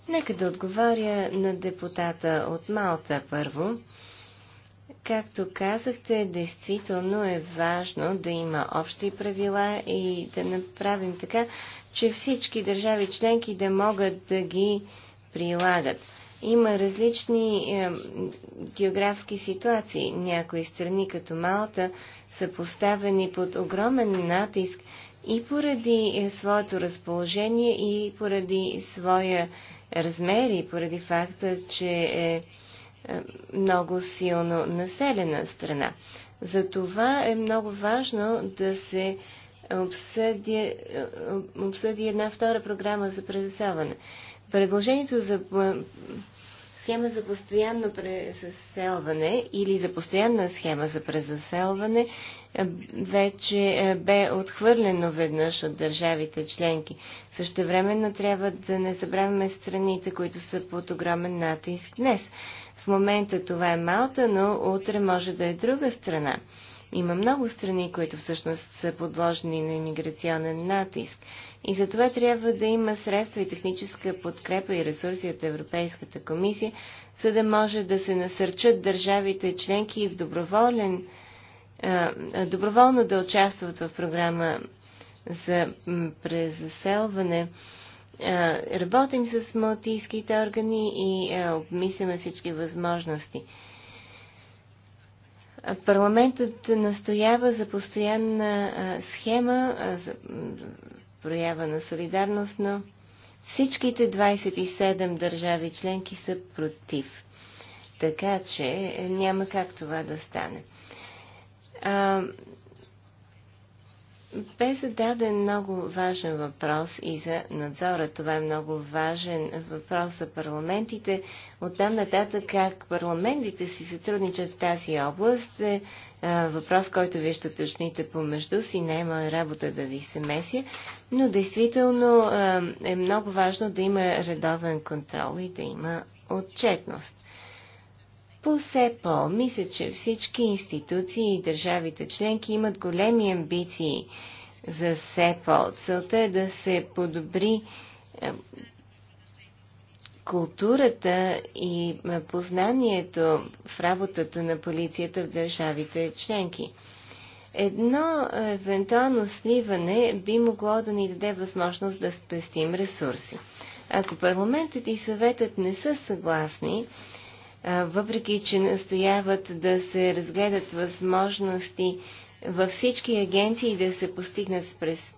нека да отговоря на депутата от Малта първо. Както казахте, действително е важно да има общи правила и да направим така, че всички държави членки да могат да ги прилагат. Има различни е, географски ситуации. Някои страни, като Малта, са поставени под огромен натиск и поради е, своето разположение, и поради своя размер, и поради факта, че е, е много силно населена страна. Затова е много важно да се обсъди, обсъди една втора програма за пресасяване. Предложението за е, схема за постоянно презаселване или за постоянна схема за презаселване е, вече е, бе отхвърлено веднъж от държавите членки. Същевременно трябва да не забравяме страните, които са под огромен натиск днес. В момента това е Малта, но утре може да е друга страна. Има много страни, които всъщност са подложени на иммиграционен натиск. И за това трябва да има средства и техническа подкрепа и ресурси от Европейската комисия, за да може да се насърчат държавите членки и в доброволен, доброволно да участват в програма за презаселване. Работим с малтийските органи и обмисляме всички възможности. Парламентът настоява за постоянна схема за проява на солидарност, но всичките 27 държави членки са против. Така че е, няма как това да стане бе зададен много важен въпрос и за надзора. Това е много важен въпрос за парламентите. Оттам нататък как парламентите си сътрудничат в тази област е въпрос, който вие ще уточните помежду си. Не има е работа да ви се меся, но действително е много важно да има редовен контрол и да има отчетност. По СЕПОЛ мисля, че всички институции и държавите членки имат големи амбиции за СЕПОЛ. Целта е да се подобри е, културата и е, познанието в работата на полицията в държавите членки. Едно е, евентуално сливане би могло да ни даде възможност да спестим ресурси. Ако парламентът и съветът не са съгласни, въпреки че настояват да се разгледат възможности във всички агенции да се постигнат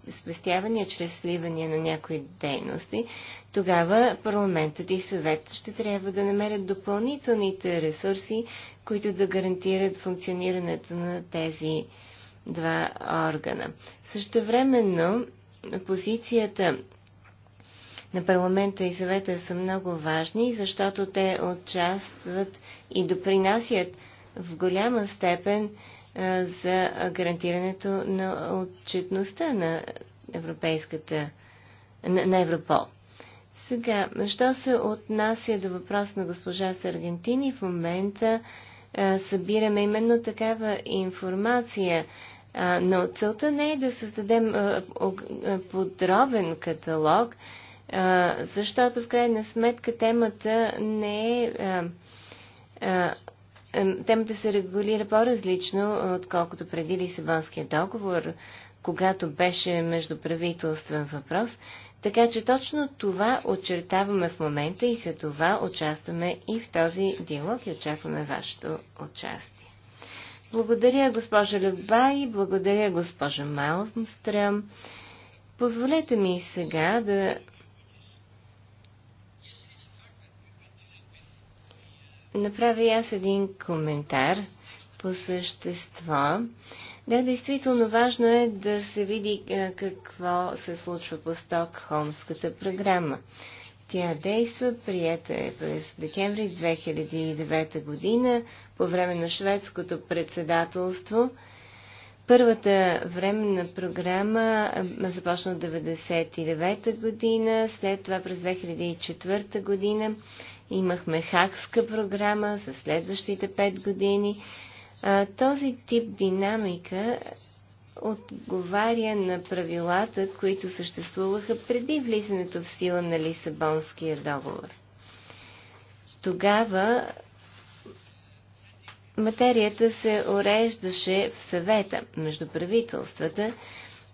спестявания чрез сливания на някои дейности, тогава парламентът и съвет ще трябва да намерят допълнителните ресурси, които да гарантират функционирането на тези два органа. Същевременно позицията на парламента и съвета са много важни, защото те участват и допринасят в голяма степен за гарантирането на отчетността на европейската, на, Европол. Сега, що се отнася до въпрос на госпожа Саргентини, в момента а, събираме именно такава информация, а, но целта не е да създадем а, подробен каталог, защото в крайна сметка темата не е. темата се регулира по-различно, отколкото преди Лисабонския договор, когато беше междуправителствен въпрос. Така че точно това очертаваме в момента и за това участваме и в този диалог и очакваме вашето участие. Благодаря, госпожа Любай, благодаря, госпожа Малмстрем. Позволете ми сега да направя аз един коментар по същество. Да, действително важно е да се види какво се случва по Стокхолмската програма. Тя действа, прията е през декември 2009 година по време на шведското председателство. Първата временна програма започна 1999 година, след това през 2004 година Имахме хакска програма за следващите 5 години. А, този тип динамика отговаря на правилата, които съществуваха преди влизането в сила на Лисабонския договор. Тогава материята се уреждаше в съвета между правителствата,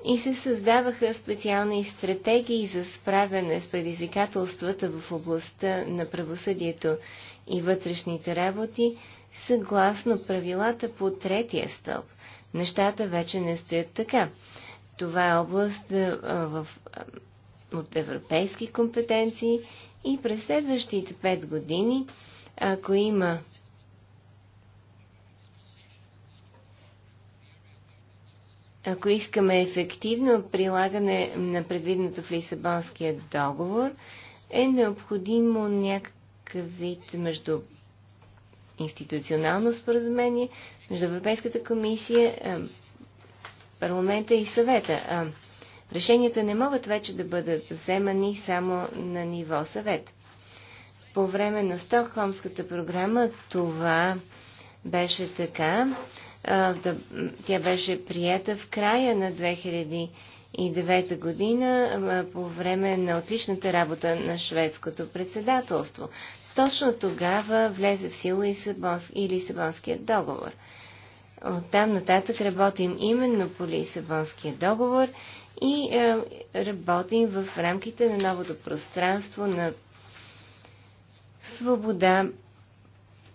и се създаваха специални стратегии за справяне с предизвикателствата в областта на правосъдието и вътрешните работи, съгласно правилата по третия стълб. Нещата вече не стоят така. Това е област в, от европейски компетенции и през следващите пет години, ако има Ако искаме ефективно прилагане на предвиденото в Лисабонския договор, е необходимо някакъв вид между институционално споразумение между Европейската комисия, парламента и съвета. Решенията не могат вече да бъдат вземани само на ниво съвет. По време на Стокхолмската програма това беше така да, тя беше приета в края на 2009 година по време на отличната работа на шведското председателство. Точно тогава влезе в сила и, Лисабонс, и Лисабонският договор. Оттам нататък работим именно по Лисабонския договор и е, работим в рамките на новото пространство на свобода,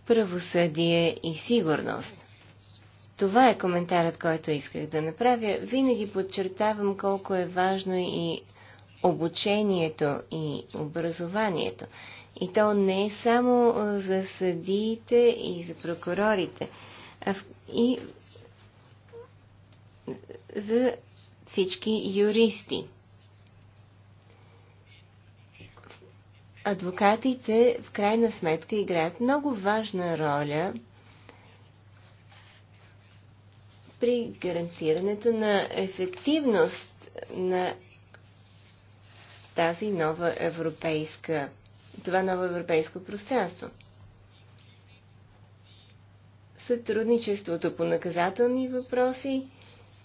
правосъдие и сигурност. Това е коментарът, който исках да направя. Винаги подчертавам колко е важно и обучението и образованието. И то не е само за съдиите и за прокурорите, а и за всички юристи. Адвокатите в крайна сметка играят много важна роля – при гарантирането на ефективност на тази нова европейска, това ново европейско пространство. Сътрудничеството по наказателни въпроси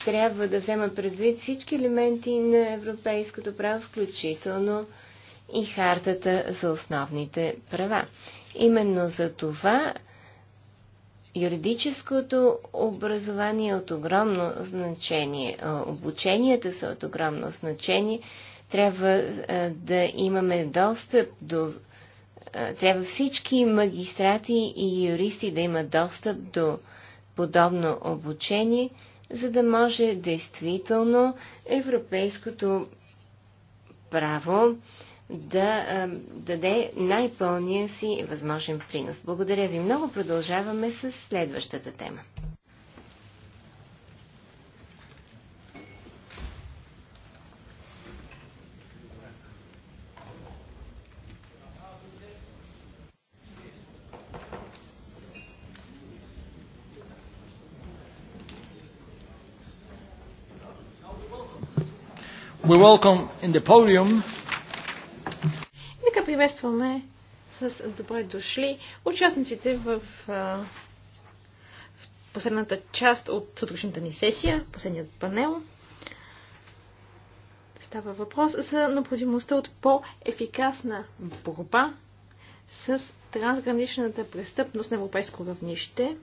трябва да взема предвид всички елементи на европейското право, включително и хартата за основните права. Именно за това Юридическото образование е от огромно значение. Обученията са от огромно значение. Трябва да имаме достъп до. Трябва всички магистрати и юристи да имат достъп до подобно обучение, за да може действително европейското право да даде най-пълния си възможен принос. Благодаря ви много. Продължаваме с следващата тема. We welcome in the podium Нека приветстваме с добре дошли участниците в, в последната част от сутрешната ни сесия, последният панел. Става въпрос за необходимостта от по-ефикасна борба с трансграничната престъпност на европейско равнище.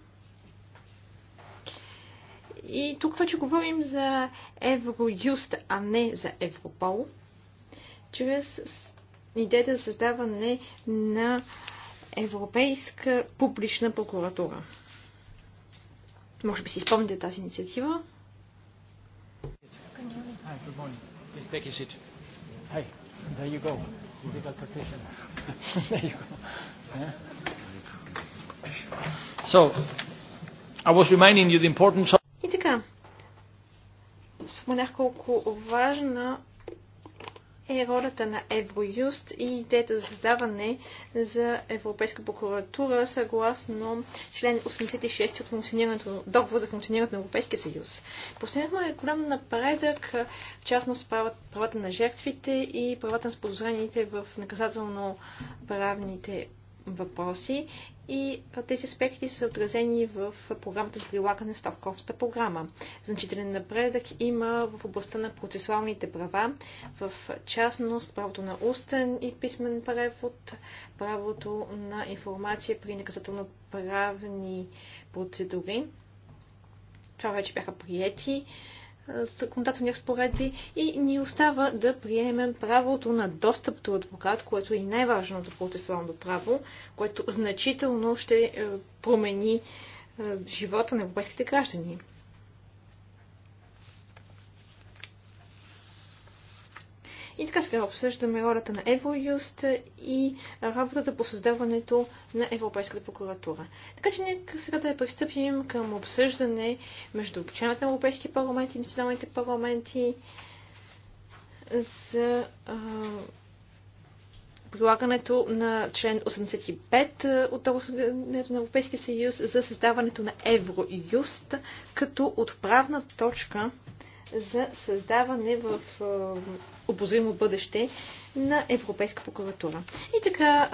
И тук вече говорим за Евроюст, а не за Европол. Чрез идеята е за създаване на Европейска публична прокуратура. Може би си спомните тази инициатива. И така, споменах колко важна е ролята на Евроюст и идеята за създаване за Европейска прокуратура съгласно член 86 от договор за функционирането на Европейския съюз. е голям напредък, в частност правата на жертвите и правата на сподозрените в наказателно-правните въпроси и тези аспекти са отразени в програмата за прилагане на Стокхолмската програма. Значителен напредък има в областта на процесуалните права, в частност правото на устен и писмен превод, правото на информация при наказателно-правни процедури. Това вече бяха приети законодателни разпоредби и ни остава да приемем правото на достъп до адвокат, което е и най-важното процесуално право, което значително ще промени живота на европейските граждани. И така сега обсъждаме ролята на Евроюст и работата по създаването на Европейската прокуратура. Така че нека сега да пристъпим към обсъждане между членовете на Европейския парламент и националните парламенти за а, прилагането на член 85 от Договорството на Европейския съюз за създаването на Евроюст като отправна точка за създаване в обозримо бъдеще на Европейска прокуратура. И така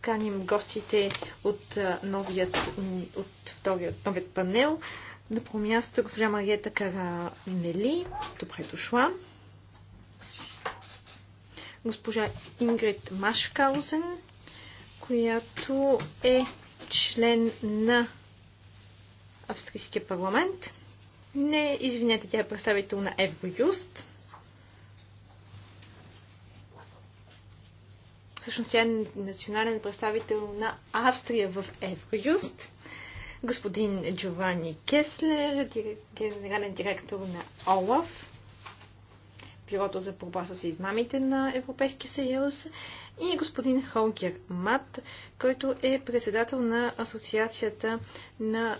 каним гостите от, новият, от вторият, новият панел. На промяната госпожа Мариета Каранели. Добре дошла. Госпожа Ингрид Машкаузен, която е член на Австрийския парламент. Не, извинете, тя е представител на Евроюст. Всъщност тя е национален представител на Австрия в Евроюст. Господин Джовани Кеслер, генерален директор на ОЛАФ, Бюрото за борба с измамите на Европейския съюз и господин Холгер Мат, който е председател на Асоциацията на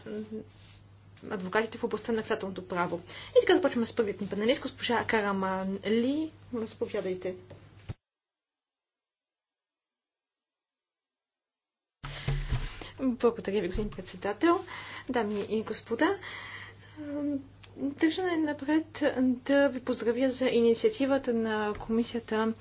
адвокатите в областта на наказателното право. И така започваме с първият ни панелист, госпожа Караман Ли. Разповядайте. Благодаря ви, господин председател. Дами и господа, Държа е напред да ви поздравя за инициативата на Комисията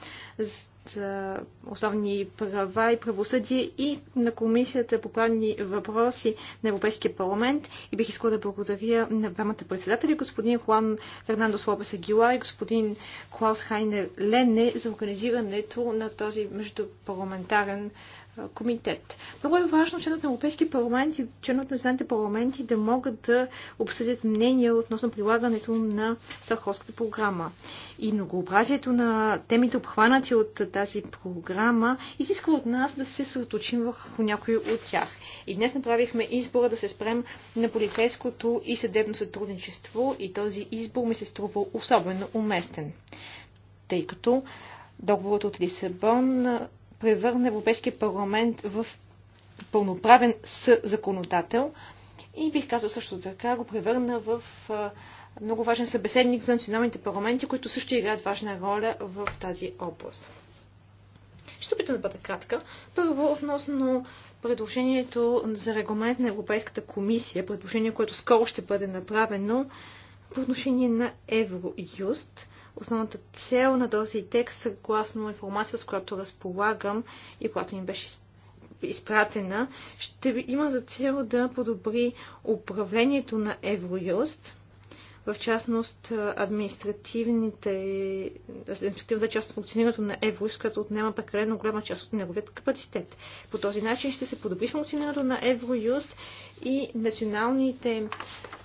за основни права и правосъдие и на Комисията по правни въпроси на Европейския парламент. И бих искала да благодаря на двамата председатели, господин Хуан Фернандос Лопес Агила и господин Клаус Хайнер Лене за организирането на този междупарламентарен комитет. Много е важно членът на Европейски парламент и членът на зелените парламенти да могат да обсъдят мнения относно прилагането на Стаховската програма. И многообразието на темите, обхванати от тази програма, изисква от нас да се съсредоточим върху някои от тях. И днес направихме избора да се спрем на полицейското и съдебно сътрудничество и този избор ми се струва особено уместен. Тъй като договорът от Лисабон превърне Европейския парламент в пълноправен законодател и бих казал също така го превърна в много важен събеседник за националните парламенти, които също играят важна роля в тази област. Ще се опитам да бъда кратка. Първо, относно предложението за регламент на Европейската комисия, предложение, което скоро ще бъде направено по отношение на Евроюст. Основната цел на този текст, съгласно информация, с която разполагам и която ми беше изпратена, ще има за цел да подобри управлението на Евроюст – в частност административните, административната част от функционирането на Евроис, която отнема прекалено голяма част от неговият капацитет. По този начин ще се подобри функционирането на Евроюст и националните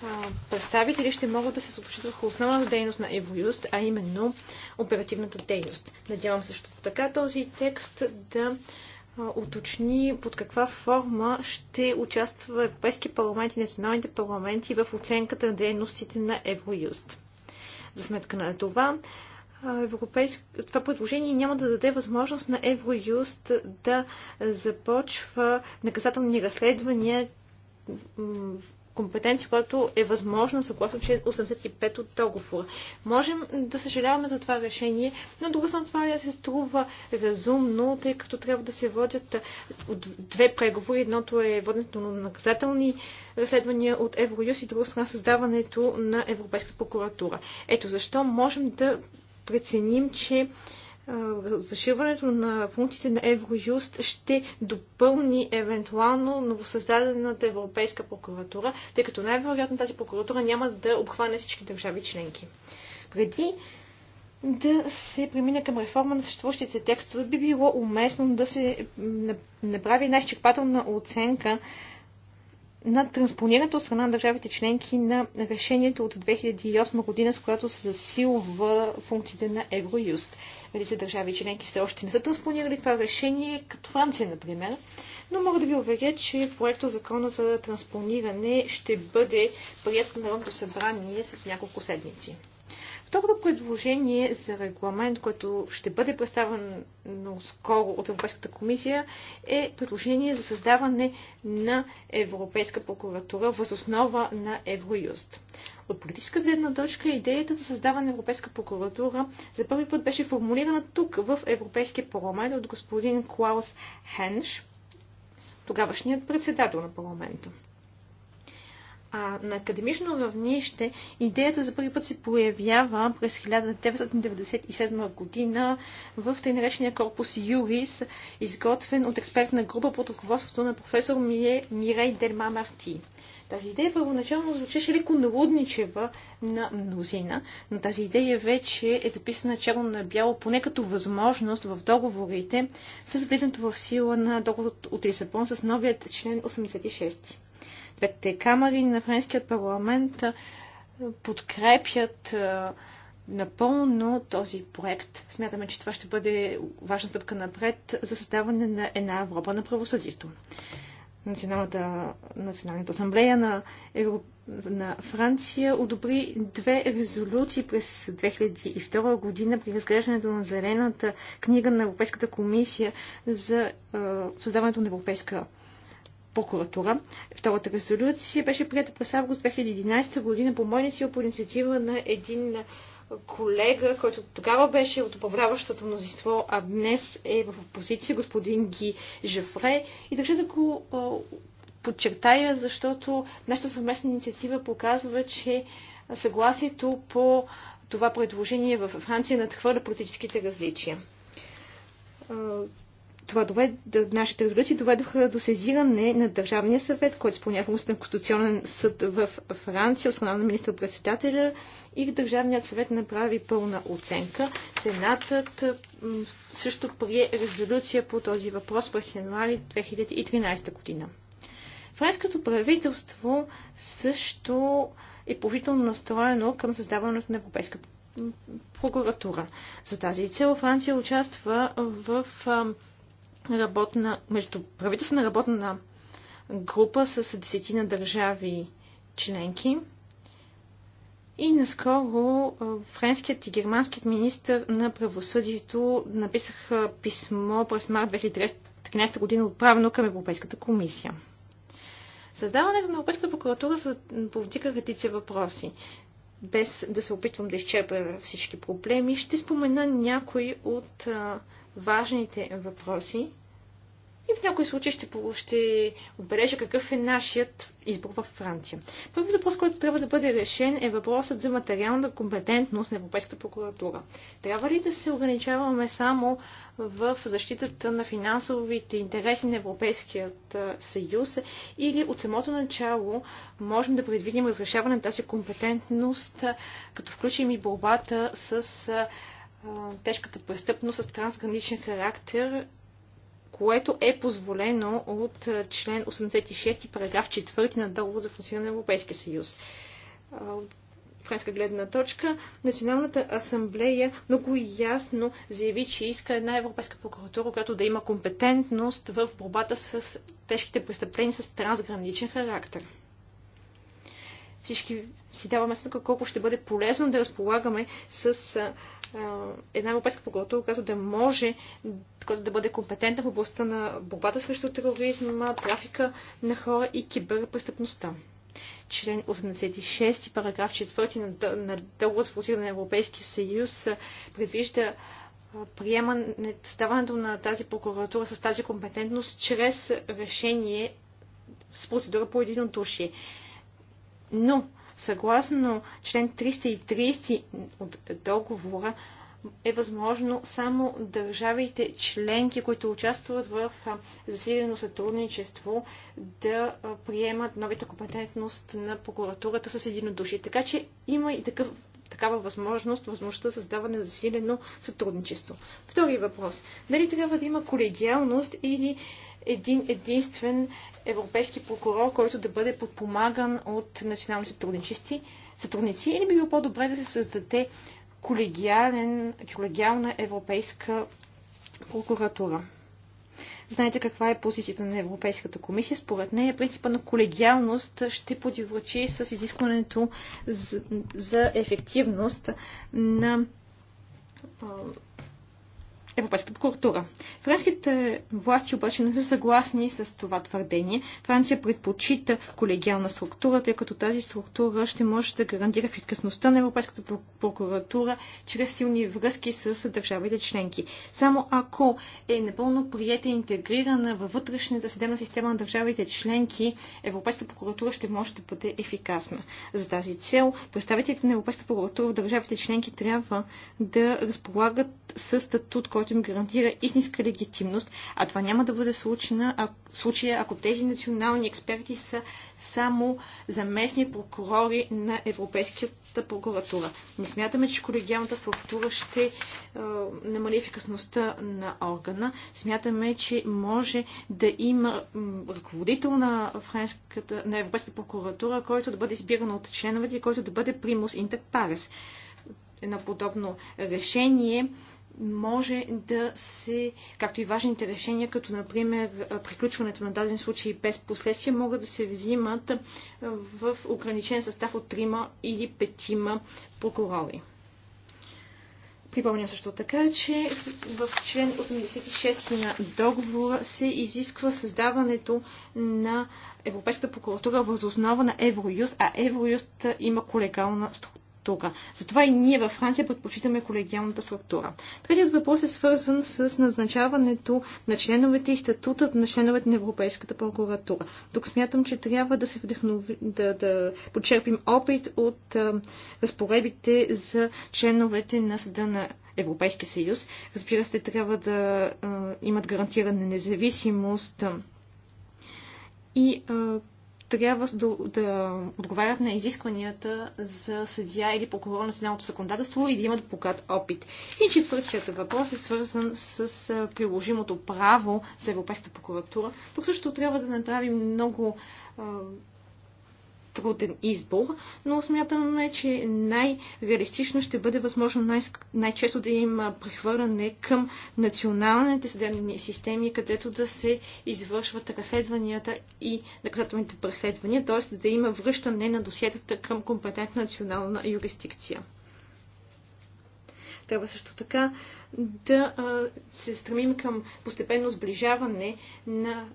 а, представители ще могат да се съобщат върху основната дейност на Евроюст, а именно оперативната дейност. Надявам също така този текст да уточни под каква форма ще участва Европейски парламент и националните парламенти в оценката на дейностите на Евроюст. За сметка на това, европейск... това предложение няма да даде възможност на Евроюст да започва наказателни разследвания компетенция, която е възможна съгласно че 85 от договора. Можем да съжаляваме за това решение, но друго съм това да се струва разумно, тъй като трябва да се водят от две преговори. Едното е воденето на наказателни разследвания от Евроюз и друго страна създаването на Европейската прокуратура. Ето защо можем да преценим, че зашиването на функциите на Евроюст ще допълни евентуално новосъздадената Европейска прокуратура, тъй като най-вероятно тази прокуратура няма да обхване всички държави членки. Преди да се премине към реформа на съществуващите текстове, би било уместно да се направи най-изчерпателна оценка на транспонирането страна на държавите членки на решението от 2008 година, с която се засилва функциите на Евроюст. Редица държави членки все още не са транспонирали това решение, като Франция, например, но мога да ви уверя, че проектът закона за транспониране ще бъде прият на Народното събрание след няколко седмици. Второто предложение за регламент, което ще бъде представено скоро от Европейската комисия, е предложение за създаване на Европейска прокуратура възоснова на Евроюст. От политическа гледна точка идеята за създаване на Европейска прокуратура за първи път беше формулирана тук в Европейския парламент от господин Клаус Хенш, тогавашният председател на парламента. А на академично равнище идеята за първи път се появява през 1997 година в тъй наречения корпус Юрис, изготвен от експертна група под ръководството на професор Мирей Дерма Марти. Тази идея първоначално звучеше леко налудничева на мнозина, но тази идея вече е записана черно на бяло, поне като възможност в договорите с влизането в сила на договорът от Лисабон с новият член 86 петте камери на Френският парламент подкрепят напълно този проект. Смятаме, че това ще бъде важна стъпка напред за създаване на една Европа на правосъдието. Националната, Националната асамблея на, Европ... на Франция одобри две резолюции през 2002 година при разглеждането на зелената книга на Европейската комисия за е, създаването на Европейска прокуратура. Втората резолюция беше прията през август 2011 година по моя сила по инициатива на един колега, който тогава беше от управляващото мнозинство, а днес е в опозиция, господин Ги Жефре. И държа да го подчертая, защото нашата съвместна инициатива показва, че съгласието по това предложение във Франция надхвърля политическите различия това доведе, нашите резолюции доведоха до сезиране на Държавния съвет, който изпълнява функцията на Конституционен съд в Франция, от страна на министър-председателя и Държавният съвет направи пълна оценка. Сенатът също прие резолюция по този въпрос през януари 2013 година. Френското правителство също е положително настроено към създаването на Европейска прокуратура. За тази цел Франция участва в работна, между правителствена работна група с десетина държави членки. И наскоро френският и германският министр на правосъдието написаха писмо през март 2013 година отправено към Европейската комисия. Създаването на Европейската прокуратура повдига редица въпроси. Без да се опитвам да изчерпя всички проблеми, ще спомена някои от важните въпроси и в някои случаи ще, ще отбележа какъв е нашият избор във Франция. Първият въпрос, който трябва да бъде решен е въпросът за материалната компетентност на Европейската прокуратура. Трябва ли да се ограничаваме само в защитата на финансовите интереси на Европейският съюз или от самото начало можем да предвидим разрешаване на тази компетентност, като включим и борбата с тежката престъпност с трансграничен характер, което е позволено от член 86 параграф 4 на договор за функциониране на Европейския съюз. От френска гледна точка, Националната асамблея много ясно заяви, че иска една европейска прокуратура, която да има компетентност в борбата с тежките престъпления с трансграничен характер всички си даваме сметка колко ще бъде полезно да разполагаме с а, една европейска прокуратура, която да може която да бъде компетентна в областта на борбата срещу тероризма, трафика на хора и киберпрестъпността. Член 86, параграф 4 на, на Дълго за на Европейския съюз предвижда приемане, ставането на тази прокуратура с тази компетентност чрез решение с процедура по от души. Но, съгласно член 330 от договора, е възможно само държавите членки, които участват в засилено сътрудничество, да приемат новите компетентност на прокуратурата с единодушие. Така че има и такъв такава възможност, възможността създаване за засилено сътрудничество. Втори въпрос. Дали трябва да има колегиалност или един единствен европейски прокурор, който да бъде подпомаган от национални сътрудничести, сътрудници, или би било по-добре да се създаде колегиален, колегиална европейска прокуратура? Знаете каква е позицията на Европейската комисия. Според нея принципа на колегиалност ще противоречи с изискването за, за ефективност на Европейската прокуратура. Френските власти обаче не са съгласни с това твърдение. Франция предпочита колегиална структура, тъй като тази структура ще може да гарантира ефикасността на Европейската прокуратура чрез силни връзки с държавите членки. Само ако е напълно приета и интегрирана във вътрешната съдебна система на държавите членки, Европейската прокуратура ще може да бъде ефикасна. За тази цел представителите на Европейската прокуратура в държавите членки трябва да разполагат с статут, който който им гарантира истинска легитимност, а това няма да бъде случена, а, случая, ако тези национални експерти са само заместни прокурори на Европейската прокуратура. Не смятаме, че колегиалната структура ще е, намали ефикасността на органа. Смятаме, че може да има ръководител на, Френската, на Европейската прокуратура, който да бъде избиран от членовете и който да бъде примус интерпарес. едно подобно решение може да се, както и важните решения, като например приключването на даден случай без последствия, могат да се взимат в ограничен състав от трима или петима прокурори. Припомням също така, че в член 86 на договора се изисква създаването на Европейската прокуратура възоснова на Евроюст, а Евроюст има колегална структура структура. Затова и ние във Франция предпочитаме колегиалната структура. Третият въпрос е свързан с назначаването на членовете и статутът на членовете на Европейската прокуратура. Тук смятам, че трябва да се вдъхнови, да, да почерпим опит от а, разпоредбите за членовете на съда на Европейския съюз. Разбира се, трябва да а, имат гарантирана независимост и а, трябва да, да отговарят на изискванията за съдия или прокурор на националното законодателство и да имат богат опит. И четвъртият въпрос е свързан с приложимото право за Европейската прокуратура. Тук също трябва да направим много труден избор, но смятаме, че най-реалистично ще бъде възможно най- най-често да има прехвърляне към националните съдебни системи, където да се извършват разследванията и наказателните преследвания, т.е. да има връщане на досиетата към компетентна национална юрисдикция. Трябва също така да се стремим към постепенно сближаване на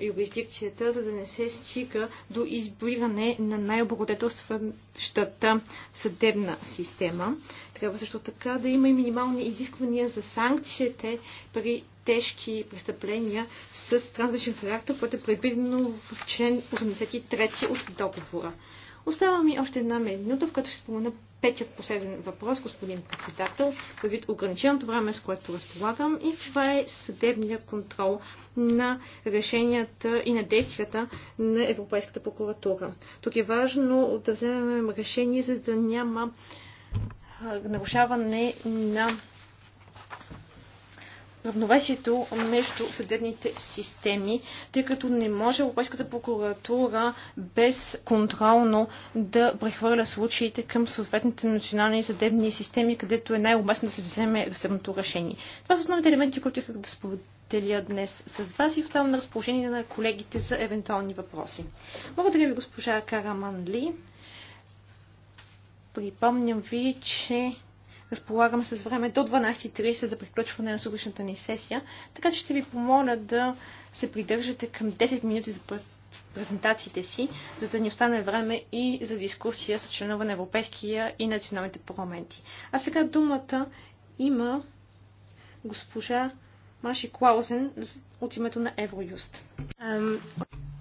юрисдикцията, за да не се стига до избиране на най-облагодетелстващата съдебна система. Трябва също така да има и минимални изисквания за санкциите при тежки престъпления с трансграничен характер, което е предвидено в член 83 от договора. Остава ми още една минута, в която ще спомена петият последен въпрос, господин председател, предвид ограниченото време, с което разполагам, и това е съдебния контрол на решенията и на действията на Европейската прокуратура. Тук е важно да вземем решение, за да няма нарушаване на равновесието между съдебните системи, тъй като не може Европейската прокуратура безконтролно да прехвърля случаите към съответните национални съдебни системи, където е най-уместно да се вземе съдебното решение. Това са основните елементи, които исках да споделя днес с вас и оставам на разположение на колегите за евентуални въпроси. Благодаря ви, госпожа Караман Ли. Припомням ви, че разполагаме с време до 12.30 за приключване на сутрешната ни сесия, така че ще ви помоля да се придържате към 10 минути за презентациите си, за да ни остане време и за дискусия с членове на Европейския и националните парламенти. А сега думата има госпожа Маши Клаузен от името на Евроюст.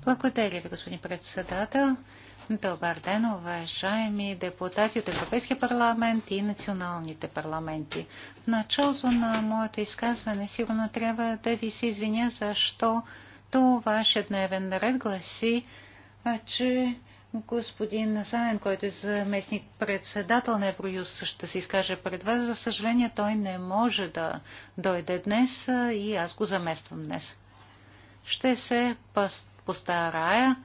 Благодаря ви, господин председател. Добър ден, уважаеми депутати от Европейския парламент и националните парламенти. В началото на моето изказване сигурно трябва да ви се извиня, защо то вашия дневен наред гласи, че господин Заен, който е заместник председател на Евроюз, ще се изкаже пред вас. За съжаление, той не може да дойде днес и аз го замествам днес. Ще се постарая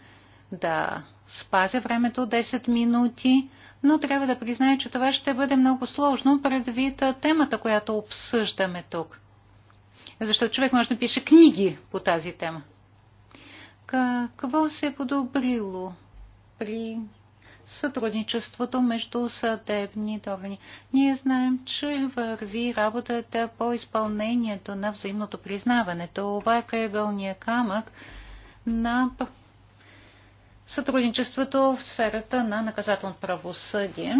да спазя времето 10 минути, но трябва да призная, че това ще бъде много сложно предвид темата, която обсъждаме тук. Защото човек може да пише книги по тази тема. Какво се е подобрило при сътрудничеството между съдебните органи. Ние знаем, че върви работата по изпълнението на взаимното признаване. Това е кръгълния камък на сътрудничеството в сферата на наказателно правосъдие.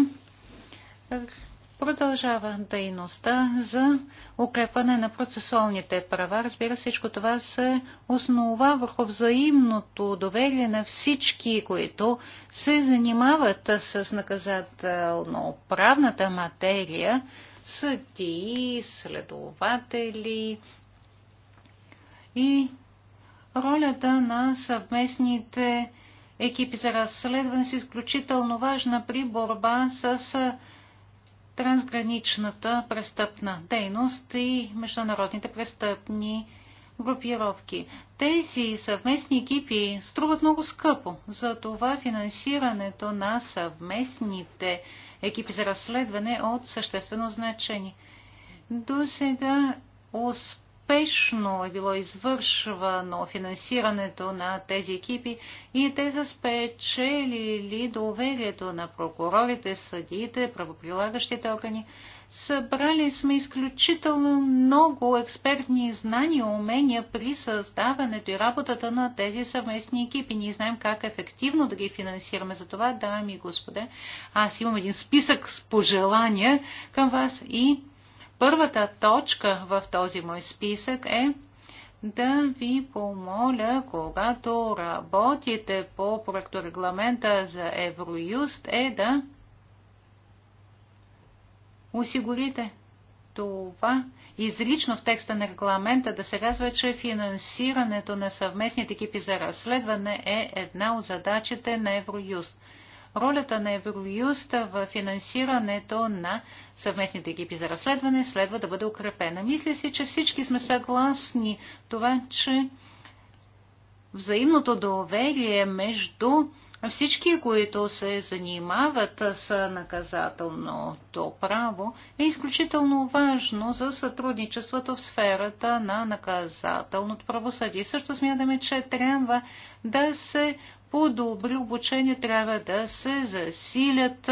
Продължава дейността за укрепване на процесуалните права. Разбира се, всичко това се основа върху взаимното доверие на всички, които се занимават с наказателно-правната материя, съдии, следователи и ролята на съвместните екипи за разследване са изключително важна при борба с трансграничната престъпна дейност и международните престъпни групировки. Тези съвместни екипи струват много скъпо, За това финансирането на съвместните екипи за разследване е от съществено значение. До сега успех успешно е било извършвано финансирането на тези екипи и те са спечелили доверието на прокурорите, съдиите, правоприлагащите органи. Събрали сме изключително много експертни знания и умения при създаването и работата на тези съвместни екипи. Ние знаем как ефективно да ги финансираме. За това, дами и господа, аз имам един списък с пожелания към вас и Първата точка в този мой списък е да ви помоля, когато работите по проекторегламента за Евроюст, е да осигурите това изрично в текста на регламента да се казва, че финансирането на съвместните екипи за разследване е една от задачите на Евроюст. Ролята на Евроюст в финансирането на съвместните екипи за разследване следва да бъде укрепена. Мисля си, че всички сме съгласни това, че взаимното доверие между всички, които се занимават с наказателното право, е изключително важно за сътрудничеството в сферата на наказателното правосъдие. Също смятаме, че трябва да се по-добри обучения, трябва да се засилят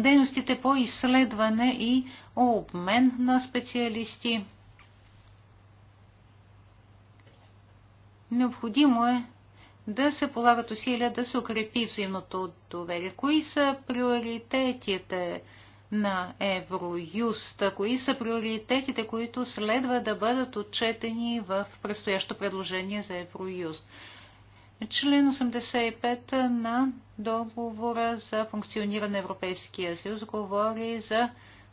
дейностите по изследване и обмен на специалисти. Необходимо е да се полагат усилия да се укрепи взаимното доверие. Кои са приоритетите на Евроюст? Кои са приоритетите, които следва да бъдат отчетени в предстоящо предложение за Евроюст? член 85 на договора за функциониране на Европейския съюз говори за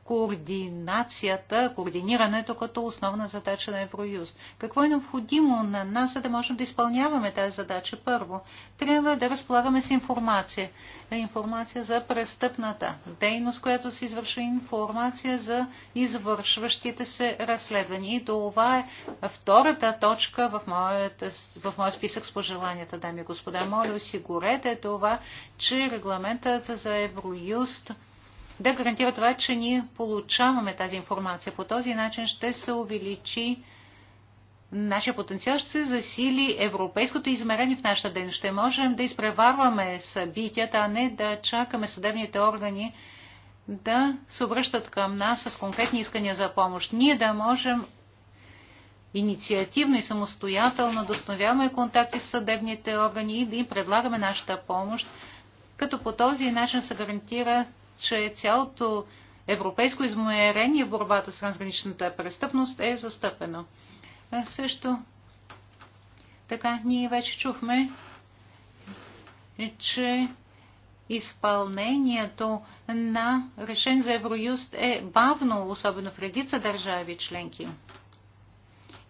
координацията, координирането като основна задача на Евроюст. Какво е необходимо на нас, за да можем да изпълняваме тази задача? Първо, трябва да разполагаме с информация. Информация за престъпната дейност, която се извършва, информация за извършващите се разследвания. И това е втората точка в моят, в моят списък с пожеланията, дами и господа. Моля, осигурете това, че регламентът за Евроюст – да гарантира това, че ние получаваме тази информация. По този начин ще се увеличи нашия потенциал, ще се засили европейското измерение в нашата ден. Ще можем да изпреварваме събитията, а не да чакаме съдебните органи да се обръщат към нас с конкретни искания за помощ. Ние да можем инициативно и самостоятелно да установяваме контакти с съдебните органи и да им предлагаме нашата помощ, като по този начин се гарантира че цялото европейско измерение в борбата с трансграничната престъпност е застъпено. също така ние вече чухме, че изпълнението на решение за Евроюст е бавно, особено в редица държави членки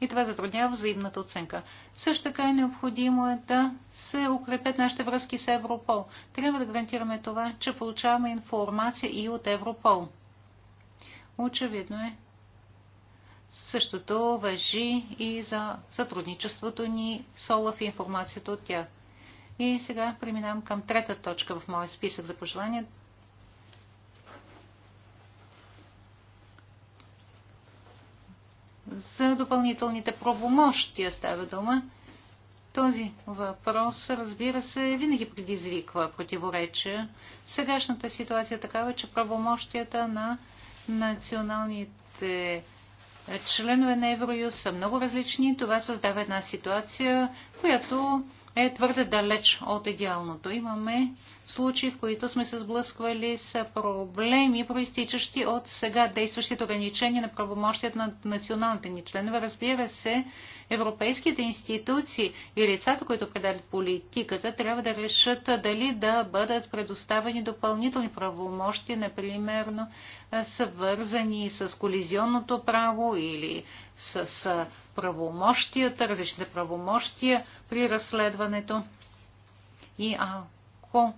и това затруднява взаимната оценка. Също така е необходимо е да се укрепят нашите връзки с Европол. Трябва да гарантираме това, че получаваме информация и от Европол. Очевидно е. Същото въжи и за сътрудничеството ни с Олаф и информацията от тях. И сега преминавам към трета точка в моя списък за пожелания за допълнителните правомощия става дума. Този въпрос, разбира се, винаги предизвиква противоречия. Сегашната ситуация е такава, че правомощията на националните членове на Евроюз са много различни. Това създава една ситуация, която е твърде далеч от идеалното. Имаме случаи, в които сме се сблъсквали с проблеми, проистичащи от сега действащите ограничения на правомощията на националните ни членове. Разбира се, европейските институции и лицата, които предадат политиката, трябва да решат дали да бъдат предоставени допълнителни правомощи, например, свързани с колизионното право или с правомощията, различните правомощия при разследването. И ако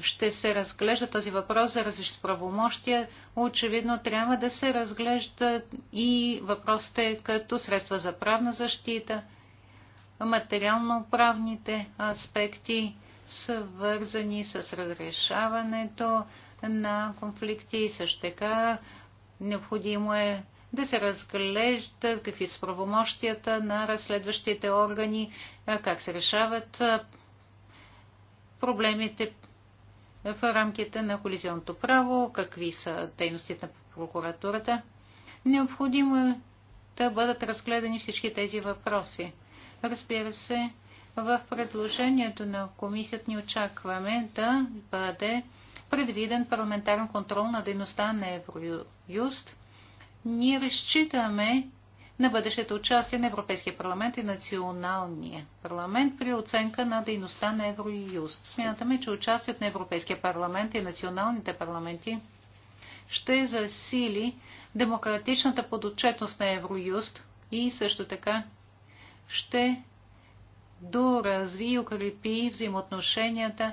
ще се разглежда този въпрос за различни правомощия, очевидно трябва да се разглежда и въпросите като средства за правна защита, материално-правните аспекти, свързани с разрешаването на конфликти и също така необходимо е да се разглеждат какви са правомощията на разследващите органи, как се решават проблемите в рамките на колизионното право, какви са дейностите на прокуратурата. Необходимо е да бъдат разгледани всички тези въпроси. Разбира се, в предложението на комисията ни очакваме да бъде предвиден парламентарен контрол на дейността на Евроюст ние разчитаме на бъдещето участие на Европейския парламент и националния парламент при оценка на дейността на Евроюст. Смятаме, че участието на Европейския парламент и националните парламенти ще засили демократичната подотчетност на Евроюст и също така ще доразви и укрепи взаимоотношенията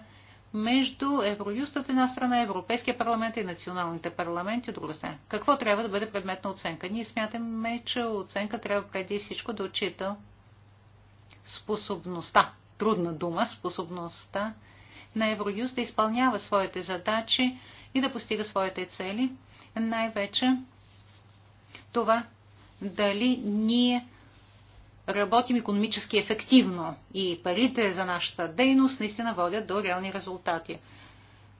между Евроюст от една страна, Европейския парламент и националните парламенти от друга страна. Какво трябва да бъде предмет на оценка? Ние смятаме, че оценка трябва преди всичко да отчита способността, трудна дума, способността на Евроюст да изпълнява своите задачи и да постига своите цели. Най-вече това дали ние работим економически ефективно и парите за нашата дейност наистина водят до реални резултати.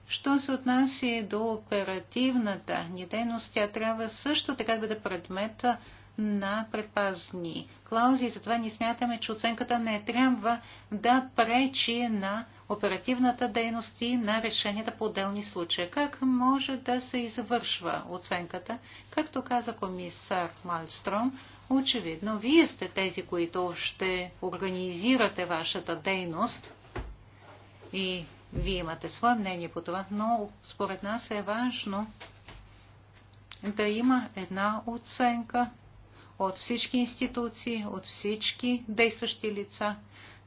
Що се отнася до оперативната ни дейност, тя трябва също така да бъде предмета на предпазни клаузи. Затова ние смятаме, че оценката не трябва да пречи на оперативната дейност и на решенията по отделни случаи. Как може да се извършва оценката? Както каза комисар Малстром, очевидно, вие сте тези, които ще организирате вашата дейност и вие имате свое мнение по това, но според нас е важно да има една оценка от всички институции, от всички действащи лица,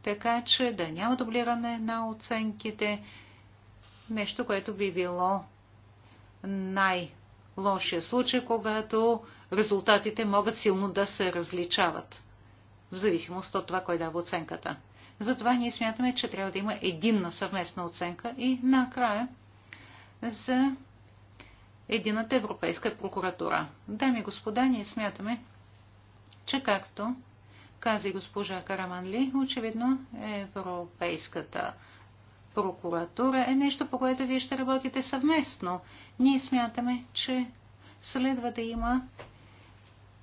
така че да няма дублиране на оценките, нещо, което би било най-лошия случай, когато резултатите могат силно да се различават, в зависимост от това, кой дава оценката. Затова ние смятаме, че трябва да има единна съвместна оценка и накрая за едината Европейска прокуратура. Дами и господа, ние смятаме, че както каза госпожа Караманли, очевидно Европейската прокуратура е нещо, по което вие ще работите съвместно. Ние смятаме, че следва да има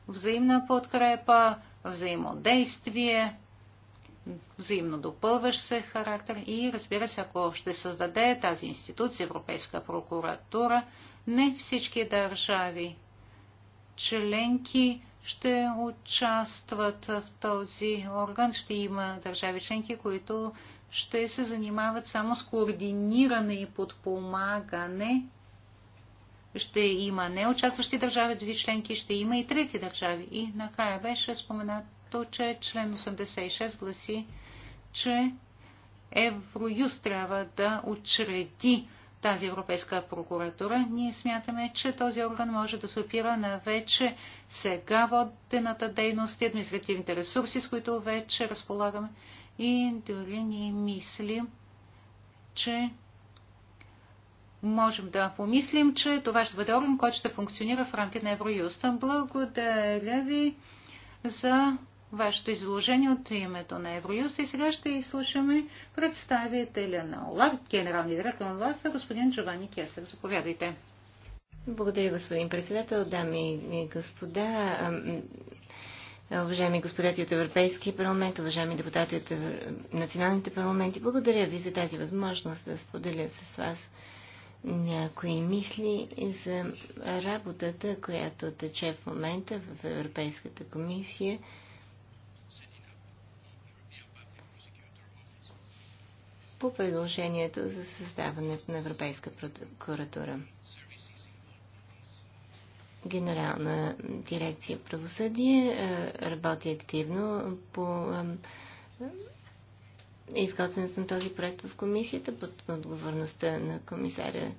взаимна подкрепа, взаимодействие, взаимно допълващ се характер и разбира се, ако ще създаде тази институция, Европейска прокуратура, не всички държави членки ще участват в този орган. Ще има държави членки, които ще се занимават само с координиране и подпомагане. Ще има неучастващи държави, две членки, ще има и трети държави. И накрая беше споменато, че член 86 гласи, че Евроюз трябва да учреди тази Европейска прокуратура, ние смятаме, че този орган може да се опира на вече сега водената дейност и административните ресурси, с които вече разполагаме. И дори ние мислим, че можем да помислим, че това ще бъде орган, който ще функционира в рамките на Евроюста. Благодаря ви за вашето изложение от името на Евроюз и сега ще изслушаме представителя на ОЛАВ, генералния директор на Олаф, господин Джовани Кесър. Заповядайте. Благодаря, господин председател, дами и господа. Уважаеми господати от Европейския парламент, уважаеми депутати от националните парламенти, благодаря ви за тази възможност да споделя с вас някои мисли за работата, която тече в момента в Европейската комисия по предложението за създаването на Европейска прокуратура. Генерална дирекция правосъдие е, работи активно по е, изготвянето на този проект в комисията под отговорността на комисаря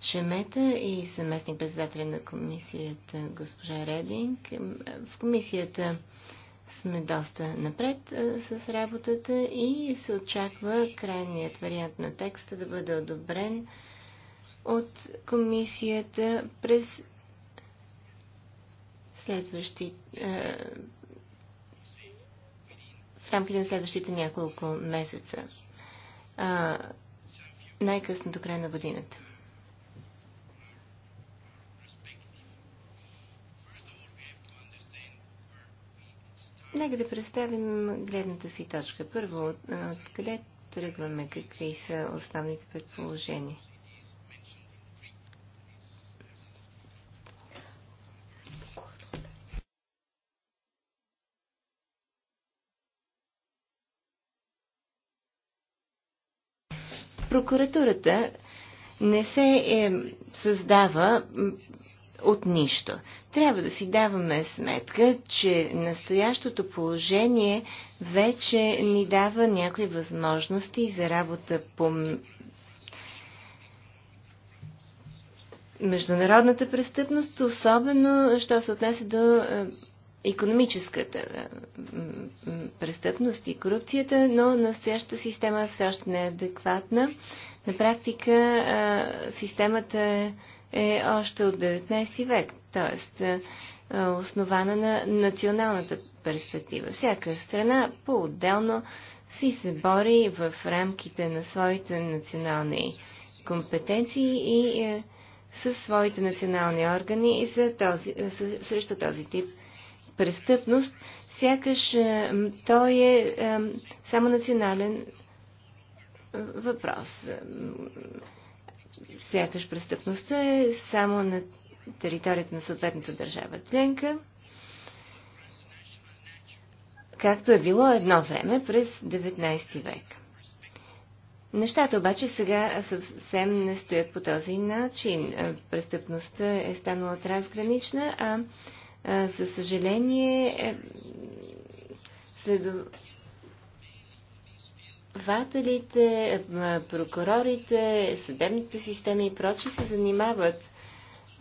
Шемета и съместник председателя на комисията госпожа Рединг. Е, в комисията сме доста напред с работата и се очаква крайният вариант на текста да бъде одобрен от комисията през следващи, А, в рамките на следващите няколко месеца. най-късно до края на годината. Нека да представим гледната си точка. Първо, откъде тръгваме, какви са основните предположения? Прокуратурата не се е, създава от нищо. Трябва да си даваме сметка, че настоящото положение вече ни дава някои възможности за работа по международната престъпност, особено, що се отнесе до економическата е, престъпност и корупцията, но настоящата система е все още не е адекватна. На практика е, системата е е още от 19 век, т.е. основана на националната перспектива. Всяка страна по-отделно си се бори в рамките на своите национални компетенции и е, със своите национални органи и за този, е, срещу този тип престъпност, сякаш е, той е, е само национален въпрос сякаш престъпността е само на територията на съответната държава членка, както е било едно време през 19 век. Нещата обаче сега съвсем не стоят по този начин. Престъпността е станала трансгранична, а за съжаление е, следва следователите, прокурорите, съдебната система и прочи се занимават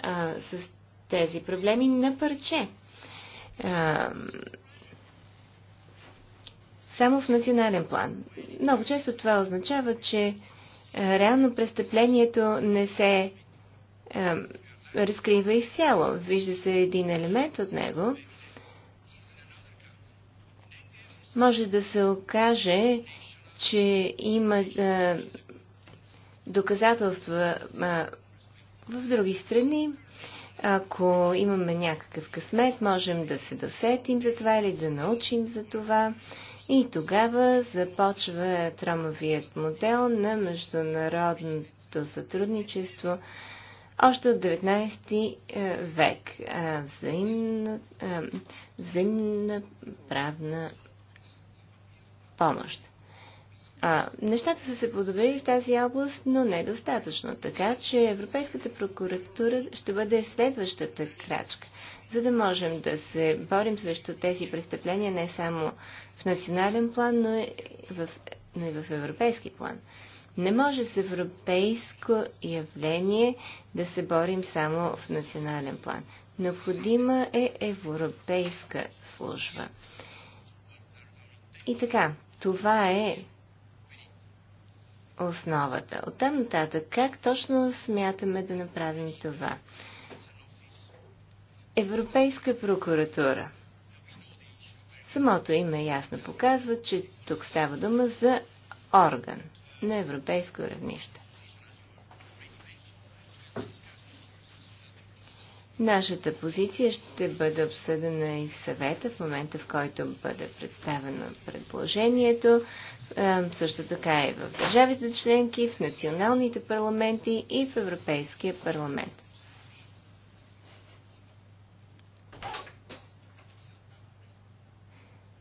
а, с тези проблеми на парче. А, само в национален план. Много често това означава, че а, реално престъплението не се а, разкрива изцяло. Вижда се един елемент от него. Може да се окаже, че има е, доказателства е, в други страни. Ако имаме някакъв късмет, можем да се досетим за това или да научим за това. И тогава започва тромовият модел на международното сътрудничество още от 19 е, век. Взаимна, взаимна правна помощ. А, нещата са се подобрили в тази област, но недостатъчно. Така че Европейската прокуратура ще бъде следващата крачка, за да можем да се борим срещу тези престъпления не само в национален план, но и в, но и в европейски план. Не може с европейско явление да се борим само в национален план. Необходима е европейска служба. И така, това е основата. Оттам нататък, как точно смятаме да направим това? Европейска прокуратура. Самото име ясно показва, че тук става дума за орган на европейско равнище. Нашата позиция ще бъде обсъдена и в съвета, в момента в който бъде представено предложението, е, също така и в държавите членки, в националните парламенти и в Европейския парламент.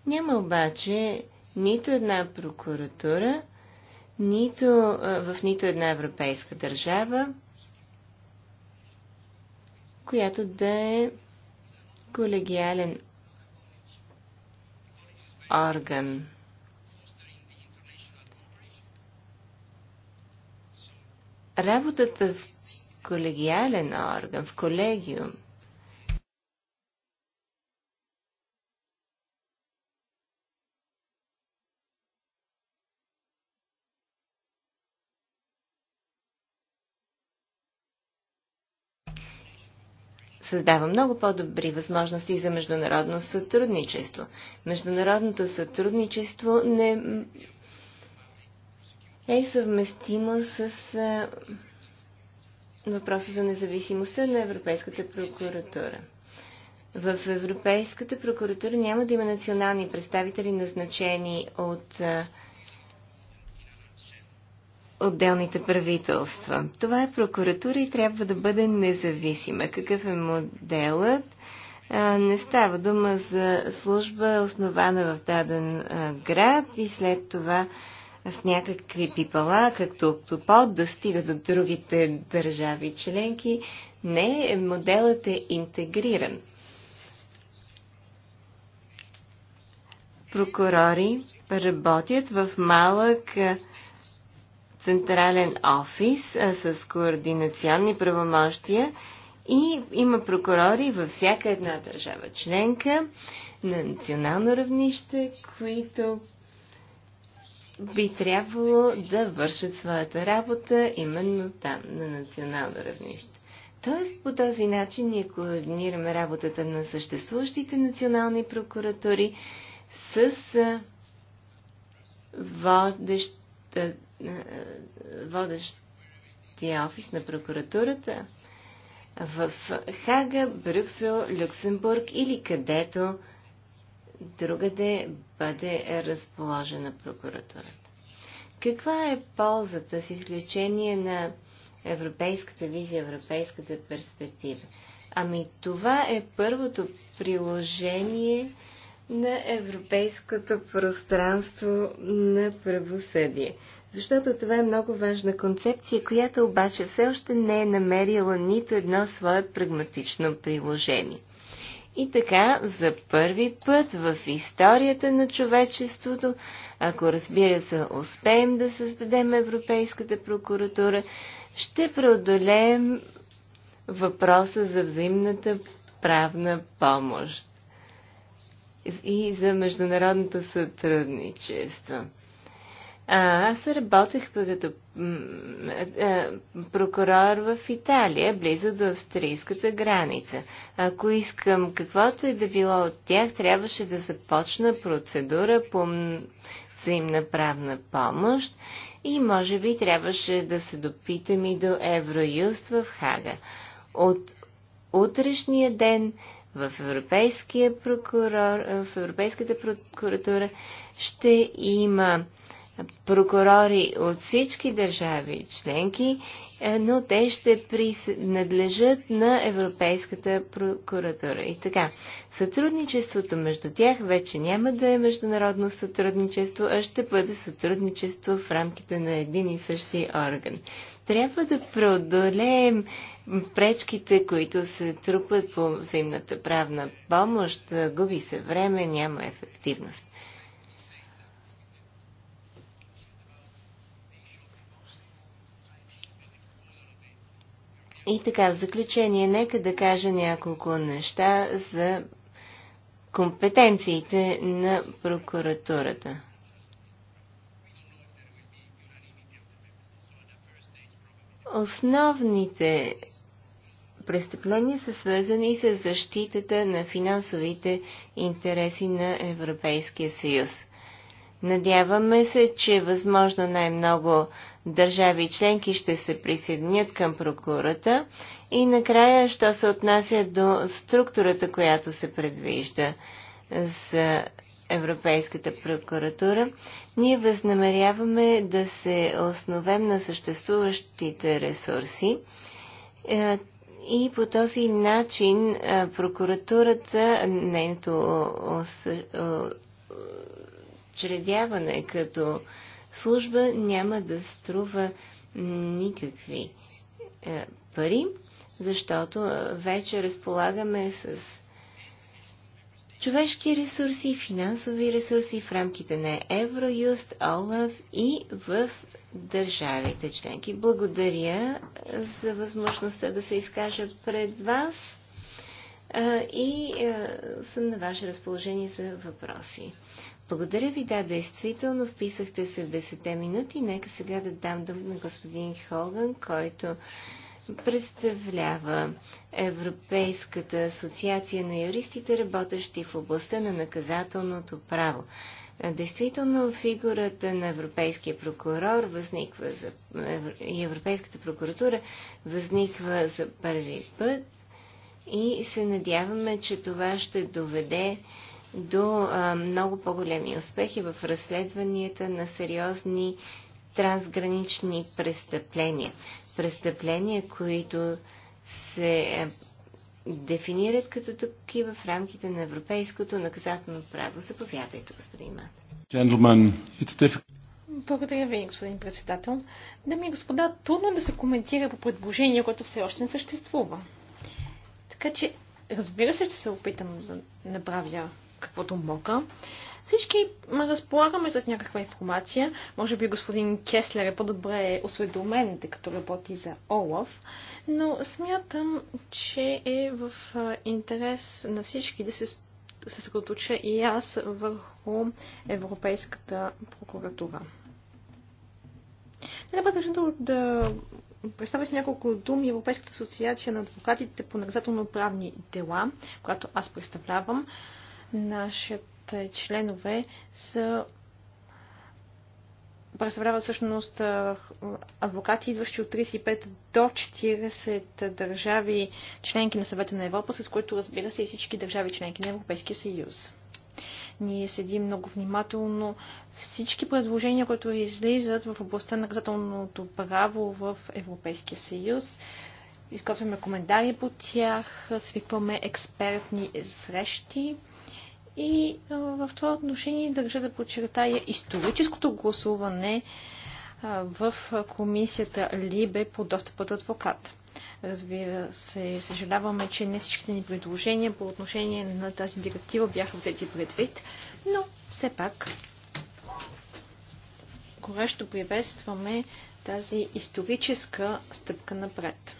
Няма обаче нито една прокуратура, нито, е, в нито една европейска държава, която да е колегиален орган. Работата в колегиален орган, в колегиум – създава много по-добри възможности за международно сътрудничество. Международното сътрудничество не е съвместимо с въпроса за независимостта на Европейската прокуратура. В Европейската прокуратура няма да има национални представители, назначени от отделните правителства. Това е прокуратура и трябва да бъде независима. Какъв е моделът? Не става дума за служба, основана в даден град и след това с някакви пипала, като октопод, да стига до другите държави членки. Не, моделът е интегриран. Прокурори работят в малък централен офис а, с координационни правомощия и има прокурори във всяка една държава членка на национално равнище, които би трябвало да вършат своята работа именно там, на национално равнище. Тоест, по този начин ние координираме работата на съществуващите национални прокуратури с водещата е, водещия офис на прокуратурата в Хага, Брюксел, Люксембург или където другаде бъде разположена прокуратурата. Каква е ползата с изключение на европейската визия, европейската перспектива? Ами това е първото приложение на европейското пространство на правосъдие. Защото това е много важна концепция, която обаче все още не е намерила нито едно свое прагматично приложение. И така, за първи път в историята на човечеството, ако разбира се успеем да създадем Европейската прокуратура, ще преодолеем въпроса за взаимната правна помощ и за международното сътрудничество. А, аз работех като прокурор в Италия, близо до австрийската граница. Ако искам каквото и е да било от тях, трябваше да започна процедура по взаимна правна помощ и може би трябваше да се допитам и до Евроюст в Хага. От утрешния ден в Европейския прокурор, в Европейската прокуратура ще има прокурори от всички държави членки, е, но те ще принадлежат на Европейската прокуратура. И така, сътрудничеството между тях вече няма да е международно сътрудничество, а ще бъде сътрудничество в рамките на един и същи орган. Трябва да преодолеем пречките, които се трупат по взаимната правна помощ, губи се време, няма ефективност. И така, в заключение, нека да кажа няколко неща за компетенциите на прокуратурата. Основните престъпления са свързани с защитата на финансовите интереси на Европейския съюз. Надяваме се, че възможно най-много държави и членки ще се присъединят към прокурата. И накрая, що се отнася до структурата, която се предвижда за Европейската прокуратура, ние възнамеряваме да се основем на съществуващите ресурси е, и по този начин прокуратурата, нейното учредяване като служба няма да струва никакви е, пари, защото е, вече разполагаме с човешки ресурси, финансови ресурси в рамките на Евроюст, ОЛАВ и в държавите членки. Благодаря е, за възможността да се изкажа пред вас и съм на ваше разположение за въпроси. Благодаря ви, да, действително вписахте се в 10 минути. Нека сега да дам дума на господин Хоган, който представлява Европейската асоциация на юристите, работещи в областта на наказателното право. Действително, фигурата на Европейския прокурор възниква за, и Европейската прокуратура възниква за първи път и се надяваме, че това ще доведе до а, много по-големи успехи в разследванията на сериозни трансгранични престъпления. Престъпления, които се е, дефинират като такива в рамките на европейското наказателно право. Заповядайте, господин Мат. Благодаря ви, господин председател. Дами и господа, трудно е да се коментира по предложение, което все още не съществува. Така че, разбира се, че се опитам да направя каквото мога. Всички разполагаме с някаква информация. Може би господин Кеслер е по-добре осведомен, тъй като работи за Олаф, но смятам, че е в интерес на всички да се съсредоточа и аз върху Европейската прокуратура. Трябва да, да представя си няколко думи Европейската асоциация на адвокатите по наказателно-правни дела, която аз представлявам нашите членове са представляват всъщност адвокати, идващи от 35 до 40 държави членки на съвета на Европа, с които разбира се и всички държави членки на Европейския съюз. Ние седим много внимателно всички предложения, които излизат в областта на наказателното право в Европейския съюз. Изготвяме коментари по тях, свикваме експертни срещи. И в това отношение държа да подчертая историческото гласуване в комисията Либе по достъп от адвокат. Разбира се, съжаляваме, че не всичките ни предложения по отношение на тази директива бяха взети предвид, но все пак горещо приветстваме тази историческа стъпка напред.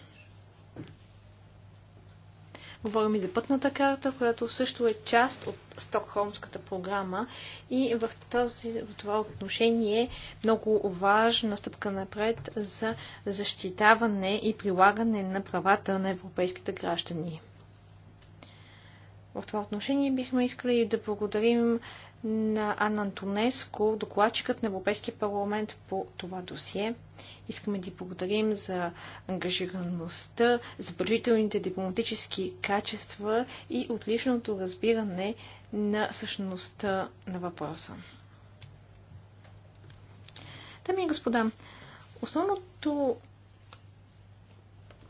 Говорим и за пътната карта, която също е част от Стокхолмската програма и в, този, в това отношение е много важна стъпка напред за защитаване и прилагане на правата на европейските граждани. В това отношение бихме искали да благодарим на Анна Антонеско, докладчикът на Европейския парламент по това досие. Искаме да ви благодарим за ангажираността, за предварителните дипломатически качества и отличното разбиране на същността на въпроса. Дами и господа, основното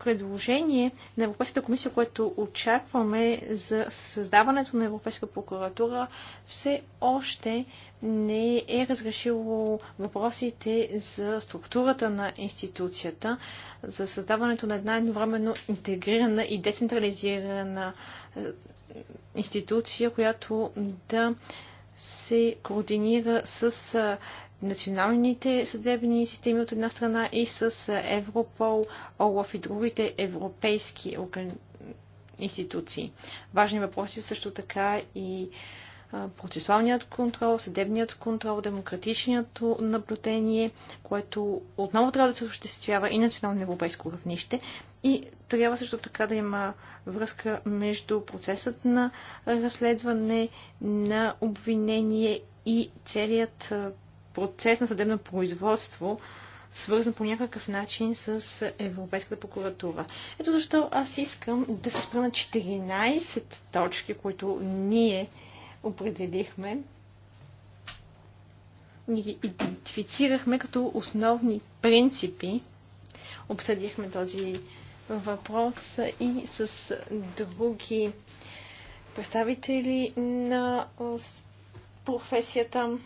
предложение на Европейската комисия, което очакваме за създаването на Европейска прокуратура, все още не е разрешило въпросите за структурата на институцията, за създаването на една едновременно интегрирана и децентрализирана е, институция, която да се координира с е, националните съдебни системи от една страна и с Европол, ОЛАФ и другите европейски институции. Важни въпроси също така и процесуалният контрол, съдебният контрол, демократичното наблюдение, което отново трябва да се осъществява и национално европейско равнище. И трябва също така да има връзка между процесът на разследване, на обвинение и целият процес на съдебно производство, свързан по някакъв начин с Европейската прокуратура. Ето защо аз искам да се спра на 14 точки, които ние определихме ни ги идентифицирахме като основни принципи. Обсъдихме този въпрос и с други представители на професията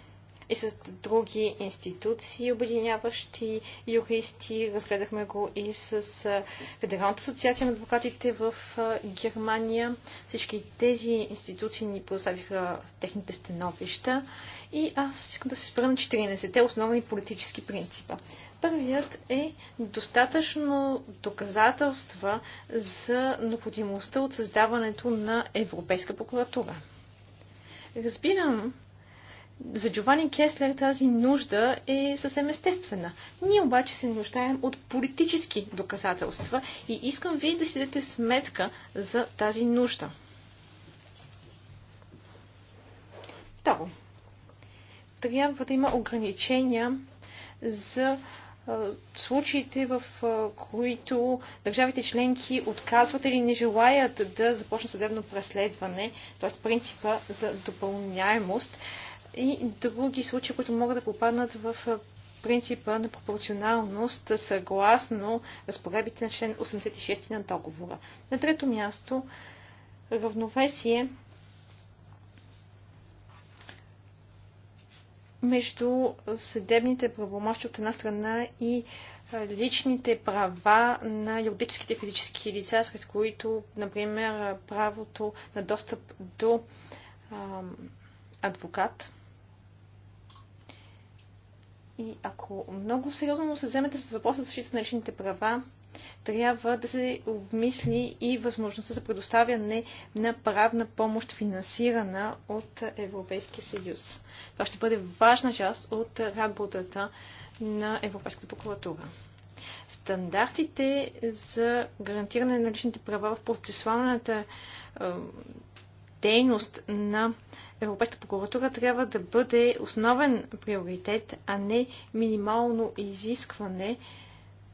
и с други институции, обединяващи юристи. Разгледахме го и с Федералната асоциация на адвокатите в Германия. Всички тези институции ни поставиха техните становища. И аз искам да се спра на 14-те основни политически принципа. Първият е достатъчно доказателства за необходимостта от създаването на Европейска прокуратура. Разбирам за Джовани Кеслер тази нужда е съвсем естествена. Ние обаче се нуждаем от политически доказателства и искам вие да си дадете сметка за тази нужда. Второ, трябва да има ограничения за случаите, в които държавите членки отказват или не желаят да започне съдебно преследване, т.е. принципа за допълняемост и други случаи, които могат да попаднат в принципа на пропорционалност съгласно разпоредбите на член 86 на договора. На трето място равновесие между съдебните правомощи от една страна и личните права на юридическите и физически лица, сред които, например, правото на достъп до адвокат. И ако много сериозно се вземете с въпроса за защита на личните права, трябва да се обмисли и възможността за предоставяне на правна помощ, финансирана от Европейския съюз. Това ще бъде важна част от работата на Европейската прокуратура. Стандартите за гарантиране на личните права в процесуалната дейност на Европейската прокуратура трябва да бъде основен приоритет, а не минимално изискване,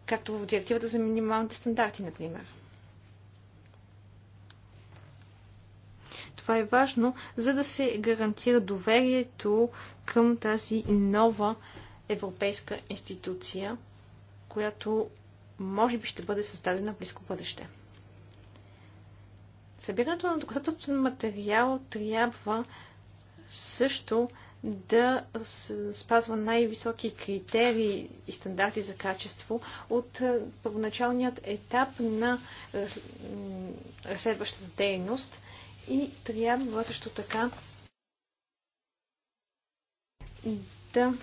както в директивата за минималните стандарти, например. Това е важно, за да се гарантира доверието към тази нова европейска институция, която може би ще бъде създадена в близко бъдеще. Събирането на доказателствен материал трябва също да спазва най-високи критерии и стандарти за качество от първоначалният етап на разследващата дейност и трябва също така да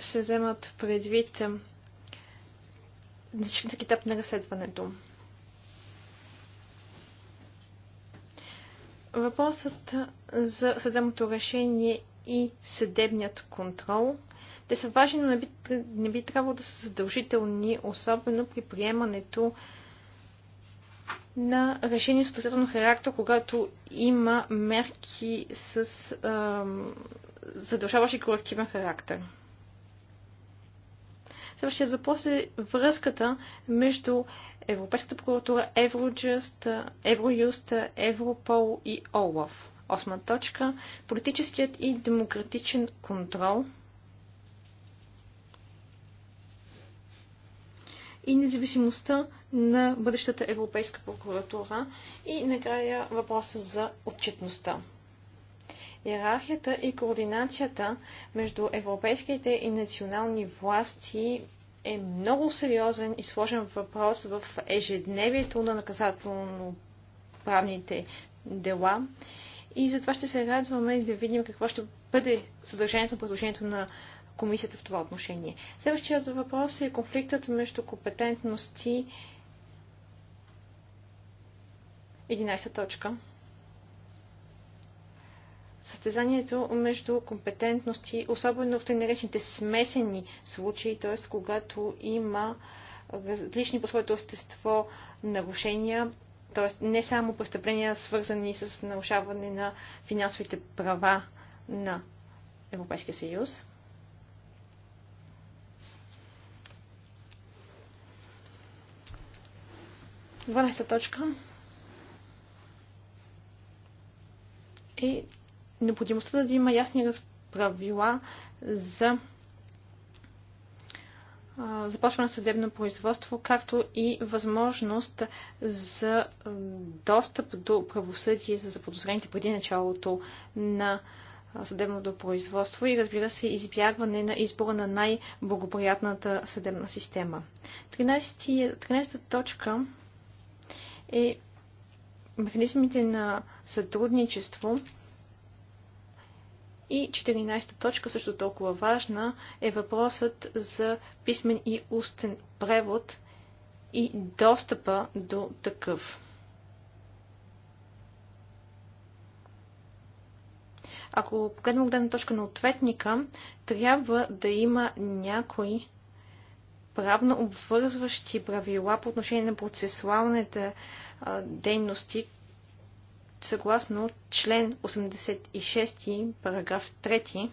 се вземат предвид личната етап на разследването. Въпросът за съдебното решение и съдебният контрол. Те са важни, но не би, не би трябвало да са задължителни, особено при приемането на решение с отрицателно характер, когато има мерки с ам, колективен характер. Следващият въпрос е връзката между Европейската прокуратура, Евроджуст, Евроюст, Европол и ОЛАФ. Осма точка. Политическият и демократичен контрол и независимостта на бъдещата Европейска прокуратура и накрая въпроса за отчетността иерархията и координацията между европейските и национални власти е много сериозен и сложен въпрос в ежедневието на наказателно-правните дела. И затова ще се радваме да видим какво ще бъде съдържанието на предложението на комисията в това отношение. Следващият въпрос е конфликтът между компетентности 11 точка състезанието между компетентности, особено в тъй наречените смесени случаи, т.е. когато има различни по своето естество нарушения, т.е. не само престъпления, свързани с нарушаване на финансовите права на Европейския съюз. Дванайста точка. И необходимостта да има ясни правила за започване на съдебно производство, както и възможност за достъп до правосъдие за заподозрените преди началото на съдебното производство и разбира се избягване на избора на най-благоприятната съдебна система. 13, та точка е механизмите на сътрудничество и 14-та точка, също толкова важна, е въпросът за писмен и устен превод и достъпа до такъв. Ако погледнем гледна точка на ответника, трябва да има някои правно обвързващи правила по отношение на процесуалните дейности, съгласно член 86, параграф 3.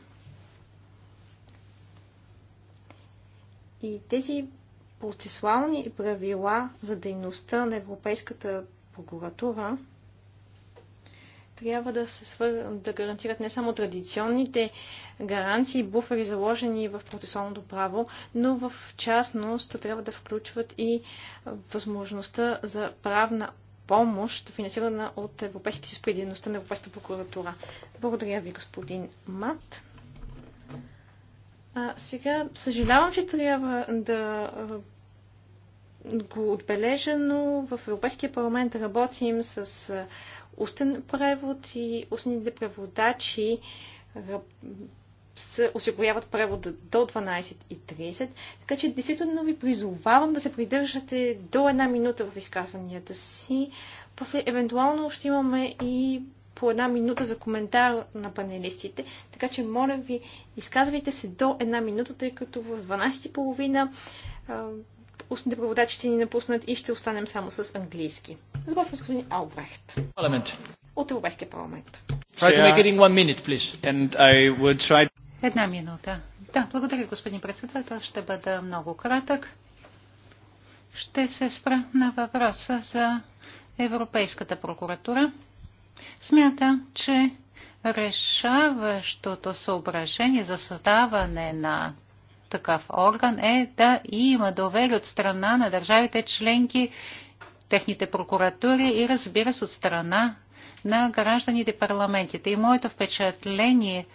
И тези процесуални правила за дейността на Европейската прокуратура трябва да, се свър... да гарантират не само традиционните гаранции и буфери, заложени в процесуалното право, но в частност трябва да включват и възможността за правна помощ, финансирана от Европейски съюз при на Европейската прокуратура. Благодаря ви, господин Мат. А, сега съжалявам, че трябва да го отбележа, но в Европейския парламент работим с устен превод и устните преводачи се осигуряват превода до 12.30, така че действително ви призовавам да се придържате до една минута в изказванията си. После евентуално ще имаме и по една минута за коментар на панелистите. Така че, моля ви, изказвайте се до една минута, тъй като в 12.30 устните преводачи ще ни напуснат и ще останем само с английски. Започваме с господин Албрехт. От Европейския парламент. Try to make it in one minute, please. And I would try Една минута. Да, благодаря, господин председател. Ще бъда много кратък. Ще се спра на въпроса за Европейската прокуратура. Смятам, че решаващото съображение за създаване на такъв орган е да има доверие от страна на държавите членки, техните прокуратури и разбира се от страна на гражданите парламентите. И моето впечатление е,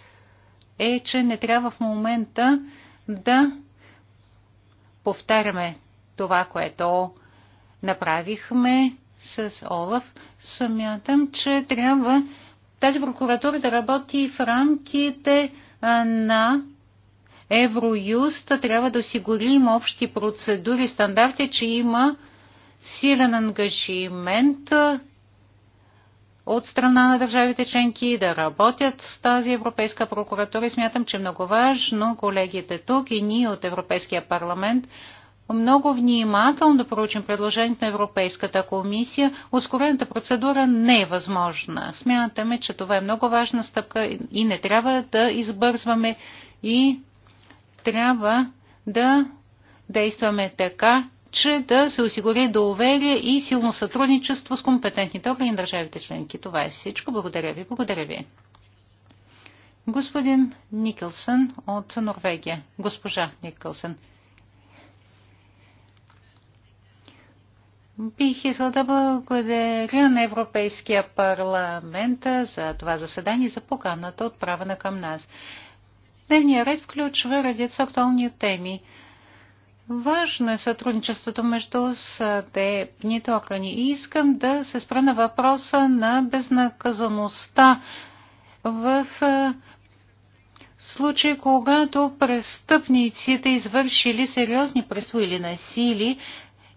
е, че не трябва в момента да повтаряме това, което направихме с Олаф. Смятам, че трябва тази прокуратура да работи в рамките на Евроюст. Трябва да осигурим общи процедури, стандарти, че има силен ангажимент от страна на държавите членки да работят с тази Европейска прокуратура и смятам, че е много важно колегите тук и ние от Европейския парламент много внимателно да проучим предложението на Европейската комисия. Ускорената процедура не е възможна. Смятаме, че това е много важна стъпка и не трябва да избързваме и трябва да действаме така, че да се осигури доверие и силно сътрудничество с компетентните органи на държавите членки. Това е всичко. Благодаря ви. Благодаря ви. Господин Никълсън от Норвегия. Госпожа Никълсън. Бих искал да благодаря на Европейския парламент за това заседание и за поканата отправена към нас. Дневният ред включва редица актуални теми. Важно е сътрудничеството между съдебните органи. И искам да се спра на въпроса на безнаказаността в е, случай, когато престъпниците, извършили сериозни престъпления или насили,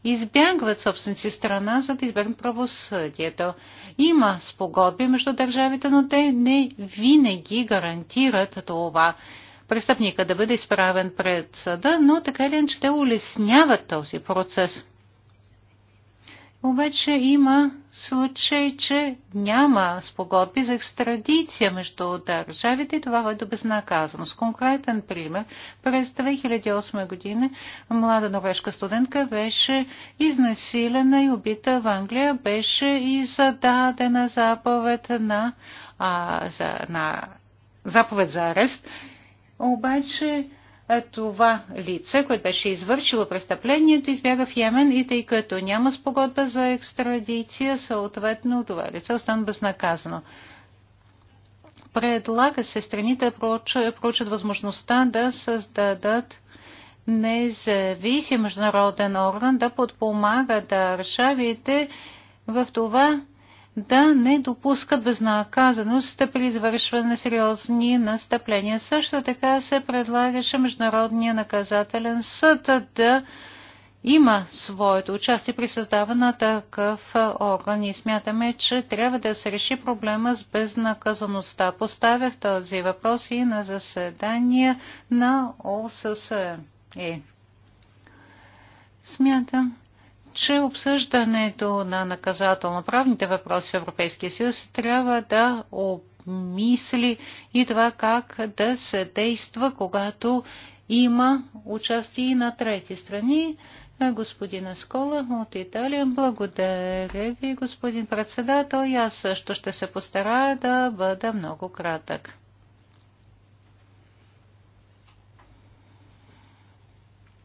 избягват собствената си страна, за да избегнат правосъдието. Има спогодби между държавите, но те не винаги гарантират това престъпника да бъде изправен пред съда, но така или иначе те улесняват този процес. Обаче има случай, че няма спогодби за екстрадиция между държавите и това е до безнаказаност. Конкретен пример. През 2008 година млада норвежка студентка беше изнасилена и убита в Англия. Беше и зададена заповед на, а, за, на заповед за арест обаче е, това лице, което беше извършило престъплението, избяга в Йемен и тъй като няма спогодба за екстрадиция, съответно това лице остана безнаказано. Предлага се страните да проучат възможността да създадат независим международен орган да подпомага държавите в това да не допускат безнаказаност при извършване на сериозни настъпления. Също така се предлагаше Международния наказателен съд да има своето участие при създаване на такъв орган и смятаме, че трябва да се реши проблема с безнаказаността. Поставях този въпрос и на заседание на ОССЕ. Смятам, че обсъждането на наказателно-правните въпроси в Европейския съюз трябва да обмисли и това как да се действа, когато има участие на трети страни. Е, господин Аскола от Италия, благодаря ви, господин председател. И аз също ще се постарая да бъда много кратък.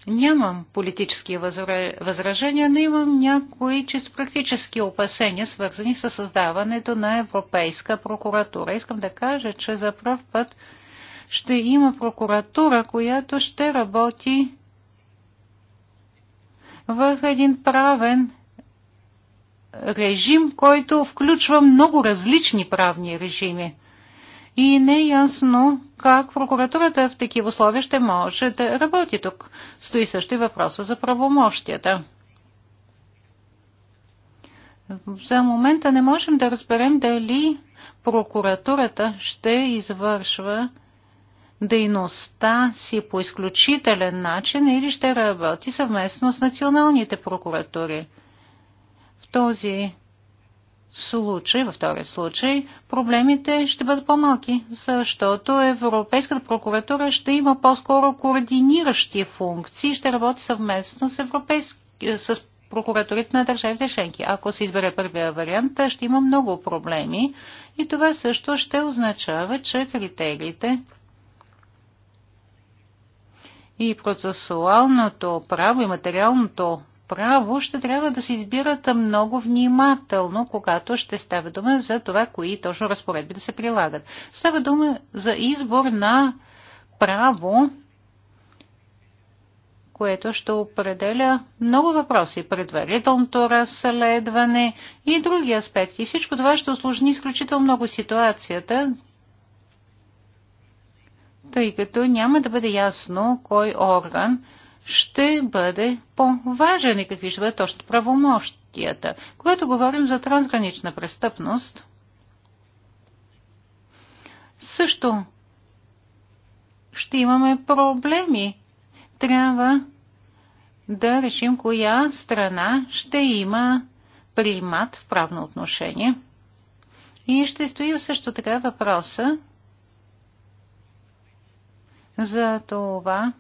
Нямам политически възражения, но имам някои чисто практически опасения, свързани с създаването на Европейска прокуратура. Искам да кажа, че за пръв път ще има прокуратура, която ще работи в един правен режим, който включва много различни правни режими и не е ясно как прокуратурата в такива условия ще може да работи тук. Стои също и въпроса за правомощията. За момента не можем да разберем дали прокуратурата ще извършва дейността си по изключителен начин или ще работи съвместно с националните прокуратури. В този случай, във втория случай, проблемите ще бъдат по-малки, защото Европейската прокуратура ще има по-скоро координиращи функции, ще работи съвместно с, европейски, с прокуратурите на държавите членки. Ако се избере първия вариант, ще има много проблеми и това също ще означава, че критериите и процесуалното право и материалното право ще трябва да се избират много внимателно, когато ще става дума за това, кои точно разпоредби да се прилагат. Става дума за избор на право, което ще определя много въпроси. Предварителното разследване и други аспекти. Всичко това ще осложни изключително много ситуацията, тъй като няма да бъде ясно кой орган ще бъде по-важен и какви ще бъдат още правомощията. Когато говорим за трансгранична престъпност, също ще имаме проблеми. Трябва да решим коя страна ще има примат в правно отношение. И ще стои също така въпроса за това,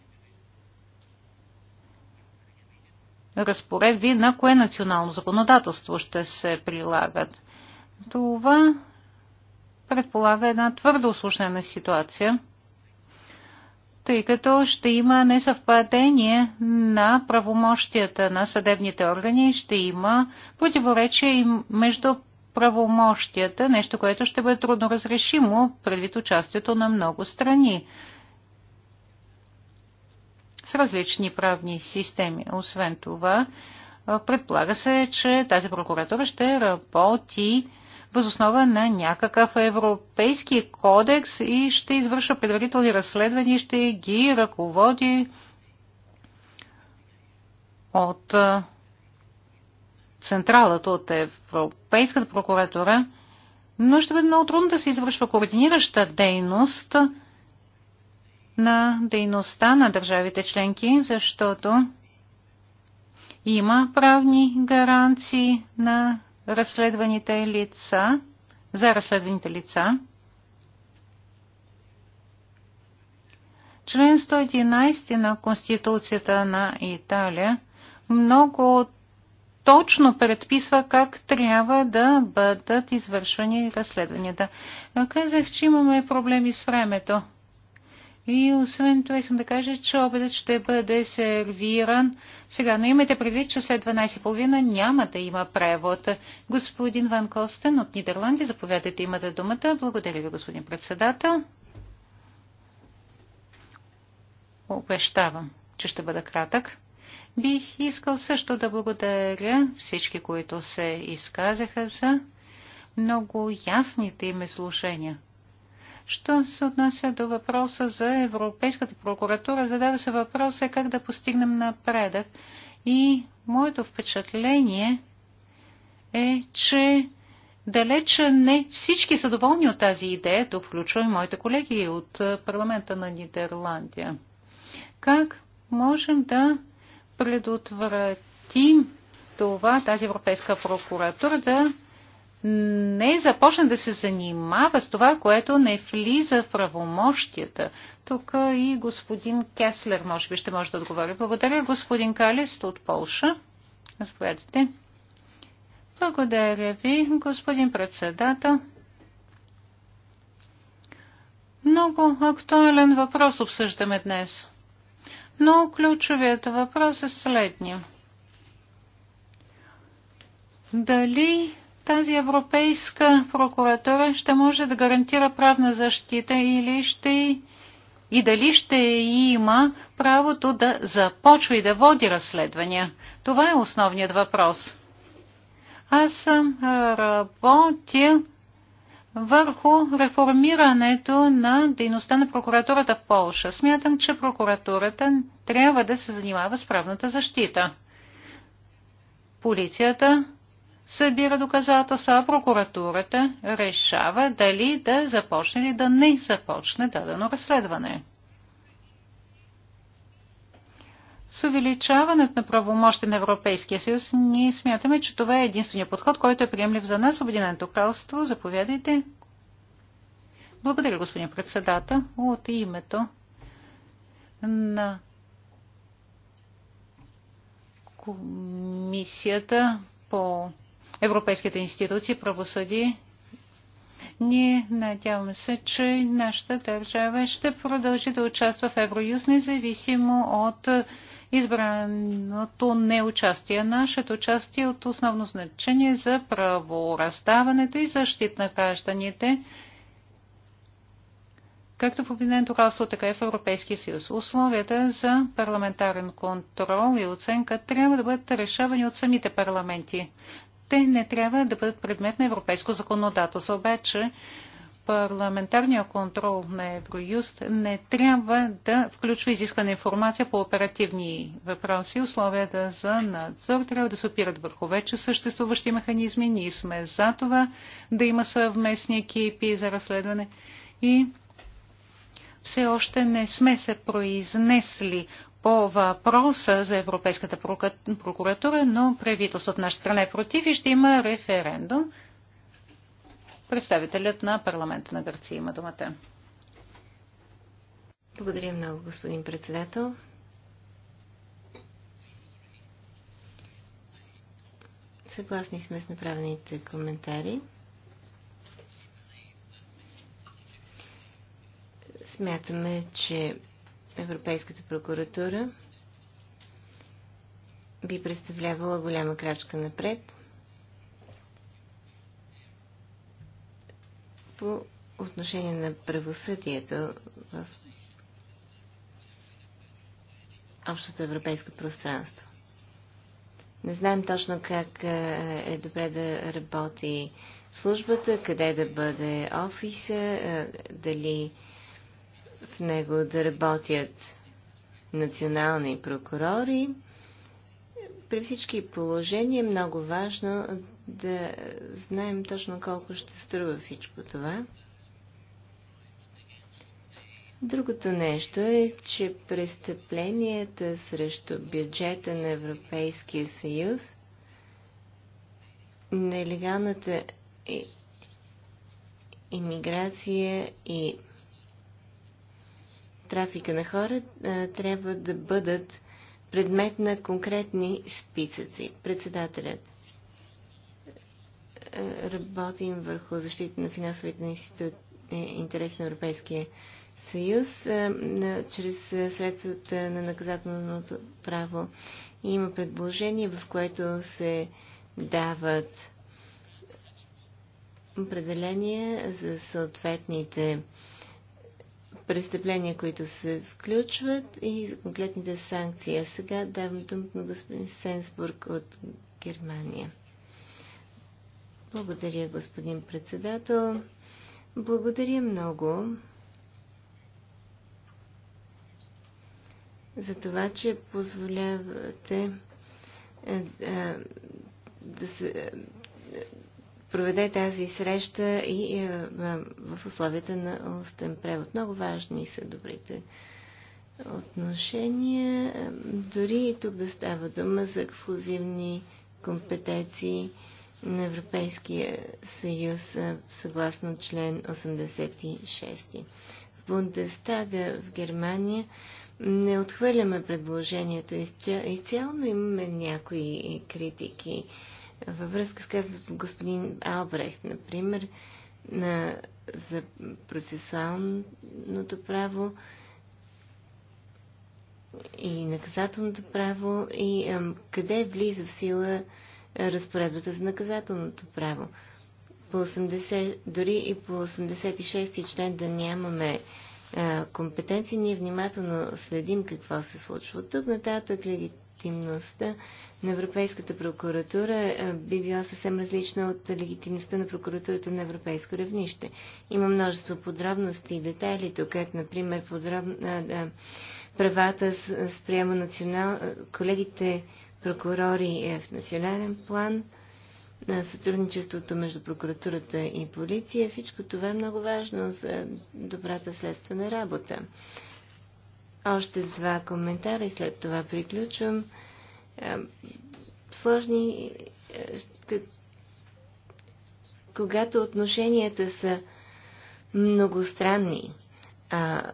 разпоредби на кое национално законодателство ще се прилагат. Това предполага една твърдо осложнена ситуация, тъй като ще има несъвпадение на правомощията на съдебните органи и ще има противоречие между правомощията, нещо, което ще бъде трудно разрешимо предвид участието на много страни с различни правни системи. Освен това, предполага се, че тази прокуратура ще работи възоснова на някакъв европейски кодекс и ще извършва предварителни разследвания и ще ги ръководи от централата, от Европейската прокуратура, но ще бъде много трудно да се извършва координираща дейност – на дейността на държавите членки, защото има правни гаранции на разследваните лица, за разследваните лица. Член 111 на Конституцията на Италия много точно предписва как трябва да бъдат извършвани разследванията. Казах, че имаме проблеми с времето. И освен това искам да кажа, че обедът ще бъде сервиран. Сега, но имайте предвид, че след 12.30 няма да има превод. Господин Ван Костен от Нидерланди, заповядайте, имате думата. Благодаря ви, господин председател. Обещавам, че ще бъда кратък. Бих искал също да благодаря всички, които се изказаха за много ясните им изложения. Що се отнася до въпроса за Европейската прокуратура, задава се въпроса е как да постигнем напредък. И моето впечатление е, че далеч не всички са доволни от тази идея, то включвам и моите колеги от парламента на Нидерландия. Как можем да предотвратим това, тази Европейска прокуратура да не започна да се занимава с това, което не влиза в правомощията. Тук и господин Кеслер, може би, ще може да отговори. Благодаря, господин Калист от Полша. Заповядайте. Благодаря ви, господин председател. Много актуален въпрос обсъждаме днес. Но ключовият въпрос е следния. Дали тази Европейска прокуратура ще може да гарантира правна защита или ще и дали ще има правото да започва и да води разследвания. Това е основният въпрос. Аз съм работил върху реформирането на дейността на прокуратурата в Полша. Смятам, че прокуратурата трябва да се занимава с правната защита. Полицията събира доказателства, а прокуратурата решава дали да започне или да не започне дадено разследване. С увеличаването на правомощи на Европейския съюз, ние смятаме, че това е единствения подход, който е приемлив за нас, Обединеното кралство. Заповядайте. Благодаря, господин председател, от името на комисията по европейските институции, правосъди. Ние надяваме се, че нашата държава ще продължи да участва в Евроюз, независимо от избраното неучастие. Нашето участие е от основно значение за правораздаването и защит на гражданите, както в Обединеното кралство, така и в Европейския съюз. Условията за парламентарен контрол и оценка трябва да бъдат решавани от самите парламенти те не трябва да бъдат предмет на европейско законодателство. Обаче парламентарния контрол на Евроюст не трябва да включва изискване информация по оперативни въпроси. Условията за надзор трябва да се опират върху вече съществуващи механизми. Ние сме за това да има съвместни екипи за разследване и все още не сме се произнесли по въпроса за Европейската прокуратура, но правителството наша страна е против и ще има референдум. Представителят на парламента на Гърция има думата. Благодаря много, господин председател. Съгласни сме с направените коментари. Смятаме, че Европейската прокуратура би представлявала голяма крачка напред по отношение на правосъдието в общото европейско пространство. Не знаем точно как е, е добре да работи службата, къде да бъде офиса, е, дали в него да работят национални прокурори. При всички положения е много важно да знаем точно колко ще струва всичко това. Другото нещо е, че престъпленията срещу бюджета на Европейския съюз, нелегалната иммиграция и трафика на хора трябва да бъдат предмет на конкретни списъци. Председателят работим върху защита на финансовите институт, е, интерес на Европейския съюз чрез средствата на наказателното право. Има предложение, в което се дават определения за съответните престъпления, които се включват и конкретните санкции. А сега давам думата на господин Сенсбург от Германия. Благодаря, господин председател. Благодаря много за това, че позволявате е, е, да се е, проведе тази среща и е, е, в условията на устен превод. Много важни са добрите отношения. Дори и тук да става дума за ексклюзивни компетенции на Европейския съюз е, съгласно член 86. В Бундестага в Германия не отхвърляме предложението изцяло, но имаме някои критики във връзка с казаното господин Албрехт, например, на, за процесуалното право и наказателното право и ам, къде влиза в сила разпоредбата за наказателното право. По 80, дори и по 86 ти член да нямаме а, компетенции, ние внимателно следим какво се случва. От тук нататък легитимността на Европейската прокуратура е, би била съвсем различна от легитимността на прокуратурата на европейско равнище. Има множество подробности и детайли, тук ето, например, подроб... правата спрямо национал... колегите прокурори е в национален план, сътрудничеството между прокуратурата и полиция. Всичко това е много важно за добрата следствена работа. Още два коментара и след това приключвам. Е, сложни, е, когато отношенията са многостранни, а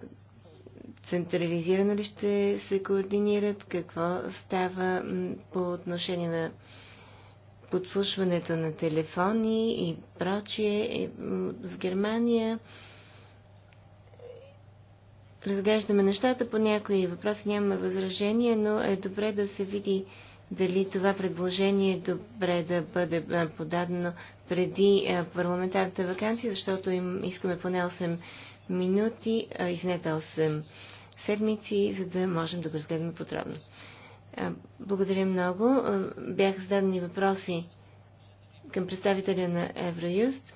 централизирано ли ще се координират, какво става по отношение на подслушването на телефони и прочие е, в Германия разглеждаме нещата. По някои въпроси нямаме възражение, но е добре да се види дали това предложение е добре да бъде подадено преди парламентарната вакансия, защото им искаме поне 8 минути, извинете 8 седмици, за да можем да го разгледаме подробно. Благодаря много. Бяха зададени въпроси към представителя на Евроюст.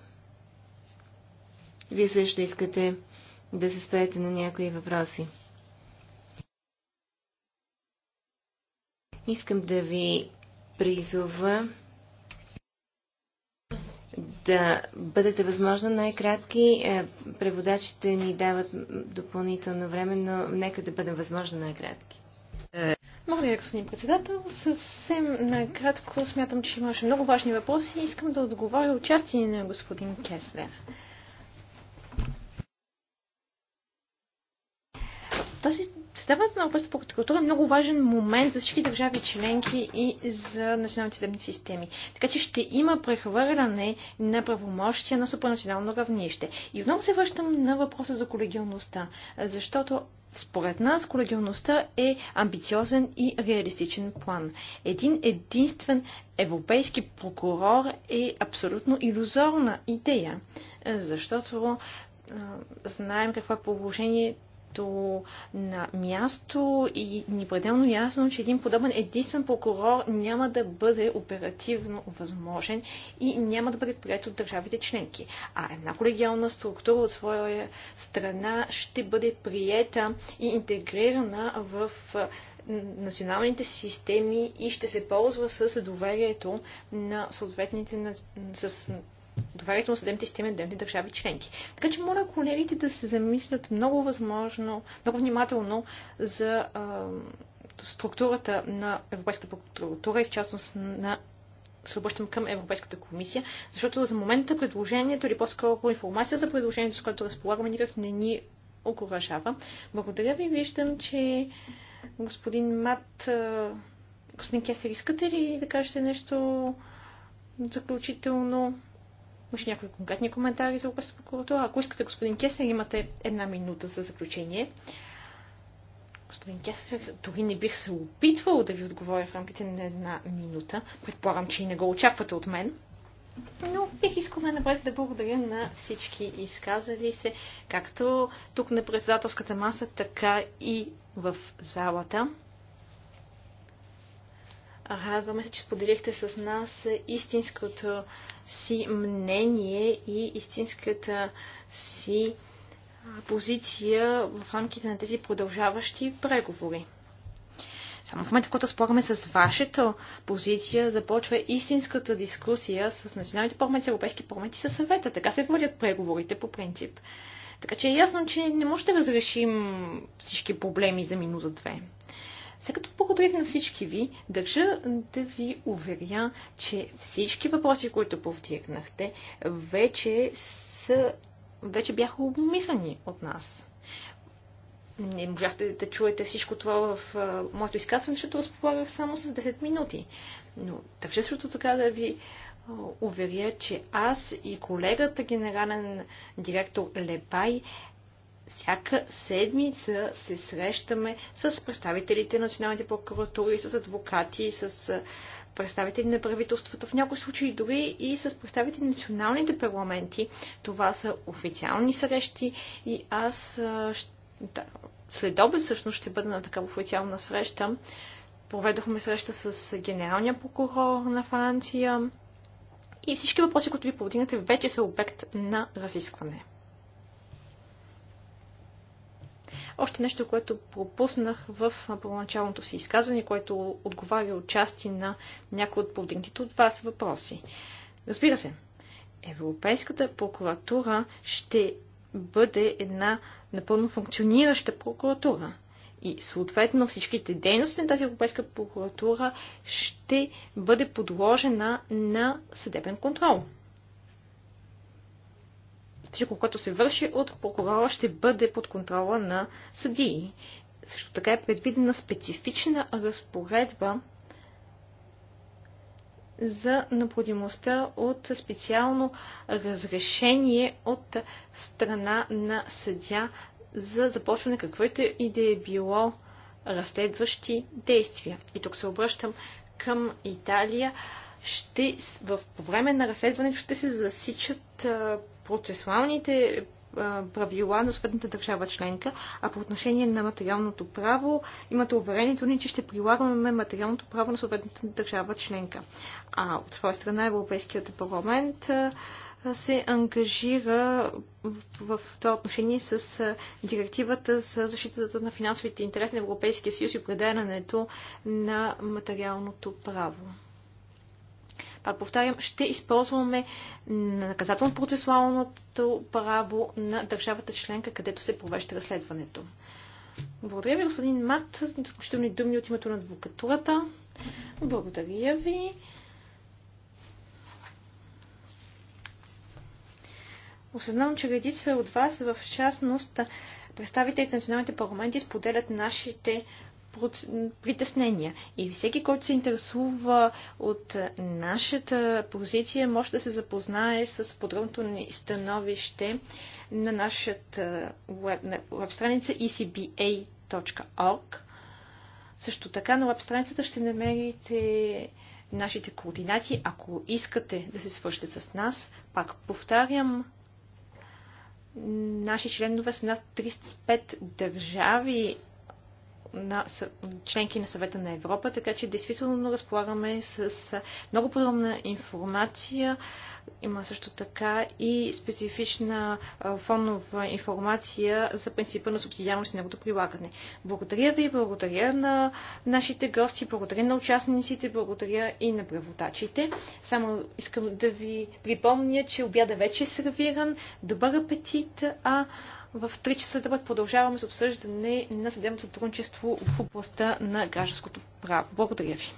Вие също искате да се спрете на някои въпроси. Искам да ви призова да бъдете възможно най-кратки. Е, преводачите ни дават допълнително време, но нека да бъдем възможно най-кратки. Е. Моля, господин председател. Съвсем накратко смятам, че имаше много важни въпроси и искам да отговоря участие на господин Кеслер. Този създаването на Европейската култура е много важен момент за всички държави членки и за националните съдебни системи. Така че ще има прехвърляне на правомощия на супранационално равнище. И отново се връщам на въпроса за колегиалността, защото според нас колегиалността е амбициозен и реалистичен план. Един единствен европейски прокурор е абсолютно иллюзорна идея, защото знаем какво е положението като на място и ни пределно ясно, че един подобен единствен прокурор няма да бъде оперативно възможен и няма да бъде прият от държавите членки. А една колегиална структура от своя страна ще бъде приета и интегрирана в националните системи и ще се ползва с доверието на съответните, с доверието на съдебните системи на дневни държави членки. Така че моля колегите да се замислят много възможно, много внимателно за а, структурата на европейската прокуратура и в частност на се обръщам към Европейската комисия, защото за момента предложението или по-скоро информация за предложението, с което разполагаме, никак не ни окоръжава. Благодаря ви. Виждам, че господин Мат, господин Кесер, искате ли да кажете нещо заключително? Имаше някои конкретни коментари за Европейската прокуратура. Ако искате, господин Кесер, имате една минута за заключение. Господин Кесер, дори не бих се опитвал да ви отговоря в рамките на една минута. Предполагам, че и не го очаквате от мен. Но бих искал най-напред да благодаря на всички изказали се, както тук на председателската маса, така и в залата. Радваме се, че споделихте с нас истинското си мнение и истинската си позиция в рамките на тези продължаващи преговори. Само в момента, в който спораме с вашата позиция, започва истинската дискусия с националните парламенти, европейски парламенти и със съвета. Така се водят преговорите по принцип. Така че е ясно, че не можете да разрешим всички проблеми за минута две. Сега като благодарих на всички ви, държа да ви уверя, че всички въпроси, които повдигнахте, вече, са, вече бяха обмислени от нас. Не можахте да чуете всичко това в моето изказване, защото разполагах само с 10 минути. Но държа също така да ви уверя, че аз и колегата генерален директор Лепай всяка седмица се срещаме с представителите на националните прокуратури, с адвокати, с представители на правителствата, в някои случаи дори и с представители на националните парламенти. Това са официални срещи и аз да, след обед всъщност ще бъда на такава официална среща. Проведохме среща с генералния прокурор на Франция и всички въпроси, които ви повдигнате, вече са обект на разискване. Още нещо, което пропуснах в първоначалното си изказване, което отговаря отчасти на някои от повдигнатите от вас въпроси. Разбира се, Европейската прокуратура ще бъде една напълно функционираща прокуратура. И съответно всичките дейности на тази Европейска прокуратура ще бъде подложена на съдебен контрол всичко, което се върши от прокурора, ще бъде под контрола на съдии. Също така е предвидена специфична разпоредба за необходимостта от специално разрешение от страна на съдя за започване каквото и да е било разследващи действия. И тук се обръщам към Италия. Ще, в, по време на разследването ще се засичат а, процесуалните правила на съответната държава членка, а по отношение на материалното право имате уверението ни, че ще прилагаме материалното право на съответната държава членка. А от своя страна Европейският парламент се ангажира в това отношение с директивата за защитата на финансовите интереси на Европейския съюз и определянето на материалното право пак повтарям, ще използваме наказателно-процесуалното право на държавата членка, където се провежда разследването. Благодаря ви, господин Мат. Изключителни думи от името на адвокатурата. Благодаря ви. Осъзнавам, че редица от вас, в частност, представителите на националните парламенти споделят нашите притеснения. И всеки, който се интересува от нашата позиция, може да се запознае с подробното ни становище на нашата веб, на страница ecba.org. Също така на веб страницата ще намерите нашите координати, ако искате да се свържете с нас. Пак повтарям, наши членове са над 35 държави на членки на съвета на Европа, така че действително разполагаме с много подробна информация. Има също така и специфична фонова информация за принципа на субсидиарност и негото прилагане. Благодаря ви, благодаря на нашите гости, благодаря на участниците, благодаря и на преводачите. Само искам да ви припомня, че обяда вече е сервиран. Добър апетит! А в 3 часа да продължаваме с обсъждане на съдебното сътрудничество в областта на гражданското право. Благодаря ви.